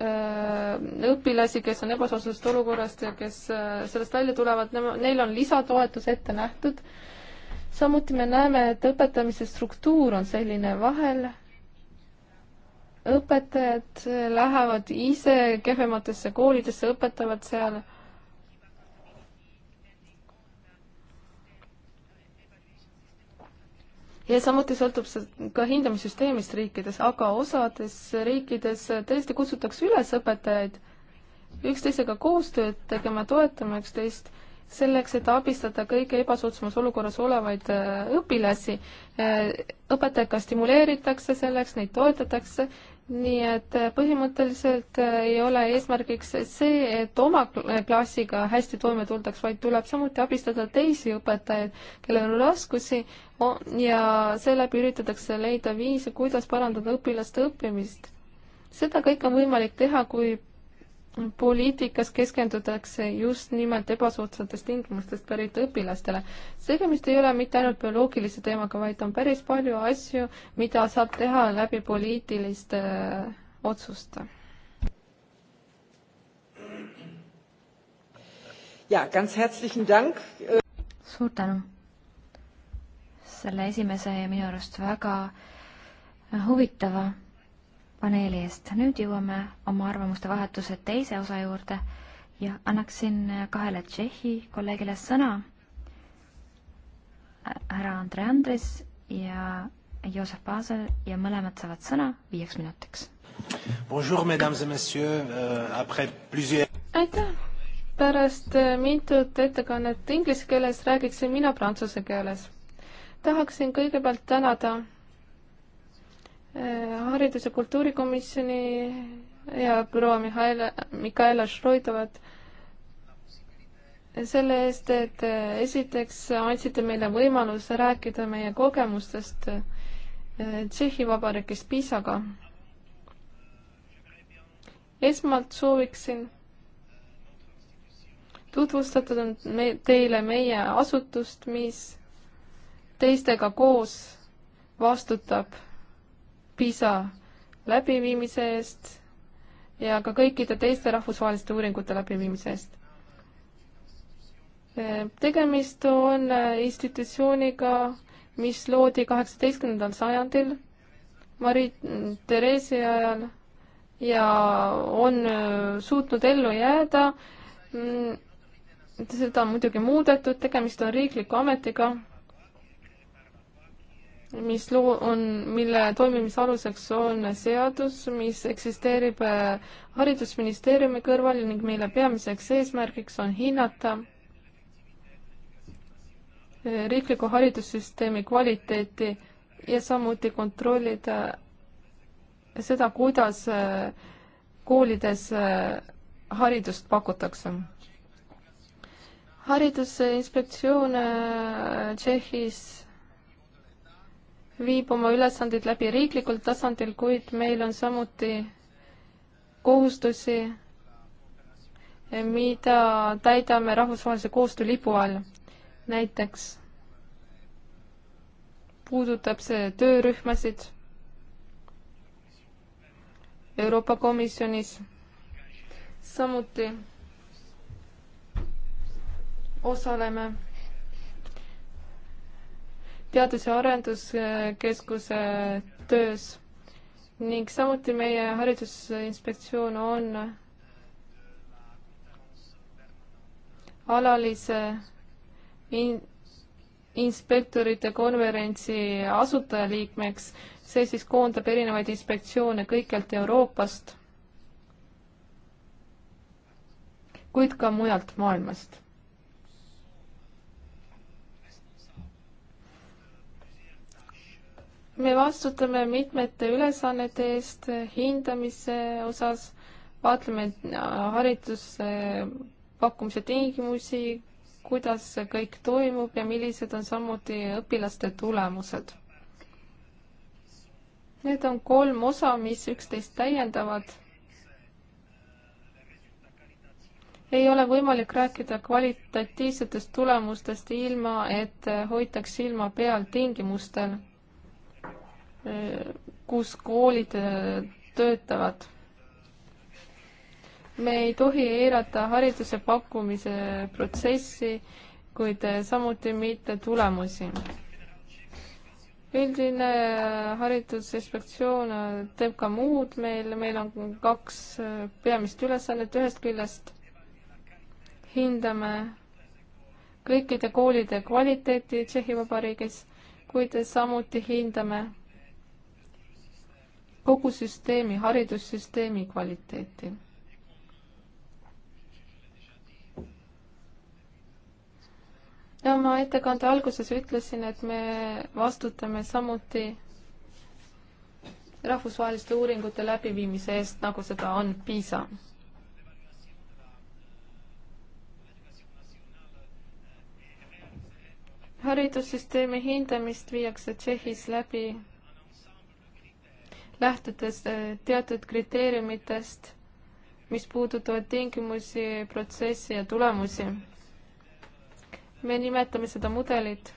äh, õpilasi, kes on ebasoodsast olukorrast ja kes sellest välja tulevad, neil on lisatoetus ette nähtud samuti me näeme, et õpetamise struktuur on selline vahel, õpetajad lähevad ise kehvematesse koolidesse, õpetavad seal ja samuti sõltub see ka hindamissüsteemist riikides, aga osades riikides tõesti kutsutakse üles õpetajaid üksteisega koostööd tegema, toetama üksteist selleks, et abistada kõige ebasoodsamas olukorras olevaid äh, õpilasi. Äh, õpetajaid ka stimuleeritakse selleks, neid toetatakse, nii et äh, põhimõtteliselt ei ole eesmärgiks see, et oma klassiga hästi toime tuldaks, vaid tuleb samuti abistada teisi õpetajaid, kellel on raskusi ja seeläbi üritatakse leida viise, kuidas parandada õpilaste õppimist seda kõike on võimalik teha, kui poliitikas keskendutakse just nimelt ebasoodsatest tingimustest pärit õpilastele. tegemist ei ole mitte ainult bioloogilise teemaga, vaid on päris palju asju, mida saab teha läbi poliitiliste äh, otsuste. ja, ganz herzlichen Dank. suur tänu selle esimese ja minu arust väga huvitava paneeli eest. nüüd jõuame oma arvamuste vahetuse teise osa juurde ja annaksin kahele Tšehhi kolleegile sõna, härra Andre Andres ja Joosep Paasel ja mõlemad saavad sõna viieks minutiks. Euh, aitäh! pärast euh, mitut ettekannet inglise keeles räägiksin mina prantsuse keeles. tahaksin kõigepealt tänada Eh, haridus- ja kultuurikomisjoni ja proua Mihhail, Mikaela Šroidovat selle eest, et eh, esiteks andsite meile võimaluse rääkida meie kogemustest eh, Tšehhi Vabariigist Piisaga. esmalt sooviksin tutvustatud on me, teile meie asutust, mis teistega koos vastutab PISA läbiviimise eest ja ka kõikide teiste rahvusvaheliste uuringute läbiviimise eest. tegemist on äh, institutsiooniga, mis loodi kaheksateistkümnendal sajandil Marie Therese'i ajal ja on äh, suutnud ellu jääda. Mm, seda on muidugi muudetud, tegemist on riikliku ametiga mis loo-, on, mille toimimise aluseks on seadus, mis eksisteerib äh, Haridusministeeriumi kõrval ning mille peamiseks eesmärgiks on hinnata äh, riikliku haridussüsteemi kvaliteeti ja samuti kontrollida seda, kuidas äh, koolides haridust pakutakse haridusinspektsioon Tšehhis viib oma ülesandeid läbi riiklikul tasandil, kuid meil on samuti kohustusi, mida täidame rahvusvahelise koostöö lipu all. näiteks puudutab see töörühmasid Euroopa Komisjonis, samuti osaleme Teadus- ja Arenduskeskuse töös ning samuti meie Haridusinspektsioon on alalise in-, inspektorite konverentsi asutajaliikmeks, see siis koondab erinevaid inspektsioone kõikjalt Euroopast, kuid ka mujalt maailmast me vastutame mitmete ülesannete eest hindamise osas, vaatleme äh, hariduse äh, pakkumise tingimusi, kuidas see kõik toimub ja millised on samuti õpilaste tulemused. Need on kolm osa, mis üksteist täiendavad. ei ole võimalik rääkida kvalitatiivsetest tulemustest ilma, et hoitaks silma peal tingimustel kus koolid äh, töötavad. me ei tohi eirata hariduse pakkumise protsessi, kuid äh, samuti mitte tulemusi. üldine äh, haridusinspektsioon teeb ka muud meil, meil on kaks peamist ülesannet, ühest küljest hindame kõikide koolide kvaliteeti Tšehhi Vabariigis, kuid samuti hindame kogu süsteemi, haridussüsteemi kvaliteeti. ja oma ettekande alguses ütlesin, et me vastutame samuti rahvusvaheliste uuringute läbiviimise eest, nagu seda on PISA. haridussüsteemi hindamist viiakse Tšehhis läbi lähtudes eh, teatud kriteeriumitest, mis puudutavad tingimusi, protsessi ja tulemusi. me nimetame seda mudelit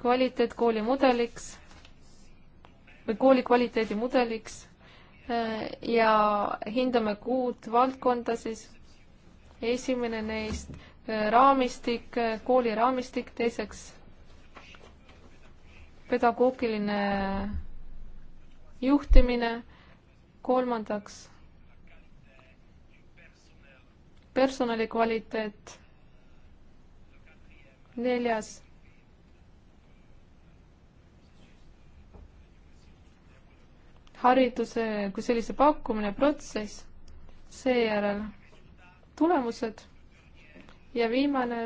kvaliteetkooli mudeliks või kooli kvaliteedi mudeliks eh, ja hindame kuut valdkonda siis. esimene neist eh, raamistik, kooli raamistik, teiseks pedagoogiline juhtimine, kolmandaks personali kvaliteet, neljas hariduse kui sellise pakkumine, protsess, seejärel tulemused ja viimane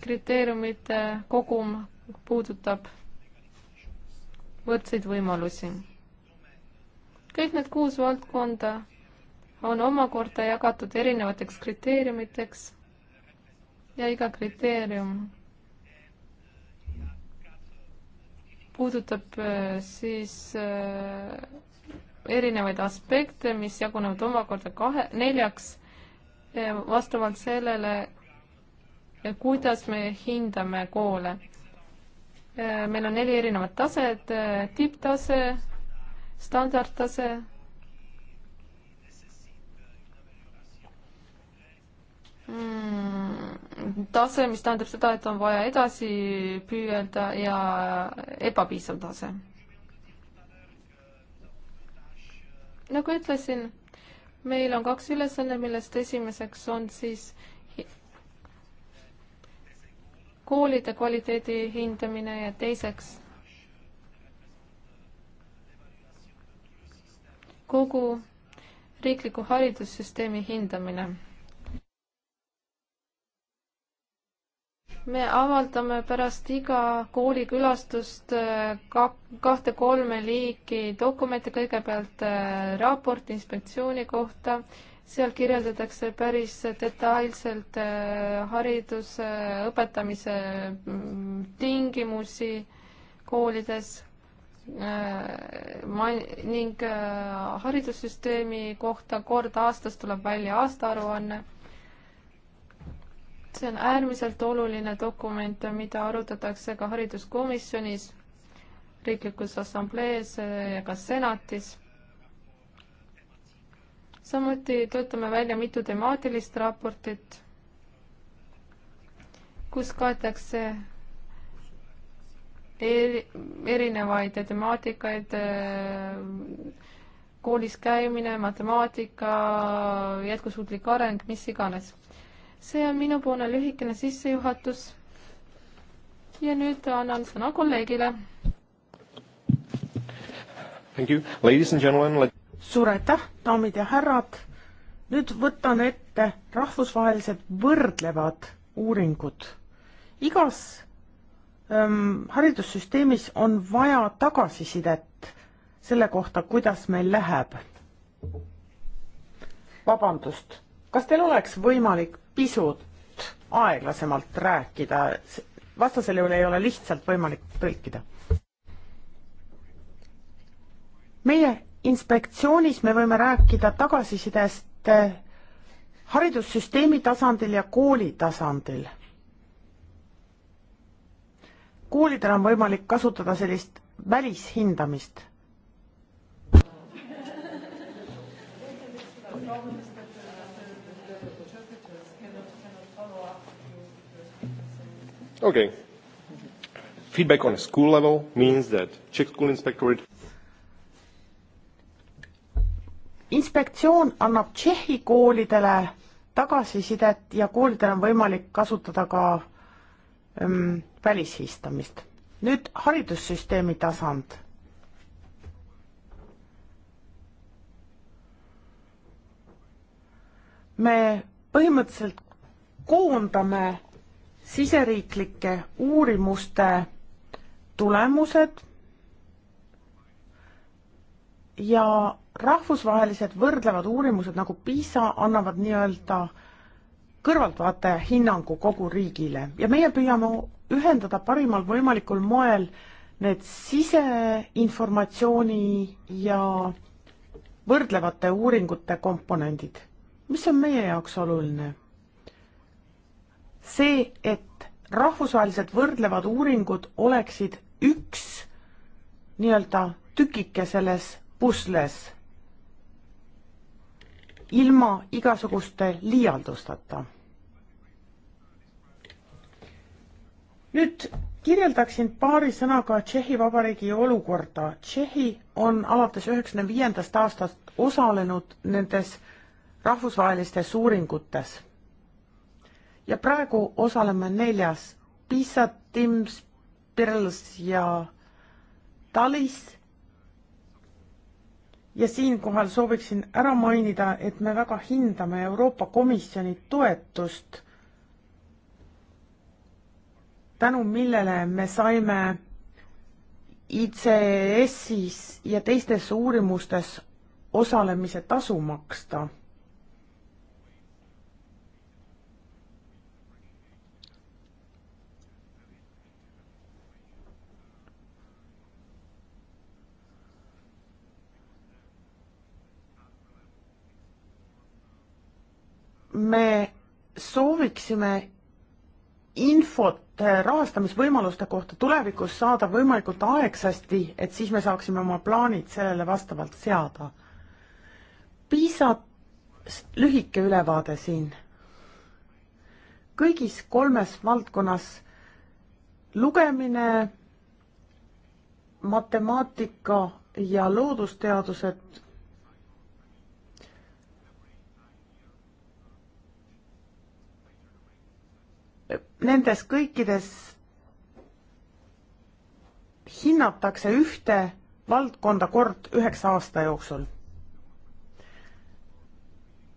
kriteeriumite kogum puudutab võrdseid võimalusi. kõik need kuus valdkonda on omakorda jagatud erinevateks kriteeriumiteks ja iga kriteerium puudutab äh, siis äh, erinevaid aspekte, mis jagunevad omakorda kahe, neljaks äh, vastavalt sellele, kuidas me hindame koole. Äh, meil on neli erinevat taset, äh, tipptase, standardtase, mm, tase, mis tähendab seda, et on vaja edasi püüelda ja ebapiisav tase. nagu ütlesin, meil on kaks ülesanne, millest esimeseks on siis koolide kvaliteedi hindamine ja teiseks kogu riikliku haridussüsteemi hindamine. me avaldame pärast iga koolikülastust äh, ka kahte-kolme liiki dokumente, kõigepealt äh, raport inspektsiooni kohta äh,, seal kirjeldatakse päris detailselt äh, hariduse äh, õpetamise mm, tingimusi koolides äh, ning haridussüsteemi kohta kord aastas tuleb välja aastaaruanne. see on äärmiselt oluline dokument, mida arutatakse ka hariduskomisjonis, riiklikus assamblees ja ka senatis samuti töötame välja mitu temaatilist raportit, kus kaetakse eri, erinevaid temaatikaid, äh, koolis käimine, matemaatika, jätkusuutlik areng, mis iganes. see on minupoolne lühikene sissejuhatus. ja nüüd annan sõna kolleegile. Thank you, ladies and gentlemen let suur aitäh, daamid ja härrad. nüüd võtan ette rahvusvahelised võrdlevad uuringud. igas ähm, haridussüsteemis on vaja tagasisidet selle kohta, kuidas meil läheb. vabandust, kas teil oleks võimalik pisut aeglasemalt rääkida, vastasel juhul ei ole lihtsalt võimalik tõlkida. meie inspektsioonis me võime rääkida tagasisidest eh, haridussüsteemi tasandil ja kooli tasandil. koolidel on võimalik kasutada sellist välishindamist. okei okay feedback on a school level means that Czech school inspectorate inspektsioon annab Tšehhi koolidele tagasisidet ja koolidel on võimalik kasutada ka ähm, välishiistamist. nüüd haridussüsteemi tasand. me põhimõtteliselt koondame siseriiklike uurimuste tulemused ja rahvusvahelised võrdlevad uurimused nagu PISA annavad nii-öelda kõrvaltvaataja hinnangu kogu riigile ja meie püüame ühendada parimal võimalikul moel need siseinformatsiooni ja võrdlevate uuringute komponendid. mis on meie jaoks oluline? see, et rahvusvahelised võrdlevad uuringud oleksid üks nii-öelda tükike selles pusles ilma igasuguste liialdusteta. nüüd kirjeldaksin paari sõnaga Tšehhi Vabariigi olukorda. Tšehhi on alates üheksakümne viiendast aastast osalenud nendes rahvusvahelistes uuringutes. ja praegu osaleme neljas, PISA, TIMS, PIRLS ja TALIS ja siinkohal sooviksin ära mainida, et me väga hindame Euroopa Komisjoni toetust, tänu millele me saime ICS-is ja teistes uurimustes osalemise tasu maksta me sooviksime infot äh, rahastamisvõimaluste kohta tulevikus saada võimalikult aegsasti, et siis me saaksime oma plaanid sellele vastavalt seada. piisab lühike ülevaade siin. kõigis kolmes valdkonnas lugemine, matemaatika ja loodusteadused nendes kõikides hinnatakse ühte valdkonda kord üheksa aasta jooksul.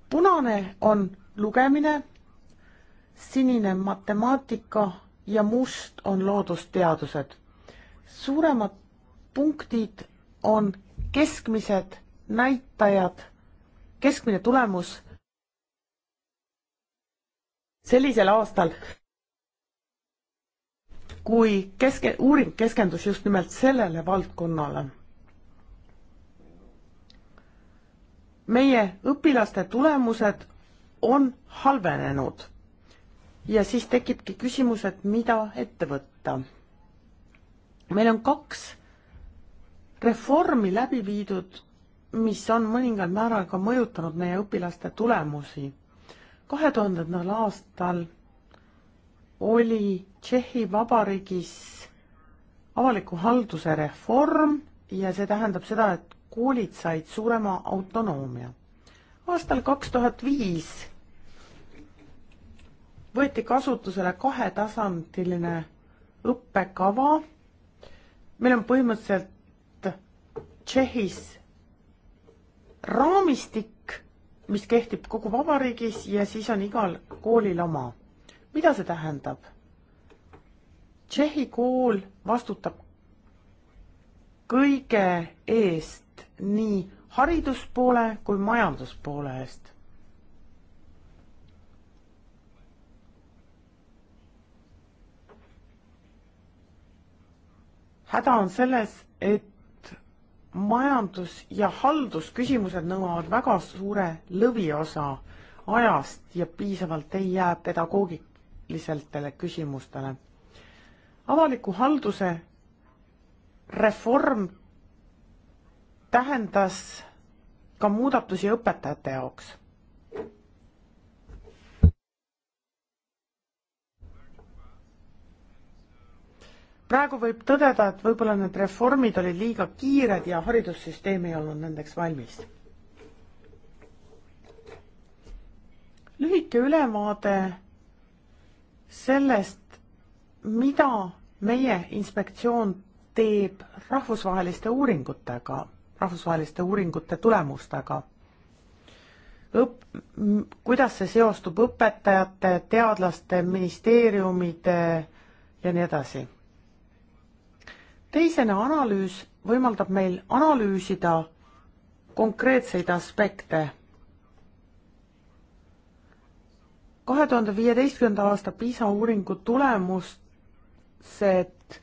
punane on lugemine, sinine matemaatika ja must on loodusteadused. suuremad punktid on keskmised näitajad, keskmine tulemus sellisel aastal kui keske, uuring keskendus just nimelt sellele valdkonnale. meie õpilaste tulemused on halvenenud ja siis tekibki küsimus, et mida ette võtta. meil on kaks reformi läbi viidud, mis on mõningal määral ka mõjutanud meie õpilaste tulemusi. kahe tuhandendal aastal oli Tšehhi Vabariigis avaliku halduse reform ja see tähendab seda, et koolid said suurema autonoomia. aastal kaks tuhat viis võeti kasutusele kahetasandiline õppekava. meil on põhimõtteliselt Tšehhis raamistik, mis kehtib kogu vabariigis ja siis on igal koolil oma. mida see tähendab? Tšehhi kool vastutab kõige eest nii hariduspoole kui majanduspoole eest. häda on selles, et majandus- ja haldusküsimused nõuavad väga suure lõviosa ajast ja piisavalt ei jää pedagoogiliseltele küsimustele avaliku halduse reform tähendas ka muudatusi õpetajate jaoks. praegu võib tõdeda, et võib-olla need reformid olid liiga kiired ja haridussüsteem ei olnud nendeks valmis. lühike ülevaade sellest, mida meie inspektsioon teeb rahvusvaheliste uuringutega, rahvusvaheliste uuringute tulemustega? õp-, kuidas see seostub õpetajate, teadlaste, ministeeriumide ja nii edasi? teisena analüüs võimaldab meil analüüsida konkreetseid aspekte. kahe tuhande viieteistkümnenda aasta PISA uuringu tulemust vastased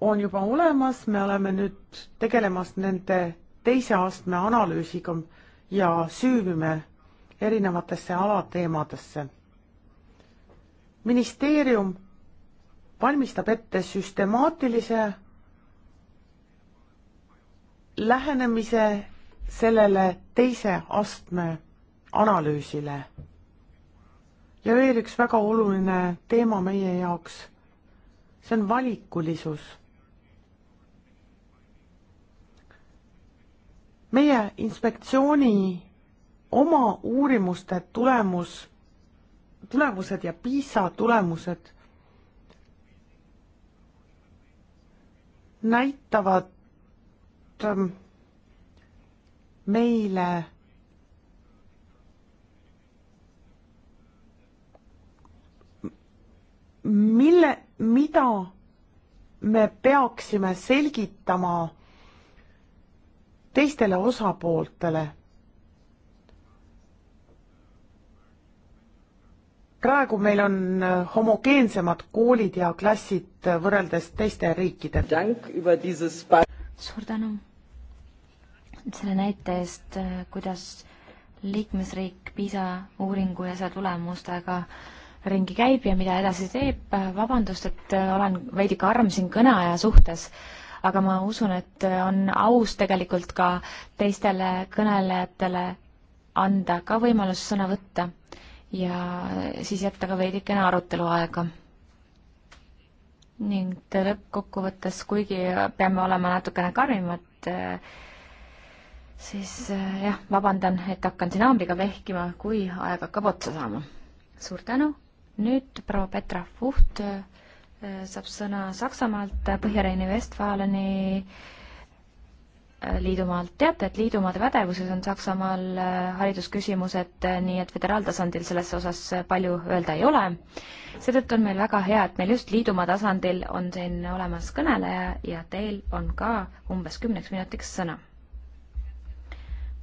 on juba olemas, me oleme nüüd tegelemas nende teise astme analüüsiga ja süüvime erinevatesse alateemadesse. ministeerium valmistab ette süstemaatilise lähenemise sellele teise astme analüüsile. ja veel üks väga oluline teema meie jaoks see on valikulisus. meie inspektsiooni oma uurimuste tulemus, tulemused ja PISA tulemused näitavad ähm, meile mille, mida me peaksime selgitama teistele osapooltele? praegu meil on äh, homogeensemad koolid ja klassid äh, võrreldes teiste riikidega. suur tänu selle näite eest, äh, kuidas liikmesriik PISA uuringu ja selle tulemustega äh, ringi käib ja mida edasi teeb, vabandust, et olen veidi karm siin kõneaja suhtes, aga ma usun, et on aus tegelikult ka teistele kõnelejatele anda ka võimalus sõna võtta ja siis jätta ka veidikene arutelu aega. ning lõppkokkuvõttes, kuigi peame olema natukene karmimad, siis jah, vabandan, et hakkan siin haamriga vehkima, kui aeg hakkab otsa saama. suur tänu nüüd proua Petra Fuht äh, saab sõna Saksamaalt, Põhja-Rheini-Vestfaleni äh, liidumaalt. teate, et liidumaade pädevuses on Saksamaal äh, haridusküsimused, nii et föderaaltasandil selles osas palju öelda ei ole. seetõttu on meil väga hea, et meil just liidumaa tasandil on siin olemas kõneleja ja teil on ka umbes kümneks minutiks sõna.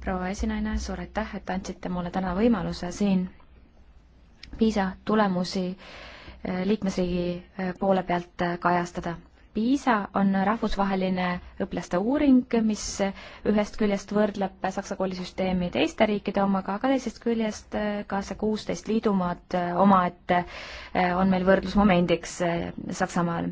proua esinaine, suur aitäh, et andsite mulle täna võimaluse siin PISA tulemusi äh, liikmesriigi äh, poole pealt äh, kajastada. PISA on rahvusvaheline õpilaste uuring, mis ühest küljest võrdleb Saksa koolisüsteemi teiste riikide omaga, aga teisest küljest ka see kuusteist liidumaad omaette on meil võrdlusmomendiks Saksamaal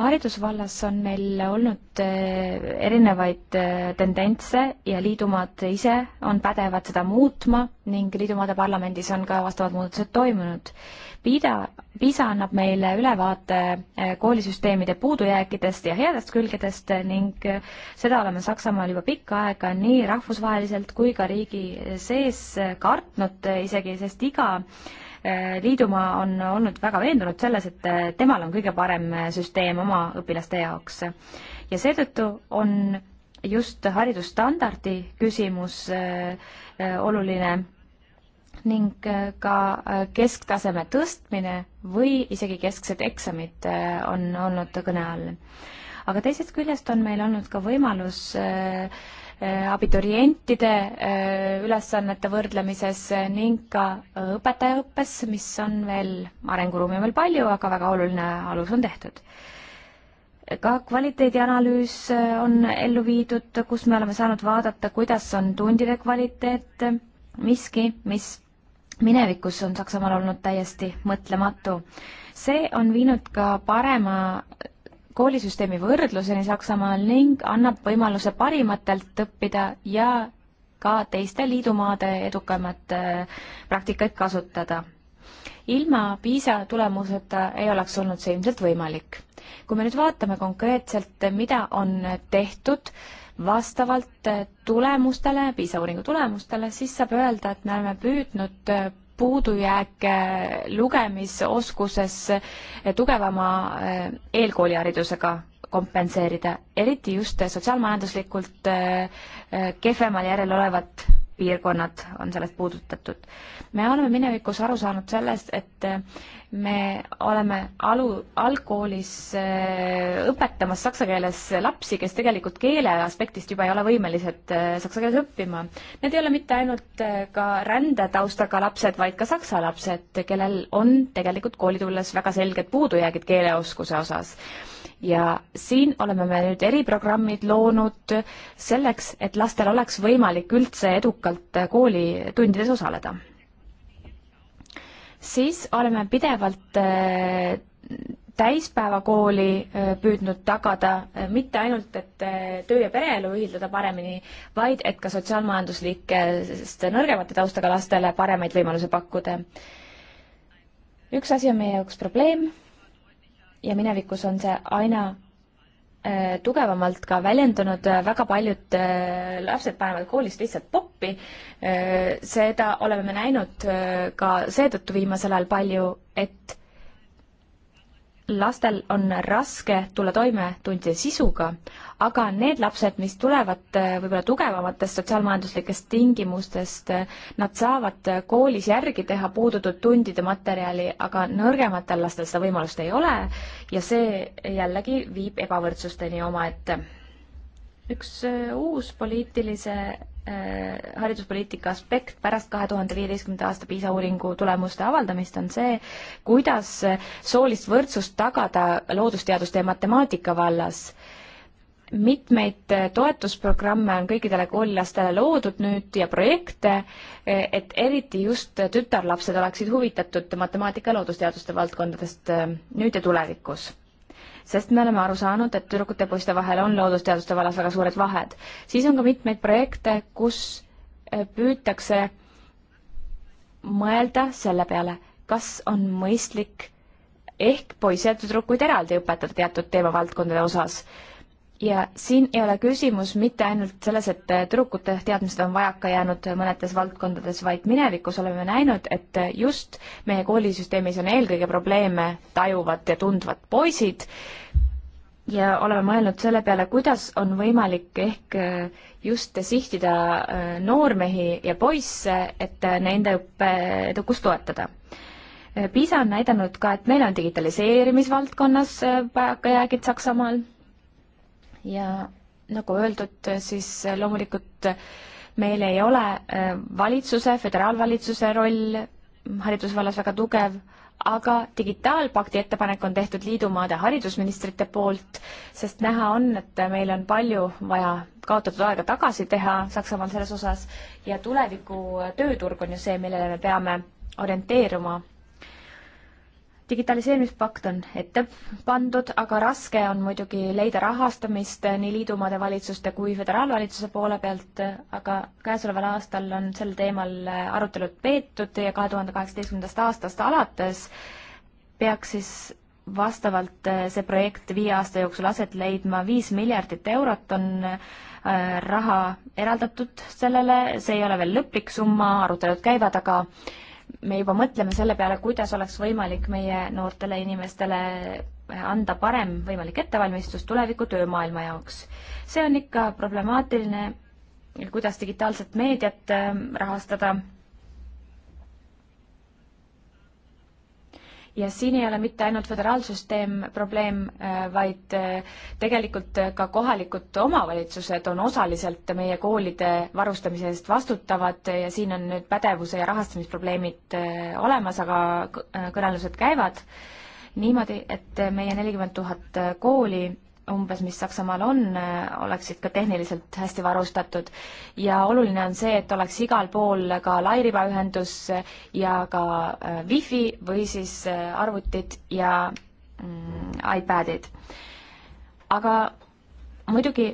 haridusvallas on meil olnud eh, erinevaid eh, tendentse ja liidumaad ise on pädevad seda muutma ning liidumaade parlamendis on ka vastavad muudatused toimunud. PIDA, PISA annab meile ülevaate eh, koolisüsteemide puudujääkidest ja headest külgedest ning seda oleme Saksamaal juba pikka aega nii rahvusvaheliselt kui ka riigi sees kartnud isegi, sest iga äh, Äh, liidumaa on olnud väga veendunud selles, et äh, temal on kõige parem äh, süsteem oma õpilaste jaoks. ja seetõttu on just haridusstandardi küsimus oluline ning ka kesktaseme tõstmine või isegi kesksed eksamid on olnud kõne all. aga teisest küljest on meil olnud ka võimalus äh, Äh, abiturientide äh, ülesannete võrdlemises ning ka õpetajaõppes, mis on veel, arenguruumi on veel palju, aga väga oluline alus on tehtud ka kvaliteedianalüüs äh, on ellu viidud, kus me oleme saanud vaadata, kuidas on tundide kvaliteet, miski, mis minevikus on Saksamaal olnud täiesti mõtlematu. see on viinud ka parema koolisüsteemi võrdluseni Saksamaal ning annab võimaluse parimatelt õppida ja ka teiste liidumaade edukamat äh, praktikaid kasutada. ilma PISA tulemuseta ei oleks olnud see ilmselt võimalik. kui me nüüd vaatame konkreetselt, mida on tehtud vastavalt äh, tulemustele, PISA uuringu tulemustele, siis saab öelda, et me oleme püüdnud äh, puudujääke lugemisoskuses tugevama eh, eelkooliharidusega kompenseerida, eriti just sotsiaalmajanduslikult eh, eh, kehvemal järjel olevat piirkonnad on sellest puudutatud. me oleme minevikus aru saanud sellest, et me oleme alu, algkoolis äh, õpetamas saksa keeles lapsi, kes tegelikult keele aspektist juba ei ole võimelised äh, saksa keeles õppima. Need ei ole mitte ainult äh, ka rändetaustaga lapsed, vaid ka saksa lapsed, kellel on tegelikult kooli tulles väga selged puudujäägid keeleoskuse osas. ja siin oleme me nüüd eriprogrammid loonud selleks, et lastel oleks võimalik üldse edukalt koolitundides osaleda siis oleme pidevalt äh, täispäevakooli äh, püüdnud tagada äh, mitte ainult, et töö ja pereelu ühildada paremini, vaid et ka sotsiaalmajanduslikest nõrgemate taustaga lastele paremaid võimalusi pakkuda. üks asi on meie jaoks probleem ja minevikus on see aina Äh, tugevamalt ka väljendunud, äh, väga paljud äh, lapsed panevad koolis lihtsalt poppi. seda oleme me näinud ka seetõttu viimasel ajal palju, et lastel on raske tulla toime tundide sisuga, aga need lapsed, mis tulevad äh, võib-olla tugevamatest sotsiaalmajanduslikest tingimustest, äh, nad saavad äh, koolis järgi teha puudutud tundide materjali, aga nõrgematel lastel seda võimalust ei ole ja see jällegi viib ebavõrdsusteni omaette. üks uus poliitilise Äh, hariduspoliitika aspekt pärast kahe tuhande viieteistkümnenda aasta PISA uuringu tulemuste avaldamist on see, kuidas soolist võrdsust tagada loodusteaduste ja matemaatika vallas mitmeid toetusprogramme on kõikidele koolilastele loodud nüüd ja projekte, et eriti just tütarlapsed oleksid huvitatud matemaatika ja loodusteaduste valdkondadest äh, nüüd ja tulevikus sest me oleme aru saanud, et tüdrukute ja poiste vahel on loodusteaduste vallas väga suured vahed. siis on ka mitmeid projekte, kus eh, püütakse mõelda selle peale, kas on mõistlik ehk poisse ja tüdrukuid eraldi õpetada teatud teemavaldkondade osas ja siin ei ole küsimus mitte ainult selles, et tüdrukute teadmised on vajaka jäänud mõnedes valdkondades, vaid minevikus oleme näinud, et just meie koolisüsteemis on eelkõige probleeme tajuvad ja tundvad poisid ja oleme mõelnud selle peale, kuidas on võimalik ehk äh, just sihtida äh, noormehi ja poisse, et äh, nende õppeedukust toetada PISA on näidanud ka, et meil on digitaliseerimisvaldkonnas vajakajäägid Saksamaal ja nagu öeldud, siis loomulikult meil ei ole äh, valitsuse, föderaalvalitsuse roll haridusvallas väga tugev, aga digitaalpakti ettepanek on tehtud liidumaade haridusministrite poolt, sest näha on, et meil on palju vaja kaotatud aega tagasi teha Saksamaal selles osas ja tuleviku tööturg on ju see, millele me peame orienteeruma digitaliseerimispakt on ette pandud, aga raske on muidugi leida rahastamist nii liidumaade valitsuste kui föderaalvalitsuse poole pealt, aga käesoleval aastal on sel teemal arutelud peetud ja kahe tuhande kaheksateistkümnendast aastast alates peaks siis vastavalt äh, see projekt viie aasta jooksul aset leidma, viis miljardit eurot on äh, raha eraldatud sellele, see ei ole veel lõplik summa, arutelud käivad, aga me juba mõtleme selle peale, kuidas oleks võimalik meie noortele inimestele anda parem võimalik ettevalmistus tuleviku töömaailma jaoks. see on ikka problemaatiline, kuidas digitaalset meediat äh, rahastada ja siin ei ole mitte ainult föderaalsüsteem probleem, äh, vaid äh, tegelikult äh, ka kohalikud omavalitsused on osaliselt meie koolide varustamise eest vastutavad ja siin on nüüd pädevuse ja rahastamisprobleemid olemas, aga kõnelused käivad niimoodi, et meie nelikümmend tuhat kooli umbes, mis Saksamaal on, oleksid ka tehniliselt hästi varustatud. ja oluline on see, et oleks igal pool ka lairibaühendus ja ka äh, wifi või siis äh, arvutid ja mm, iPadid. aga muidugi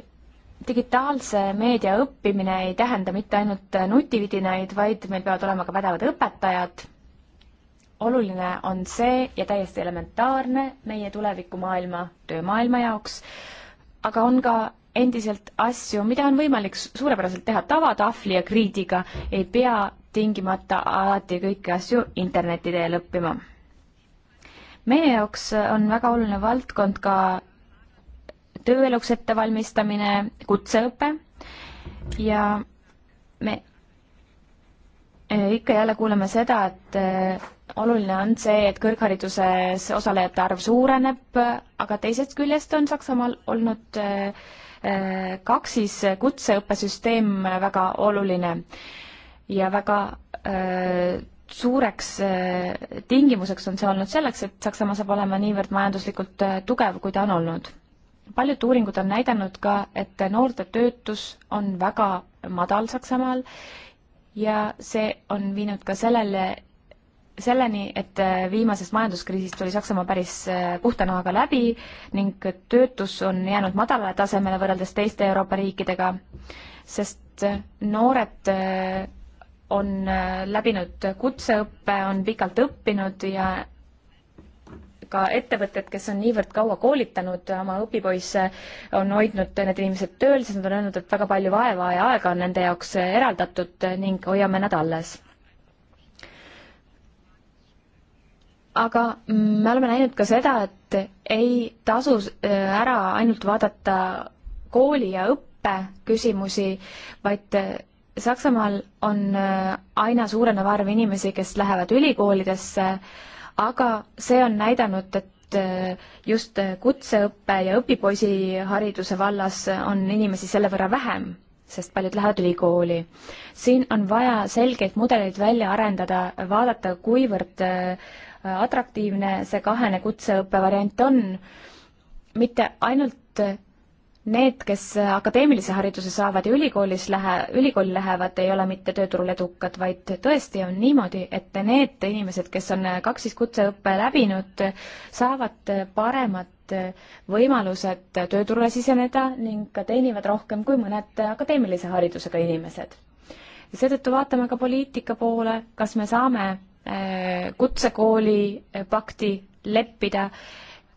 digitaalse meedia õppimine ei tähenda mitte ainult nutividinaid, vaid meil peavad olema ka pädevad õpetajad oluline on see ja täiesti elementaarne meie tulevikumaailma, töömaailma jaoks, aga on ka endiselt asju, mida on võimalik suurepäraselt teha tavatahvli ja kriidiga, ei pea tingimata alati kõiki asju interneti teel õppima. meie jaoks on väga oluline valdkond ka tööeluks ettevalmistamine, kutseõpe ja me Eh, ikka jälle kuuleme seda, et eh, oluline on see, et kõrghariduses osalejate arv suureneb, aga teisest küljest on Saksamaal olnud eh, kaks siis kutseõppesüsteem väga oluline ja väga suureks tingimuseks on see olnud selleks, et Saksamaa saab olema niivõrd majanduslikult tugev, kui ta on olnud. paljud uuringud on näidanud ka, et noorte töötus on väga madal Saksamaal ja see on viinud ka sellele, selleni, et äh, viimasest majanduskriisist tuli Saksamaa päris äh, puhta nahaga läbi ning töötus on jäänud madalale tasemele võrreldes teiste Euroopa riikidega, sest äh, noored on läbinud kutseõppe, on pikalt õppinud ja ka ettevõtted, kes on niivõrd kaua koolitanud oma õpipoisse, on hoidnud need inimesed tööl, sest nad on öelnud, et väga palju vaeva ja aega on nende jaoks eraldatud ning hoiame nad alles aga me oleme näinud ka seda, et ei tasu äh, ära ainult vaadata kooli ja õppe küsimusi, vaid äh, Saksamaal on äh, aina suurenev arv inimesi, kes lähevad ülikoolidesse äh, aga see on näidanud, et äh, just äh, kutseõppe ja õpipoisihariduse vallas on inimesi selle võrra vähem, sest paljud lähevad ülikooli. siin on vaja selgeid mudeleid välja arendada, vaadata, kuivõrd äh, atraktiivne see kahene kutseõppe variant on, mitte ainult Need, kes akadeemilise hariduse saavad ja ülikoolis lähe, ülikooli lähevad, ei ole mitte tööturul edukad, vaid tõesti on niimoodi, et need inimesed, kes on kaks siis kutseõppe läbinud, saavad paremad võimalused tööturule siseneda ning ka teenivad rohkem kui mõned akadeemilise haridusega inimesed. seetõttu vaatame ka poliitika poole, kas me saame äh, kutsekooli pakti leppida äh,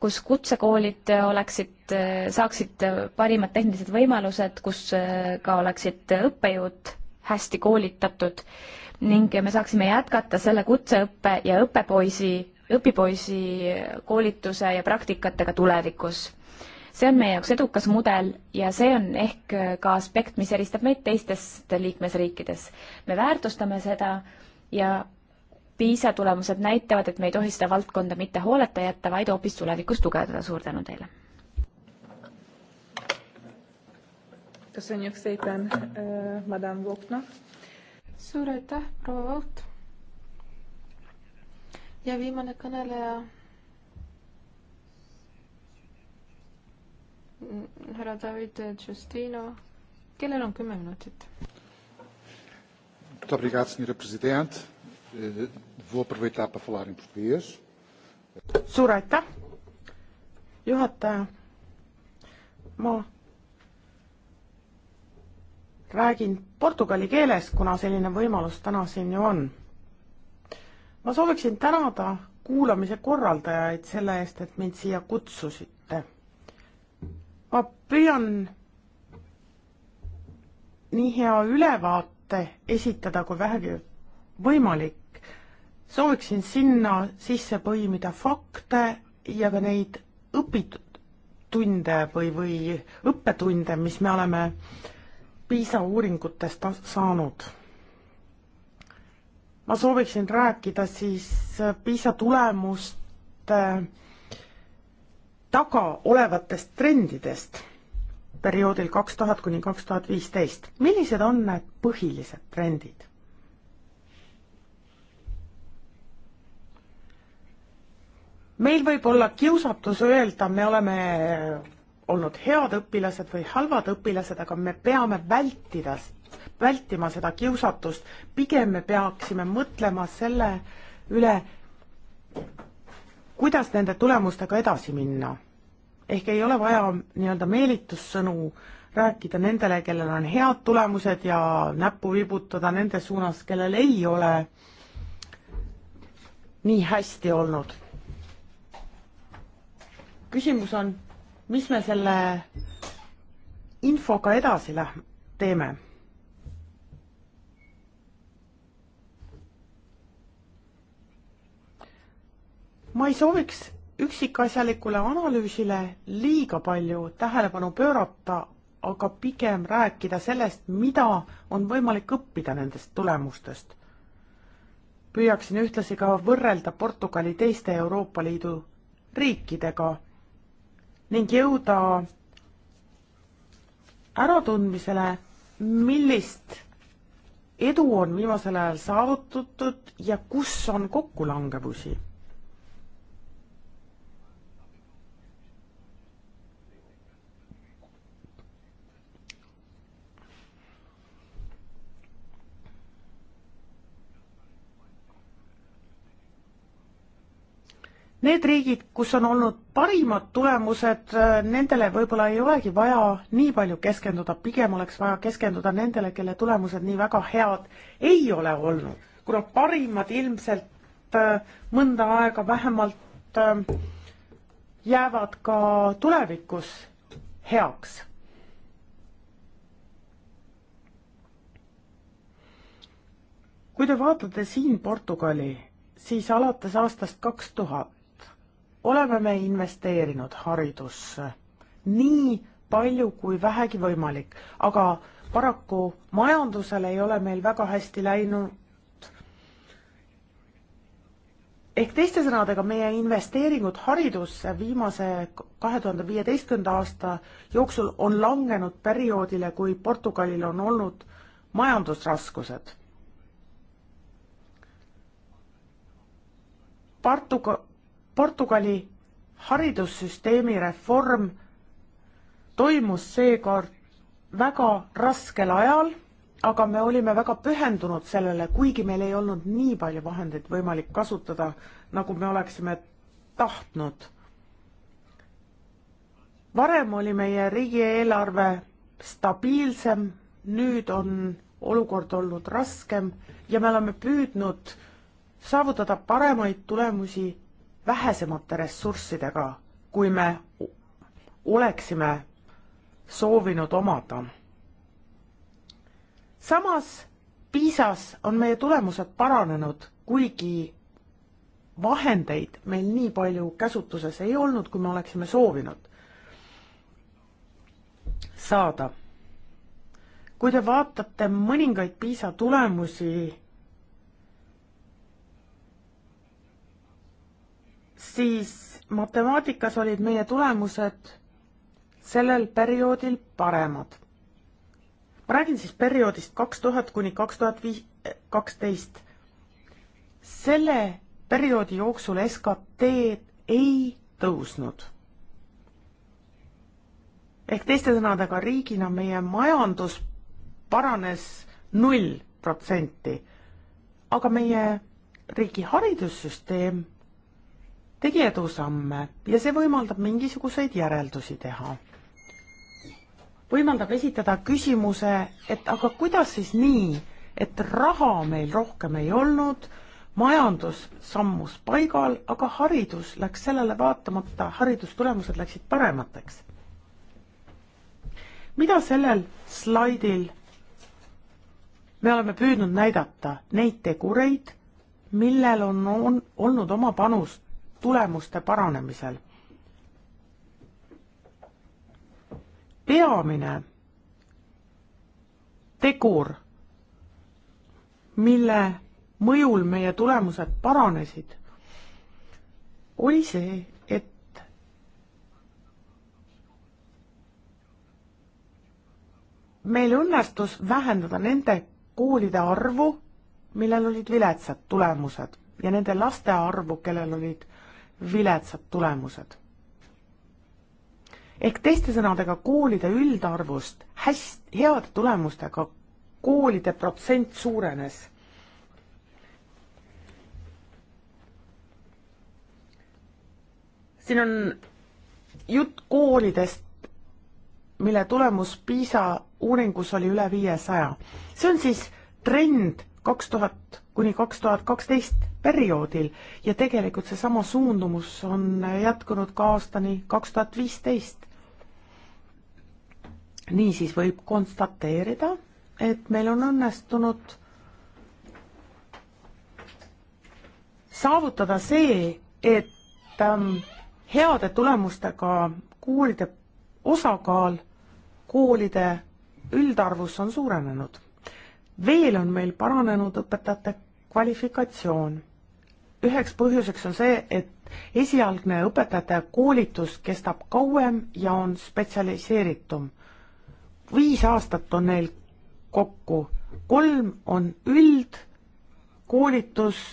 kus kutsekoolid äh, oleksid, äh, saaksid äh, parimad tehnilised võimalused, kus ka oleksid õppejõud hästi koolitatud ning me saaksime jätkata selle kutseõppe ja õppepoisi, õpipoisi koolituse ja praktikatega tulevikus. see on meie jaoks edukas mudel ja see on ehk ka aspekt, mis eristab meid teistest liikmesriikides. me väärtustame seda ja PISA tulemused näitavad, et me ei tohi seda valdkonda mitte hooleta jätta, vaid hoopis tulevikus tugevdada. suur tänu teile! köszönjük szépen uh, Madame Voknak. suur aitäh, proua Vogt. ja viimane kõneleja. härra David Justino, kellel on kümme minutit. Eh, vou aproveitar para falar em português. Suur aitäh, juhataja. ma räägin portugali keeles, kuna selline võimalus täna siin ju on. ma sooviksin tänada kuulamise korraldajaid selle eest, et mind siia kutsusite. ma püüan nii hea ülevaate esitada, kui vähegi võimalik sooviksin sinna sisse põimida fakte ja ka neid õpitud tunde või, või õppetunde, mis me oleme PISA uuringutest saanud. ma sooviksin rääkida siis PISA tulemuste taga olevatest trendidest perioodil kaks tuhat kuni kaks tuhat viisteist. millised on need põhilised trendid? meil võib olla kiusatus öelda, me oleme olnud head õpilased või halvad õpilased, aga me peame vältida, vältima seda kiusatust. pigem me peaksime mõtlema selle üle, kuidas nende tulemustega edasi minna. ehk ei ole vaja nii-öelda meelitussõnu rääkida nendele, kellel on head tulemused ja näppu vibutada nende suunas, kellel ei ole nii hästi olnud küsimus on, mis me selle infoga edasi läh-, teeme? ma ei sooviks üksikasjalikule analüüsile liiga palju tähelepanu pöörata, aga pigem rääkida sellest, mida on võimalik õppida nendest tulemustest. püüaksin ühtlasi ka võrrelda Portugali teiste Euroopa Liidu riikidega ning jõuda äratundmisele, millist edu on viimasel ajal saavutatud ja kus on kokkulangevusi Need riigid, kus on olnud parimad tulemused, äh, nendele võib-olla ei olegi vaja nii palju keskenduda, pigem oleks vaja keskenduda nendele, kelle tulemused nii väga head ei ole olnud, kuna parimad ilmselt äh, mõnda aega vähemalt äh, jäävad ka tulevikus heaks kui te vaatate siin Portugali, siis alates aastast kaks tuhat oleme me investeerinud haridusse nii palju kui vähegi võimalik, aga paraku majandusel ei ole meil väga hästi läinud. ehk teiste sõnadega, meie investeeringud haridusse viimase kahe tuhande viieteistkümnenda aasta jooksul on langenud perioodile, kui Portugalil on olnud majandusraskused. Portugal Portugali haridussüsteemi reform toimus seekord väga raskel ajal, aga me olime väga pühendunud sellele, kuigi meil ei olnud nii palju vahendeid võimalik kasutada, nagu me oleksime tahtnud. varem oli meie riigieelarve stabiilsem, nüüd on olukord olnud raskem ja me oleme püüdnud saavutada paremaid tulemusi vähesemate ressurssidega, kui me oleksime soovinud omada. samas PISA-s on meie tulemused paranenud, kuigi vahendeid meil nii palju käsutuses ei olnud, kui me oleksime soovinud saada. kui te vaatate mõningaid PISA tulemusi siis matemaatikas olid meie tulemused sellel perioodil paremad. ma räägin siis perioodist kaks tuhat kuni kaks tuhat viis, kaksteist. selle perioodi jooksul SKT ei tõusnud. ehk teiste sõnadega, riigina meie majandus paranes null protsenti, aga meie riigi haridussüsteem tegi edusamme ja see võimaldab mingisuguseid järeldusi teha. võimaldab esitada küsimuse, et aga kuidas siis nii, et raha meil rohkem ei olnud, majandus sammus paigal, aga haridus läks sellele vaatamata, haridustulemused läksid paremateks. mida sellel slaidil me oleme püüdnud näidata? Neid tegureid, millel on, on olnud oma panust tulemuste paranemisel. peamine tegur, mille mõjul meie tulemused paranesid, oli see, et meil õnnestus vähendada nende koolide arvu, millel olid viletsad tulemused ja nende laste arvu, kellel olid äh, viletsad tulemused. ehk teiste sõnadega, koolide üldarvust hästi, heade tulemustega koolide protsent suurenes. siin on jutt koolidest, mille tulemus PISA uuringus oli üle viiesaja. see on siis trend kaks tuhat kuni kaks tuhat kaksteist perioodil ja tegelikult seesama suundumus on jätkunud ka aastani kaks tuhat viisteist. niisiis võib konstateerida, et meil on õnnestunud saavutada see, et ähm, heade tulemustega koolide osakaal koolide üldarvus on suurenenud. veel on meil paranenud õpetajate kvalifikatsioon üheks põhjuseks on see, et esialgne õpetajate koolitus kestab kauem ja on spetsialiseeritum. viis aastat on neil kokku, kolm on üldkoolitus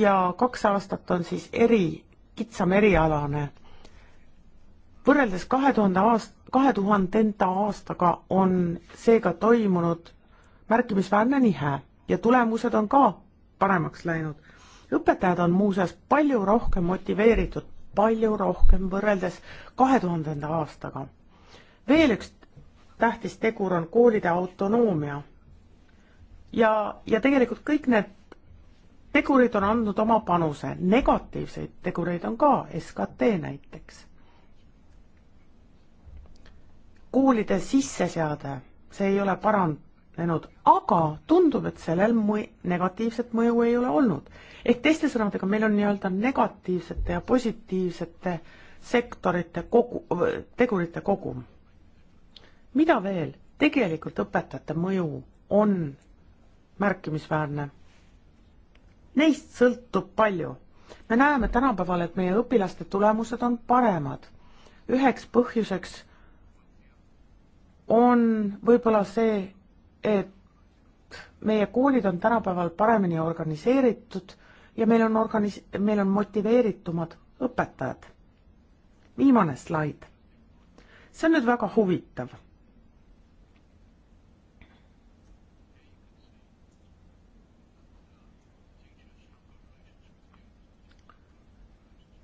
ja kaks aastat on siis eri, kitsam erialane. võrreldes kahe tuhande aast-, kahe tuhandenda aastaga on seega toimunud märkimisväärne nihe ja tulemused on ka paremaks läinud õpetajad on muuseas palju rohkem motiveeritud, palju rohkem võrreldes kahe tuhandenda aastaga. veel üks tähtis tegur on koolide autonoomia. ja, ja tegelikult kõik need tegurid on andnud oma panuse, negatiivseid tegureid on ka, SKT näiteks. koolide sisseseade, see ei ole parand-, vähenenud, aga tundub, et sellel mõi-, negatiivset mõju ei ole olnud. ehk teiste sõnadega, meil on nii-öelda negatiivsete ja positiivsete sektorite kogu, tegurite kogum. mida veel? tegelikult õpetajate mõju on märkimisväärne. Neist sõltub palju. me näeme tänapäeval, et meie õpilaste tulemused on paremad. üheks põhjuseks on võib-olla see, et meie koolid on tänapäeval paremini organiseeritud ja meil on organis-, meil on motiveeritumad õpetajad. viimane slaid. see on nüüd väga huvitav.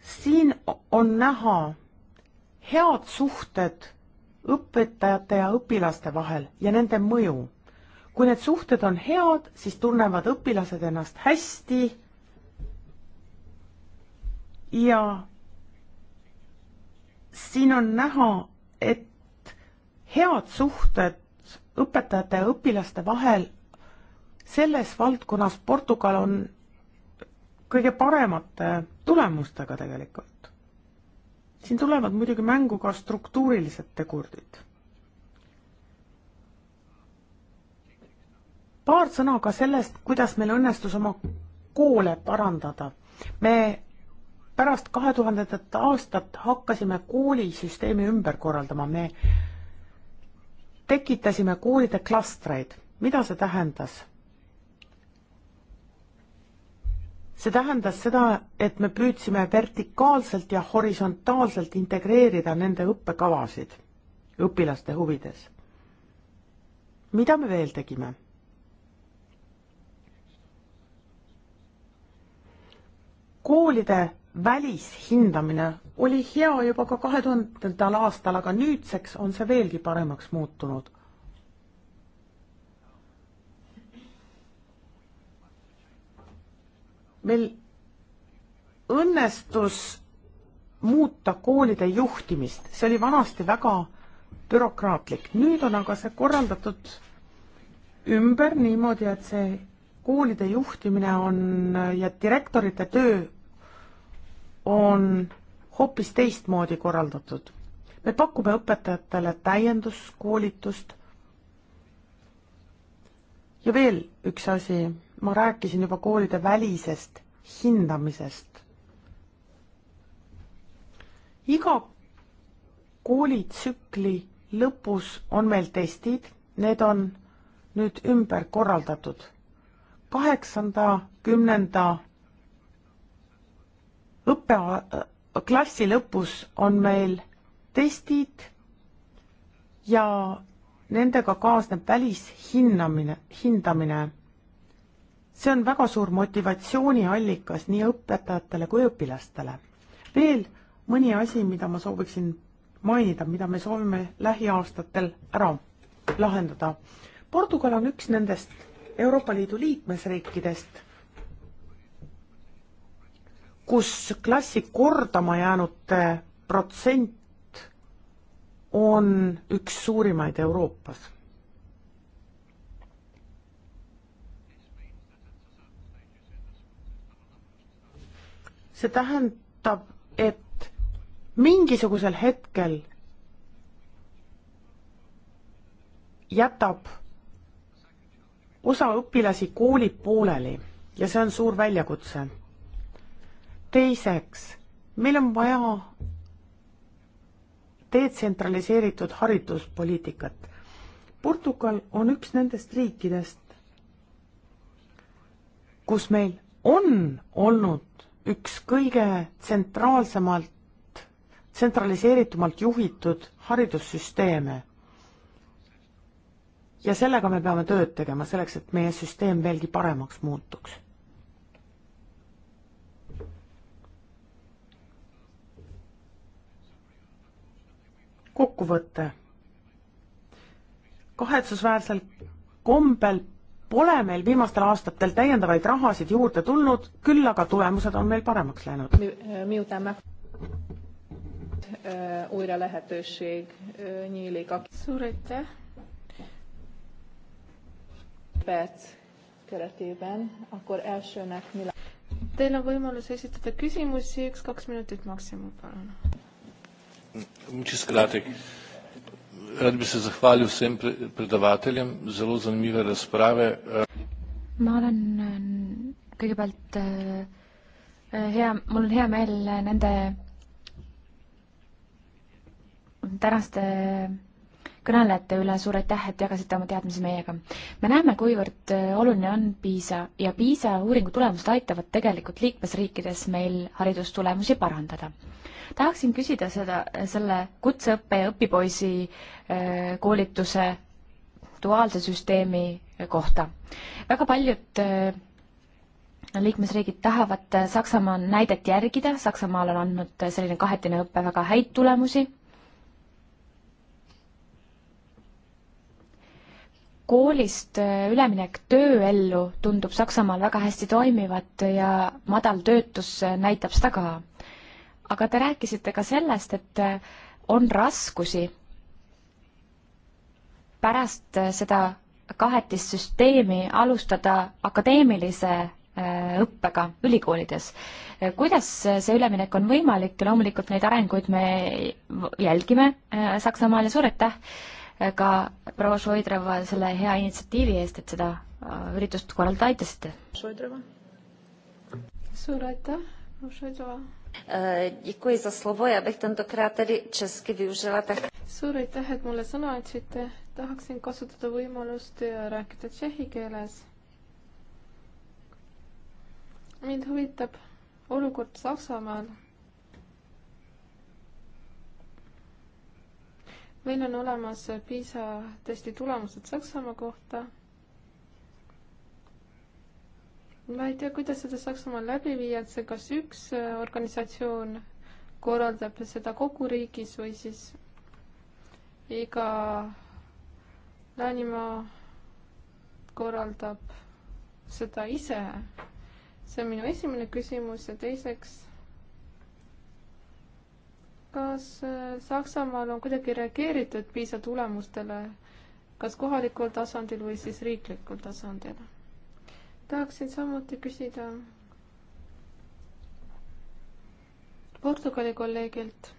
siin on näha head suhted õpetajate ja õpilaste vahel ja nende mõju kui need suhted on head, siis tunnevad õpilased ennast hästi ja siin on näha, et head suhted õpetajate ja õpilaste vahel selles valdkonnas Portugal on kõige paremate tulemustega tegelikult. siin tulevad muidugi mängu ka struktuurilised tegurid paar sõna ka sellest, kuidas meil õnnestus oma koole parandada. me pärast kahe tuhandendat aastat hakkasime koolisüsteemi ümber korraldama, me tekitasime koolide klastreid. mida see tähendas? see tähendas seda, et me püüdsime vertikaalselt ja horisontaalselt integreerida nende õppekavasid õpilaste huvides. mida me veel tegime? koolide välishindamine oli hea juba ka kahe tuhandendal aastal, aga nüüdseks on see veelgi paremaks muutunud. meil õnnestus muuta koolide juhtimist, see oli vanasti väga bürokraatlik, nüüd on aga see korraldatud ümber niimoodi, et see koolide juhtimine on ja direktorite töö on hoopis teistmoodi korraldatud. me pakume õpetajatele täienduskoolitust. ja veel üks asi, ma rääkisin juba koolide välisest hindamisest. iga koolitsükli lõpus on meil testid, need on nüüd ümber korraldatud. kaheksanda, kümnenda õppeklassi lõpus on meil testid ja nendega kaasneb välishindamine, hindamine. see on väga suur motivatsiooniallikas nii õpetajatele kui õpilastele. veel mõni asi, mida ma sooviksin mainida, mida me soovime lähiaastatel ära lahendada. Portugal on üks nendest Euroopa Liidu liikmesriikidest kus klassi kordama jäänute protsent on üks suurimaid Euroopas. see tähendab, et mingisugusel hetkel jätab osa õpilasi kooli pooleli ja see on suur väljakutse teiseks, meil on vaja detsentraliseeritud hariduspoliitikat. Portugal on üks nendest riikidest, kus meil on olnud üks kõige tsentraalsemalt, tsentraliseeritumalt juhitud haridussüsteeme. ja sellega me peame tööd tegema, selleks et meie süsteem veelgi paremaks muutuks kokkuvõte. kahetsusväärsel kombel pole meil viimastel aastatel täiendavaid rahasid juurde tulnud, küll aga tulemused on meil paremaks läinud. Äh, äh, äh, suur aitäh. Teil on võimalus esitada küsimusi, üks-kaks minutit maksimum, palun. Čisto kratek. Rad bi se zahvalil vsem predavateljem, zelo zanimive razprave. Eh. ma olen eh, kõigepealt eh, hea, mul on hea meel nende tänaste kõnelejate üle, suur aitäh, et jagasite oma teadmisi meiega. me näeme, kuivõrd oluline on PISA ja PISA uuringu tulemused aitavad tegelikult liikmesriikides meil haridustulemusi parandada tahaksin küsida seda, selle kutseõppe ja õpipoisi äh, koolituse duaalse süsteemi kohta. väga paljud äh, liikmesriigid tahavad äh, Saksamaa näidet järgida, Saksamaal on andnud selline kahetine õpe väga häid tulemusi koolist üleminek tööellu tundub Saksamaal väga hästi toimivat ja madal töötus näitab seda ka aga te rääkisite ka sellest, et äh, on raskusi pärast äh, seda kahetissüsteemi alustada akadeemilise äh, õppega ülikoolides. kuidas see üleminek on võimalik, loomulikult neid arenguid me jälgime Saksamaal ja suur aitäh ka proua Šoidrova selle hea initsiatiivi eest, et seda üritust korraldada aitasite. suur aitäh, proua Šoidrova. Eh, děkuji za slovo, já bych tentokrát tedy česky využila tak. suur aitäh, et mulle sõna andsite, tahaksin kasutada võimalust ja rääkida tšehhi keeles. mind huvitab olukord Saksamaal. meil on olemas PISA testi tulemused Saksamaa kohta ma ei tea, kuidas seda Saksamaal läbi viiakse, kas üks äh, organisatsioon korraldab seda kogu riigis või siis iga läänimaa korraldab seda ise? see on minu esimene küsimus ja teiseks, kas äh, Saksamaal on kuidagi reageeritud PISA tulemustele, kas kohalikul tasandil või siis riiklikul tasandil? tahaksin samuti küsida Portugali kolleegilt.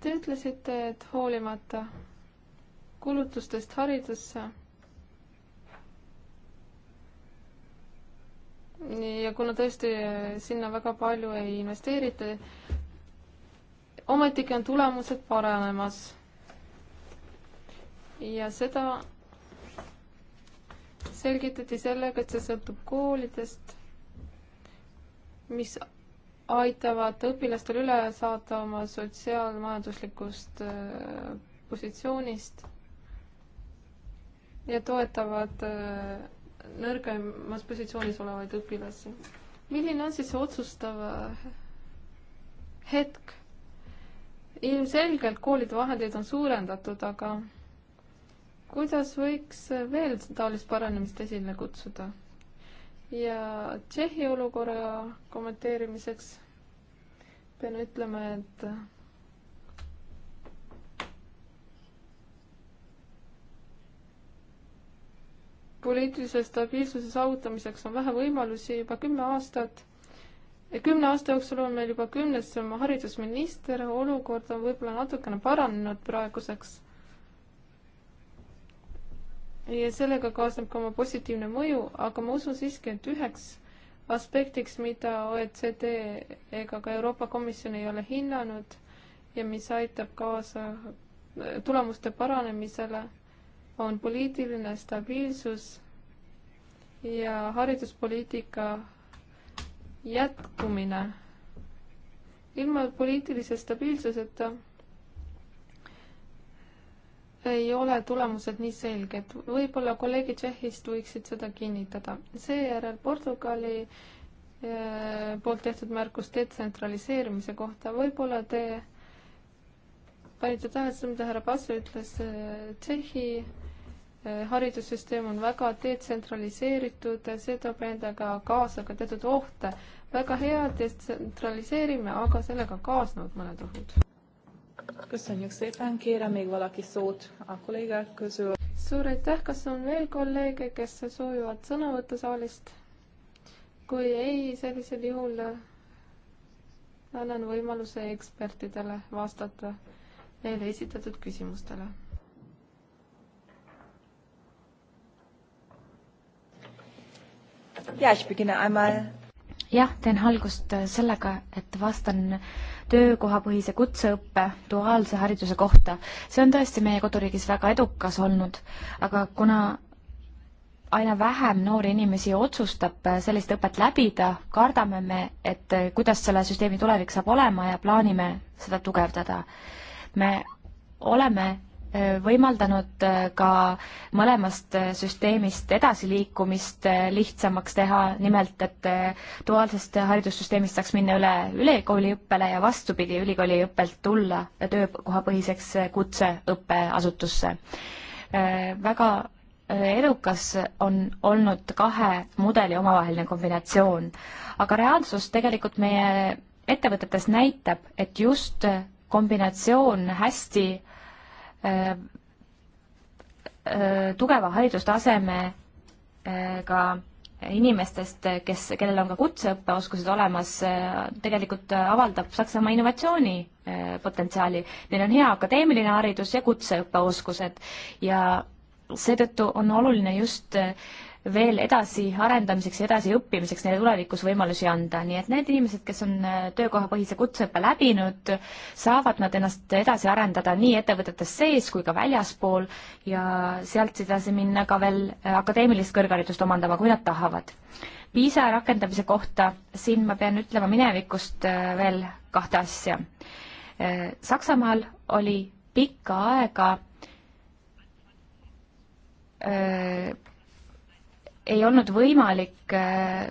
Te ütlesite, et hoolimata kulutustest haridusse ja kuna tõesti sinna väga palju ei investeerita, ometigi on tulemused paranemas. ja seda selgitati sellega, et see sõltub koolidest, mis aitavad õpilastel üle saada oma sotsiaalmajanduslikust äh, positsioonist ja toetavad äh, nõrgemas positsioonis olevaid õpilasi. milline on siis see otsustav äh, hetk? ilmselgelt koolide vahendeid on suurendatud, aga kuidas võiks veel taolist paranemist esile kutsuda? ja Tšehhi olukorra kommenteerimiseks pean ütlema, et poliitilise stabiilsuse saavutamiseks on vähe võimalusi juba kümme aastat. Eh, kümne aasta jooksul on meil juba kümnes haridusminister, olukord on võib-olla natukene paranenud praeguseks ja sellega kaasneb ka oma positiivne mõju, aga ma usun siiski, et üheks aspektiks, mida OECD ega ka Euroopa Komisjon ei ole hinnanud ja mis aitab kaasa äh, tulemuste paranemisele, on poliitiline stabiilsus ja hariduspoliitika jätkumine. ilma poliitilise stabiilsuseta ei ole tulemused nii selged. võib-olla kolleegid Tšehhist võiksid seda kinnitada. seejärel Portugali äh, poolt tehtud märkus detsentraliseerimise kohta, võib-olla te panite tähele seda, mida härra Passo ütles, äh, Tšehhi äh, haridussüsteem on väga detsentraliseeritud, see toob endaga kaasa ka teatud ohte. väga hea, detsentraliseerime, aga sellega kaasnevad mõned ohud Köszönjük szépen, kérem még valaki szót a kollégák közül. suur aitäh, kas on veel kolleege, kes soovivad sõna võtta saalist? kui ei, sellisel juhul äh, annan võimaluse ekspertidele vastata neile esitatud küsimustele. jah, teen algust sellega, et vastan äh, töökohapõhise kutseõppe duaalse hariduse kohta. see on tõesti meie koduriigis väga edukas olnud, aga kuna aina vähem noori inimesi otsustab äh, sellist õpet läbida, kardame me, et äh, kuidas selle süsteemi tulevik saab olema ja plaanime seda tugevdada. me oleme võimaldanud äh, ka mõlemast äh, süsteemist edasiliikumist äh, lihtsamaks teha, nimelt et duaalsest haridussüsteemist saaks minna üle ülikooliõppele ja vastupidi, ülikooliõppelt tulla töökohapõhiseks kutseõppeasutusse. väga edukas on olnud kahe mudeli omavaheline kombinatsioon, aga reaalsus tegelikult meie ettevõtetes näitab, et just kombinatsioon hästi äh, tugeva haridustasemega äh, inimestest, kes, kellel on ka kutseõppeoskused olemas, äh, tegelikult äh, avaldab Saksamaa innovatsioonipotentsiaali. Neil on hea akadeemiline haridus ja kutseõppeoskused ja seetõttu on oluline just veel edasi arendamiseks ja edasiõppimiseks neile tulevikus võimalusi anda, nii et need inimesed, kes on äh, töökohapõhise kutseõppe läbinud, saavad nad ennast edasi arendada nii ettevõtetes sees kui ka väljaspool ja sealt edasi minna ka veel äh, akadeemilist kõrgharidust omandama, kui nad tahavad. PISA rakendamise kohta, siin ma pean ütlema minevikust äh, veel kahte asja. Saksamaal oli pikka aega öö, ei olnud võimalik, äh,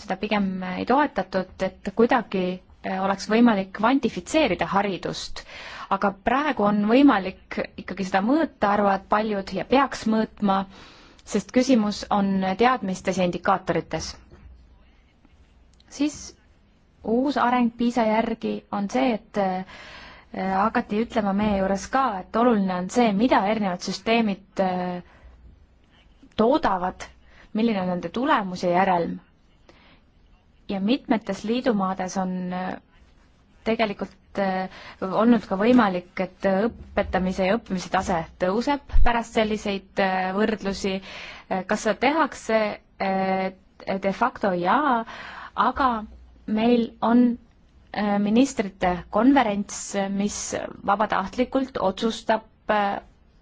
seda pigem ei toetatud, et kuidagi äh, oleks võimalik kvantifitseerida haridust, aga praegu on võimalik ikkagi seda mõõta, arvavad paljud, ja peaks mõõtma, sest küsimus on teadmistes ja indikaatorites. siis uus areng PISA järgi on see, et äh, hakati ütlema meie juures ka, et oluline on see, mida erinevad süsteemid toodavad milline on nende tulemus ja järelm. ja mitmetes liidumaades on äh, tegelikult äh, olnud ka võimalik, et õpetamise ja õppimise tase tõuseb pärast selliseid äh, võrdlusi. kas seda tehakse de facto jaa, aga meil on ministrite konverents, mis vabatahtlikult otsustab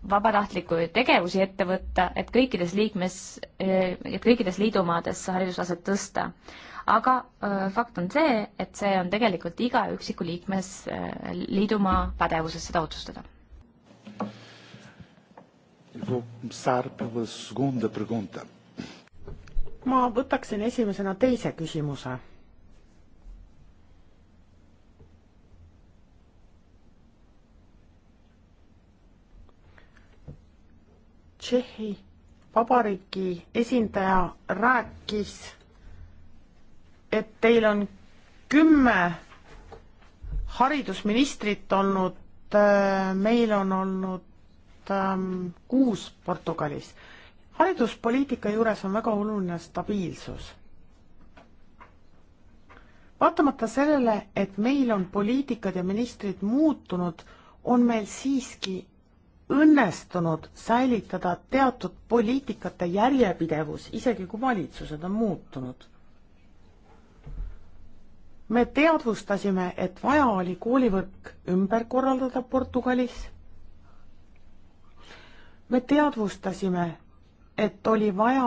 vabatahtlikke tegevusi ette võtta, et kõikides liikmes, et kõikides liidumaades hariduslaset tõsta. aga fakt on see, et see on tegelikult iga üksiku liikmes liidumaa pädevuses seda otsustada. ma võtaksin esimesena teise küsimuse Tšehhi Vabariigi esindaja rääkis, et teil on kümme haridusministrit olnud, äh, meil on olnud ähm, kuus Portugalis. hariduspoliitika juures on väga oluline stabiilsus. vaatamata sellele, et meil on poliitikad ja ministrid muutunud, on meil siiski õnnestunud säilitada teatud poliitikate järjepidevus, isegi kui valitsused on muutunud. me teadvustasime, et vaja oli koolivõrk ümber korraldada Portugalis. me teadvustasime, et oli vaja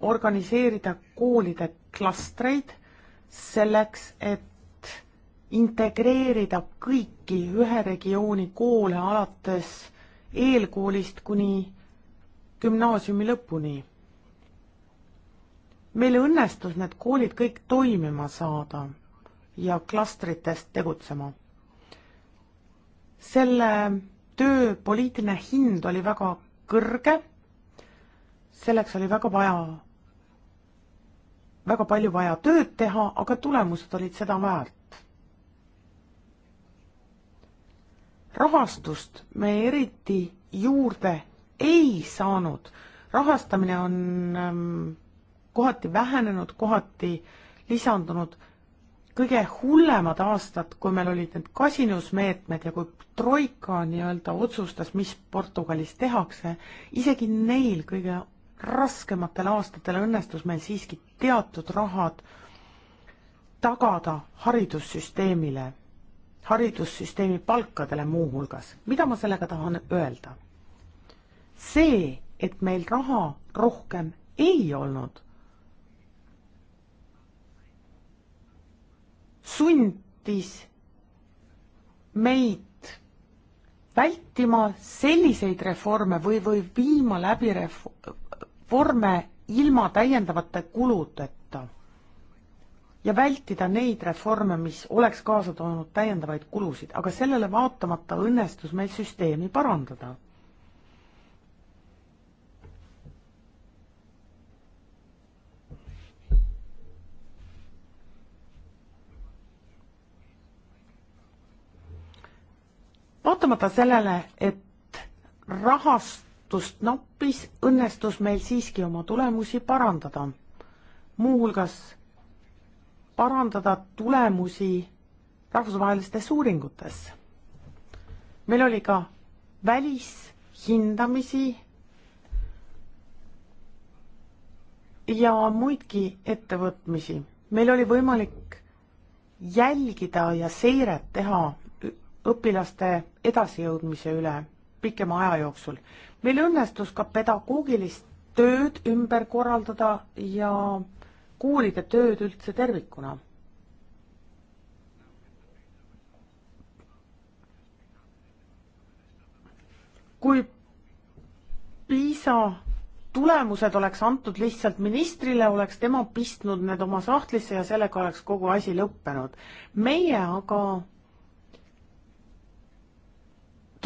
organiseerida koolide klastreid selleks, et integreerida kõiki ühe regiooni koole alates eelkoolist kuni gümnaasiumi lõpuni. meil õnnestus need koolid kõik toimima saada ja klastritest tegutsema. selle töö poliitiline hind oli väga kõrge, selleks oli väga vaja, väga palju vaja tööd teha, aga tulemused olid seda väärt rahastust me eriti juurde ei saanud. rahastamine on ähm, kohati vähenenud, kohati lisandunud. kõige hullemad aastad, kui meil olid need kasinusmeetmed ja kui troika nii-öelda otsustas, mis Portugalis tehakse, isegi neil kõige raskematel aastatel õnnestus meil siiski teatud rahad tagada haridussüsteemile haridussüsteemi palkadele muuhulgas. mida ma sellega tahan öelda? see, et meil raha rohkem ei olnud, sundis meid vältima selliseid reforme või, või viima läbi reforme ilma täiendavate kuludeta ja vältida neid reforme, mis oleks kaasa toonud täiendavaid kulusid, aga sellele vaatamata õnnestus meil süsteemi parandada. vaatamata sellele, et rahastust nappis, õnnestus meil siiski oma tulemusi parandada. muuhulgas parandada tulemusi rahvusvahelistes uuringutes. meil oli ka välishindamisi ja muidki ettevõtmisi. meil oli võimalik jälgida ja seiret teha õpilaste edasijõudmise üle pikema aja jooksul. meil õnnestus ka pedagoogilist tööd ümber korraldada ja koolide tööd üldse tervikuna. kui PISA tulemused oleks antud lihtsalt ministrile, oleks tema pistnud need oma sahtlisse ja sellega oleks kogu asi lõppenud. meie aga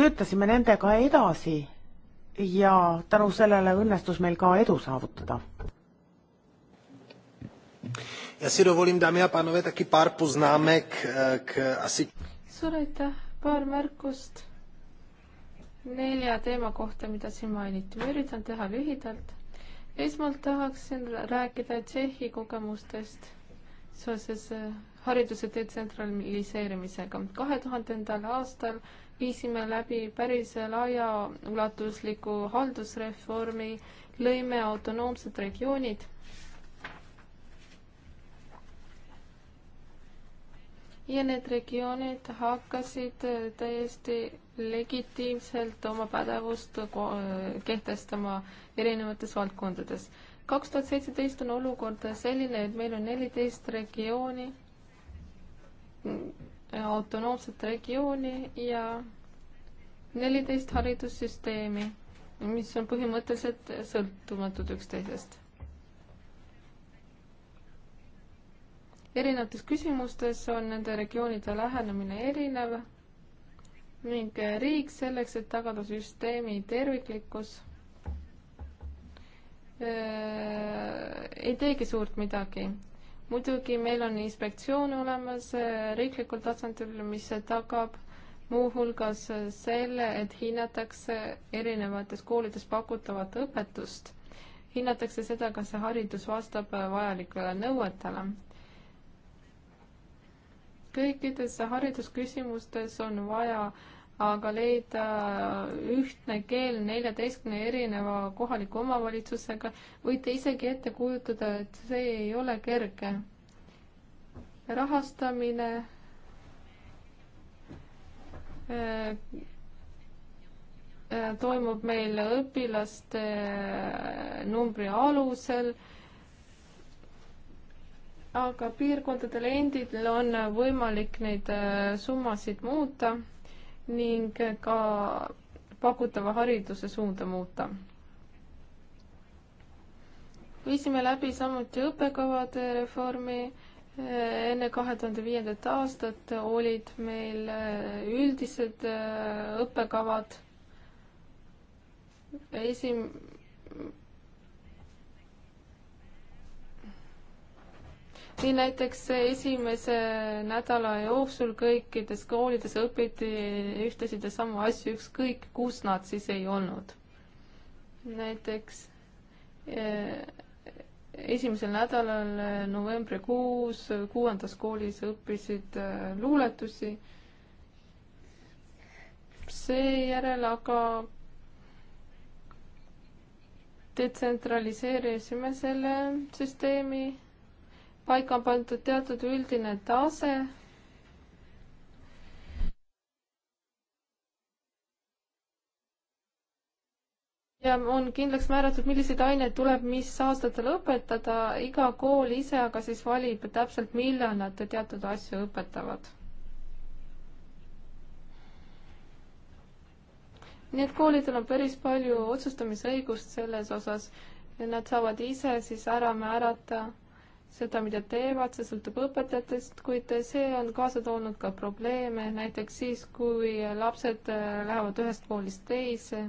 töötasime nendega edasi ja tänu sellele õnnestus meil ka edu saavutada ja si dovolím, dámy a pánové, taky pár poznámek eh, k eh, asi. suur aitäh, paar märkust nelja teema kohta, mida siin mainiti. ma üritan teha lühidalt. esmalt tahaksin rääkida Tšehhi kogemustest seoses eh, hariduse detsentraliseerimisega. kahe tuhandendal aastal viisime läbi päris laiaulatusliku haldusreformi, lõime autonoomsed regioonid ja need regioonid hakkasid äh, täiesti legitiimselt oma pädevust äh, kehtestama erinevates valdkondades. kaks tuhat seitseteist on olukord selline, et meil on neliteist regiooni, mm, autonoomset regiooni ja neliteist haridussüsteemi, mis on põhimõtteliselt sõltumatud üksteisest. erinevates küsimustes on nende regioonide lähenemine erinev ning riik selleks, et tagada süsteemi terviklikkus, äh, ei teegi suurt midagi. muidugi meil on inspektsioon olemas äh, riiklikul tasandil, mis tagab muuhulgas äh, selle, et hinnatakse erinevates koolides pakutavat õpetust. hinnatakse seda, kas see haridus vastab vajalikele nõuetele kõikides haridusküsimustes on vaja aga leida ühtne keel neljateistkümne erineva kohaliku omavalitsusega, võite isegi ette kujutada, et see ei ole kerge. rahastamine äh, äh, toimub meil õpilaste äh, numbri alusel aga piirkondadel endil on võimalik neid äh, summasid muuta ning ka pakutava hariduse suunda muuta. viisime läbi samuti õppekavade reformi, äh, enne kahe tuhande viiendat aastat olid meil äh, üldised õppekavad esim-, nii näiteks esimese nädala jooksul kõikides koolides õpiti ühtesid ja samu asju, ükskõik kus nad siis ei olnud. näiteks eh, esimesel nädalal eh, novembrikuus eh, kuuendas koolis õppisid luuletusi. seejärel aga detsentraliseerisime selle süsteemi paika on pandud teatud üldine tase. ja on kindlaks määratud, milliseid aineid tuleb mis aastatel õpetada, iga kool ise aga siis valib täpselt, millal nad teatud asju õpetavad. nii et koolidel on päris palju otsustamisõigust selles osas ja nad saavad ise siis ära määrata seda, mida teevad, see sõltub õpetajatest, kuid see on kaasa toonud ka probleeme, näiteks siis, kui lapsed äh, lähevad ühest koolist teise.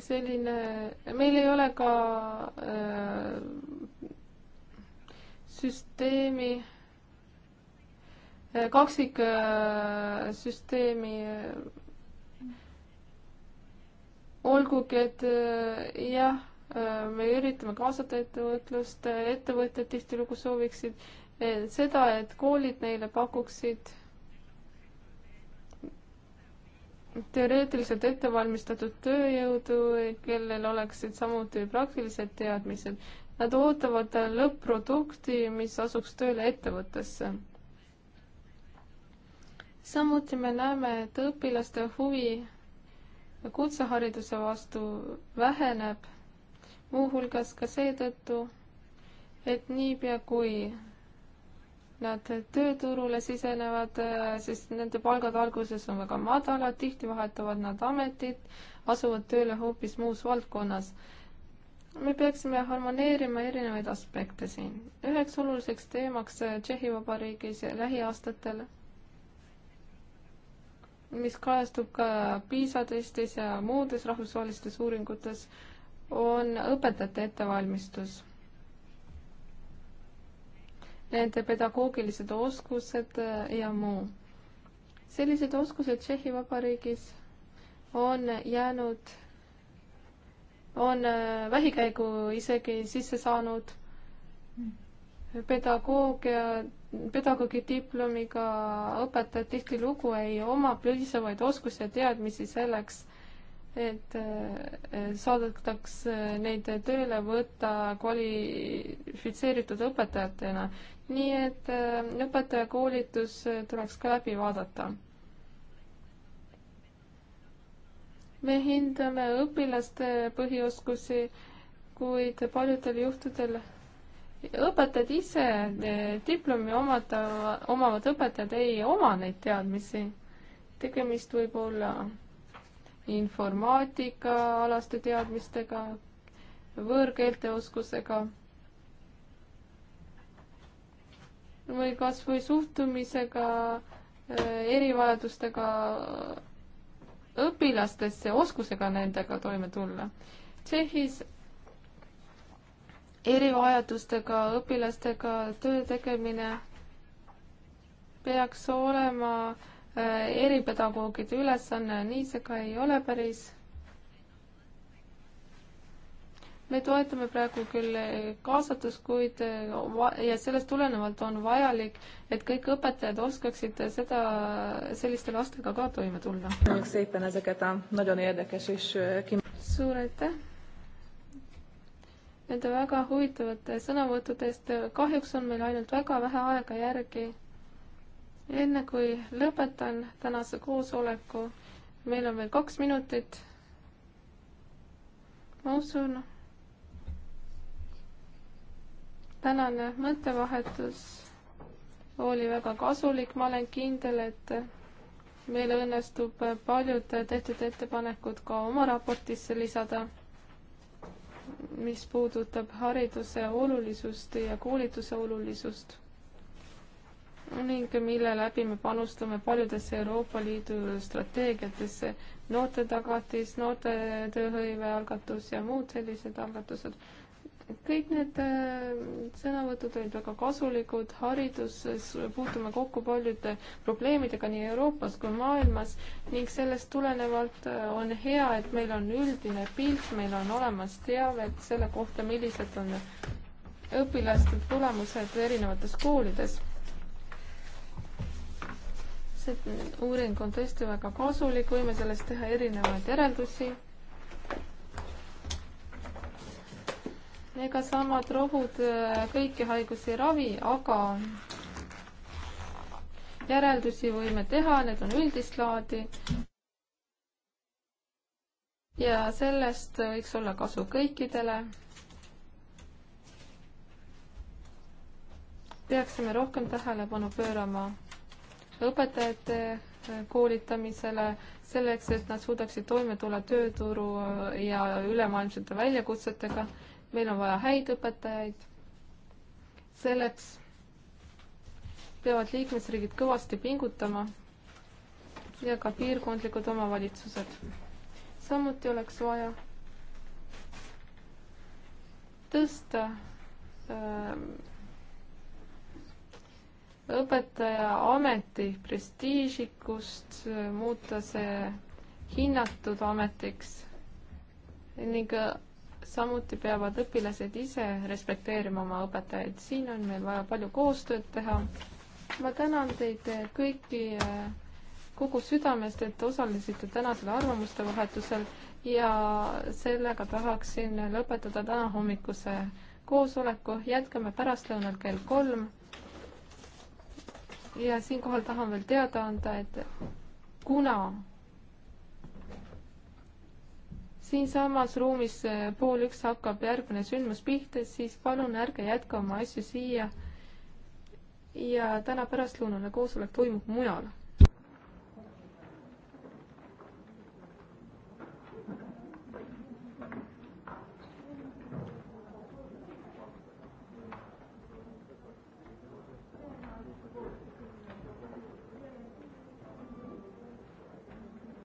selline, meil ei ole ka äh, süsteemi äh, kaksiksüsteemi äh, olgugi, et jah, me üritame kaasata ettevõtlust, ettevõtjad tihtilugu sooviksid eh, seda, et koolid neile pakuksid teoreetiliselt ettevalmistatud tööjõudu, kellel oleksid samuti praktilised teadmised. Nad ootavad lõpp-produkti, mis asuks tööle ettevõttesse. samuti me näeme, et õpilaste huvi kutsehariduse vastu väheneb muuhulgas ka seetõttu, et niipea kui nad tööturule sisenevad, siis nende palgad alguses on väga madalad, tihti vahetavad nad ametit, asuvad tööle hoopis muus valdkonnas. me peaksime harmoneerima erinevaid aspekte siin. üheks oluliseks teemaks Tšehhi Vabariigis lähiaastatel, mis kajastub ka PISA testis ja muudes rahvusvahelistes uuringutes on õpetajate ettevalmistus. Nende pedagoogilised oskused äh, ja muu. sellised oskused Tšehhi Vabariigis on jäänud, on äh, vähikäigu isegi sisse saanud pedagoogia, pedagoogi diplomiga õpetajad tihtilugu ei oma piisavaid oskusi ja teadmisi selleks, et äh, saadetaks neid tööle võtta kvalifitseeritud õpetajatena. nii et äh, õpetajakoolitus tuleks ka läbi vaadata. me hindame õpilaste põhioskusi, kuid paljudel juhtudel õpetajad ise, äh, diplomi omata, omavad õpetajad ei oma neid teadmisi. tegemist võib olla informaatika-alaste teadmistega, võõrkeelte oskusega või kas või suhtumisega eh, erivajadustega õpilastesse, oskusega nendega toime tulla. Tšehhis erivajadustega õpilastega töö tegemine peaks olema äh, Äh, eripedagoogide ülesanne, nii see ka ei ole päris. me toetame praegu küll äh, kaasatust, kuid äh, ja sellest tulenevalt on vajalik, et kõik õpetajad oskaksid seda, selliste lastega ka toime tulla. suur aitäh nende väga huvitavate sõnavõttude eest. kahjuks on meil ainult väga vähe aega järgi enne kui lõpetan tänase koosoleku, meil on veel kaks minutit. ma usun, tänane mõttevahetus oli väga kasulik, ma olen kindel, et meil õnnestub paljud tehtud ettepanekud ka oma raportisse lisada, mis puudutab hariduse olulisust ja koolituse olulisust ning mille läbi me panustame paljudesse Euroopa Liidu strateegiatesse, noorte tagatis, noorte tööhõive algatus ja muud sellised algatused. kõik need äh, sõnavõtud olid väga kasulikud, hariduses puutume kokku paljude probleemidega nii Euroopas kui maailmas ning sellest tulenevalt äh, on hea, et meil on üldine pilt, meil on olemas teavet selle kohta, millised on õpilaste tulemused erinevates koolides see uuring on tõesti väga kasulik, võime sellest teha erinevaid järeldusi. ega samad rohud äh, kõiki haigusi ei ravi, aga järeldusi võime teha, need on üldist laadi. ja sellest võiks olla kasu kõikidele. peaksime rohkem tähelepanu pöörama õpetajate äh, koolitamisele, selleks, et nad suudaksid toime tulla tööturu äh, ja ülemaailmsete väljakutsetega. meil on vaja häid õpetajaid. selleks peavad liikmesriigid kõvasti pingutama ja ka piirkondlikud omavalitsused. samuti oleks vaja tõsta äh, õpetaja ameti prestiižikust, äh, muuta see hinnatud ametiks ning äh, samuti peavad õpilased ise respekteerima oma õpetajaid. siin on meil vaja palju koostööd teha. ma tänan teid äh, kõiki kogu südamest, et osalesite tänasel arvamuste vahetusel ja sellega tahaksin lõpetada täna hommikuse koosoleku. jätkame pärastlõunal kell kolm ja siinkohal tahan veel teada anda, et kuna siinsamas ruumis eh, pool üks hakkab järgmine sündmus pihta, siis palun ärge jätka oma asju siia. ja täna pärastlõunane koosolek toimub mujal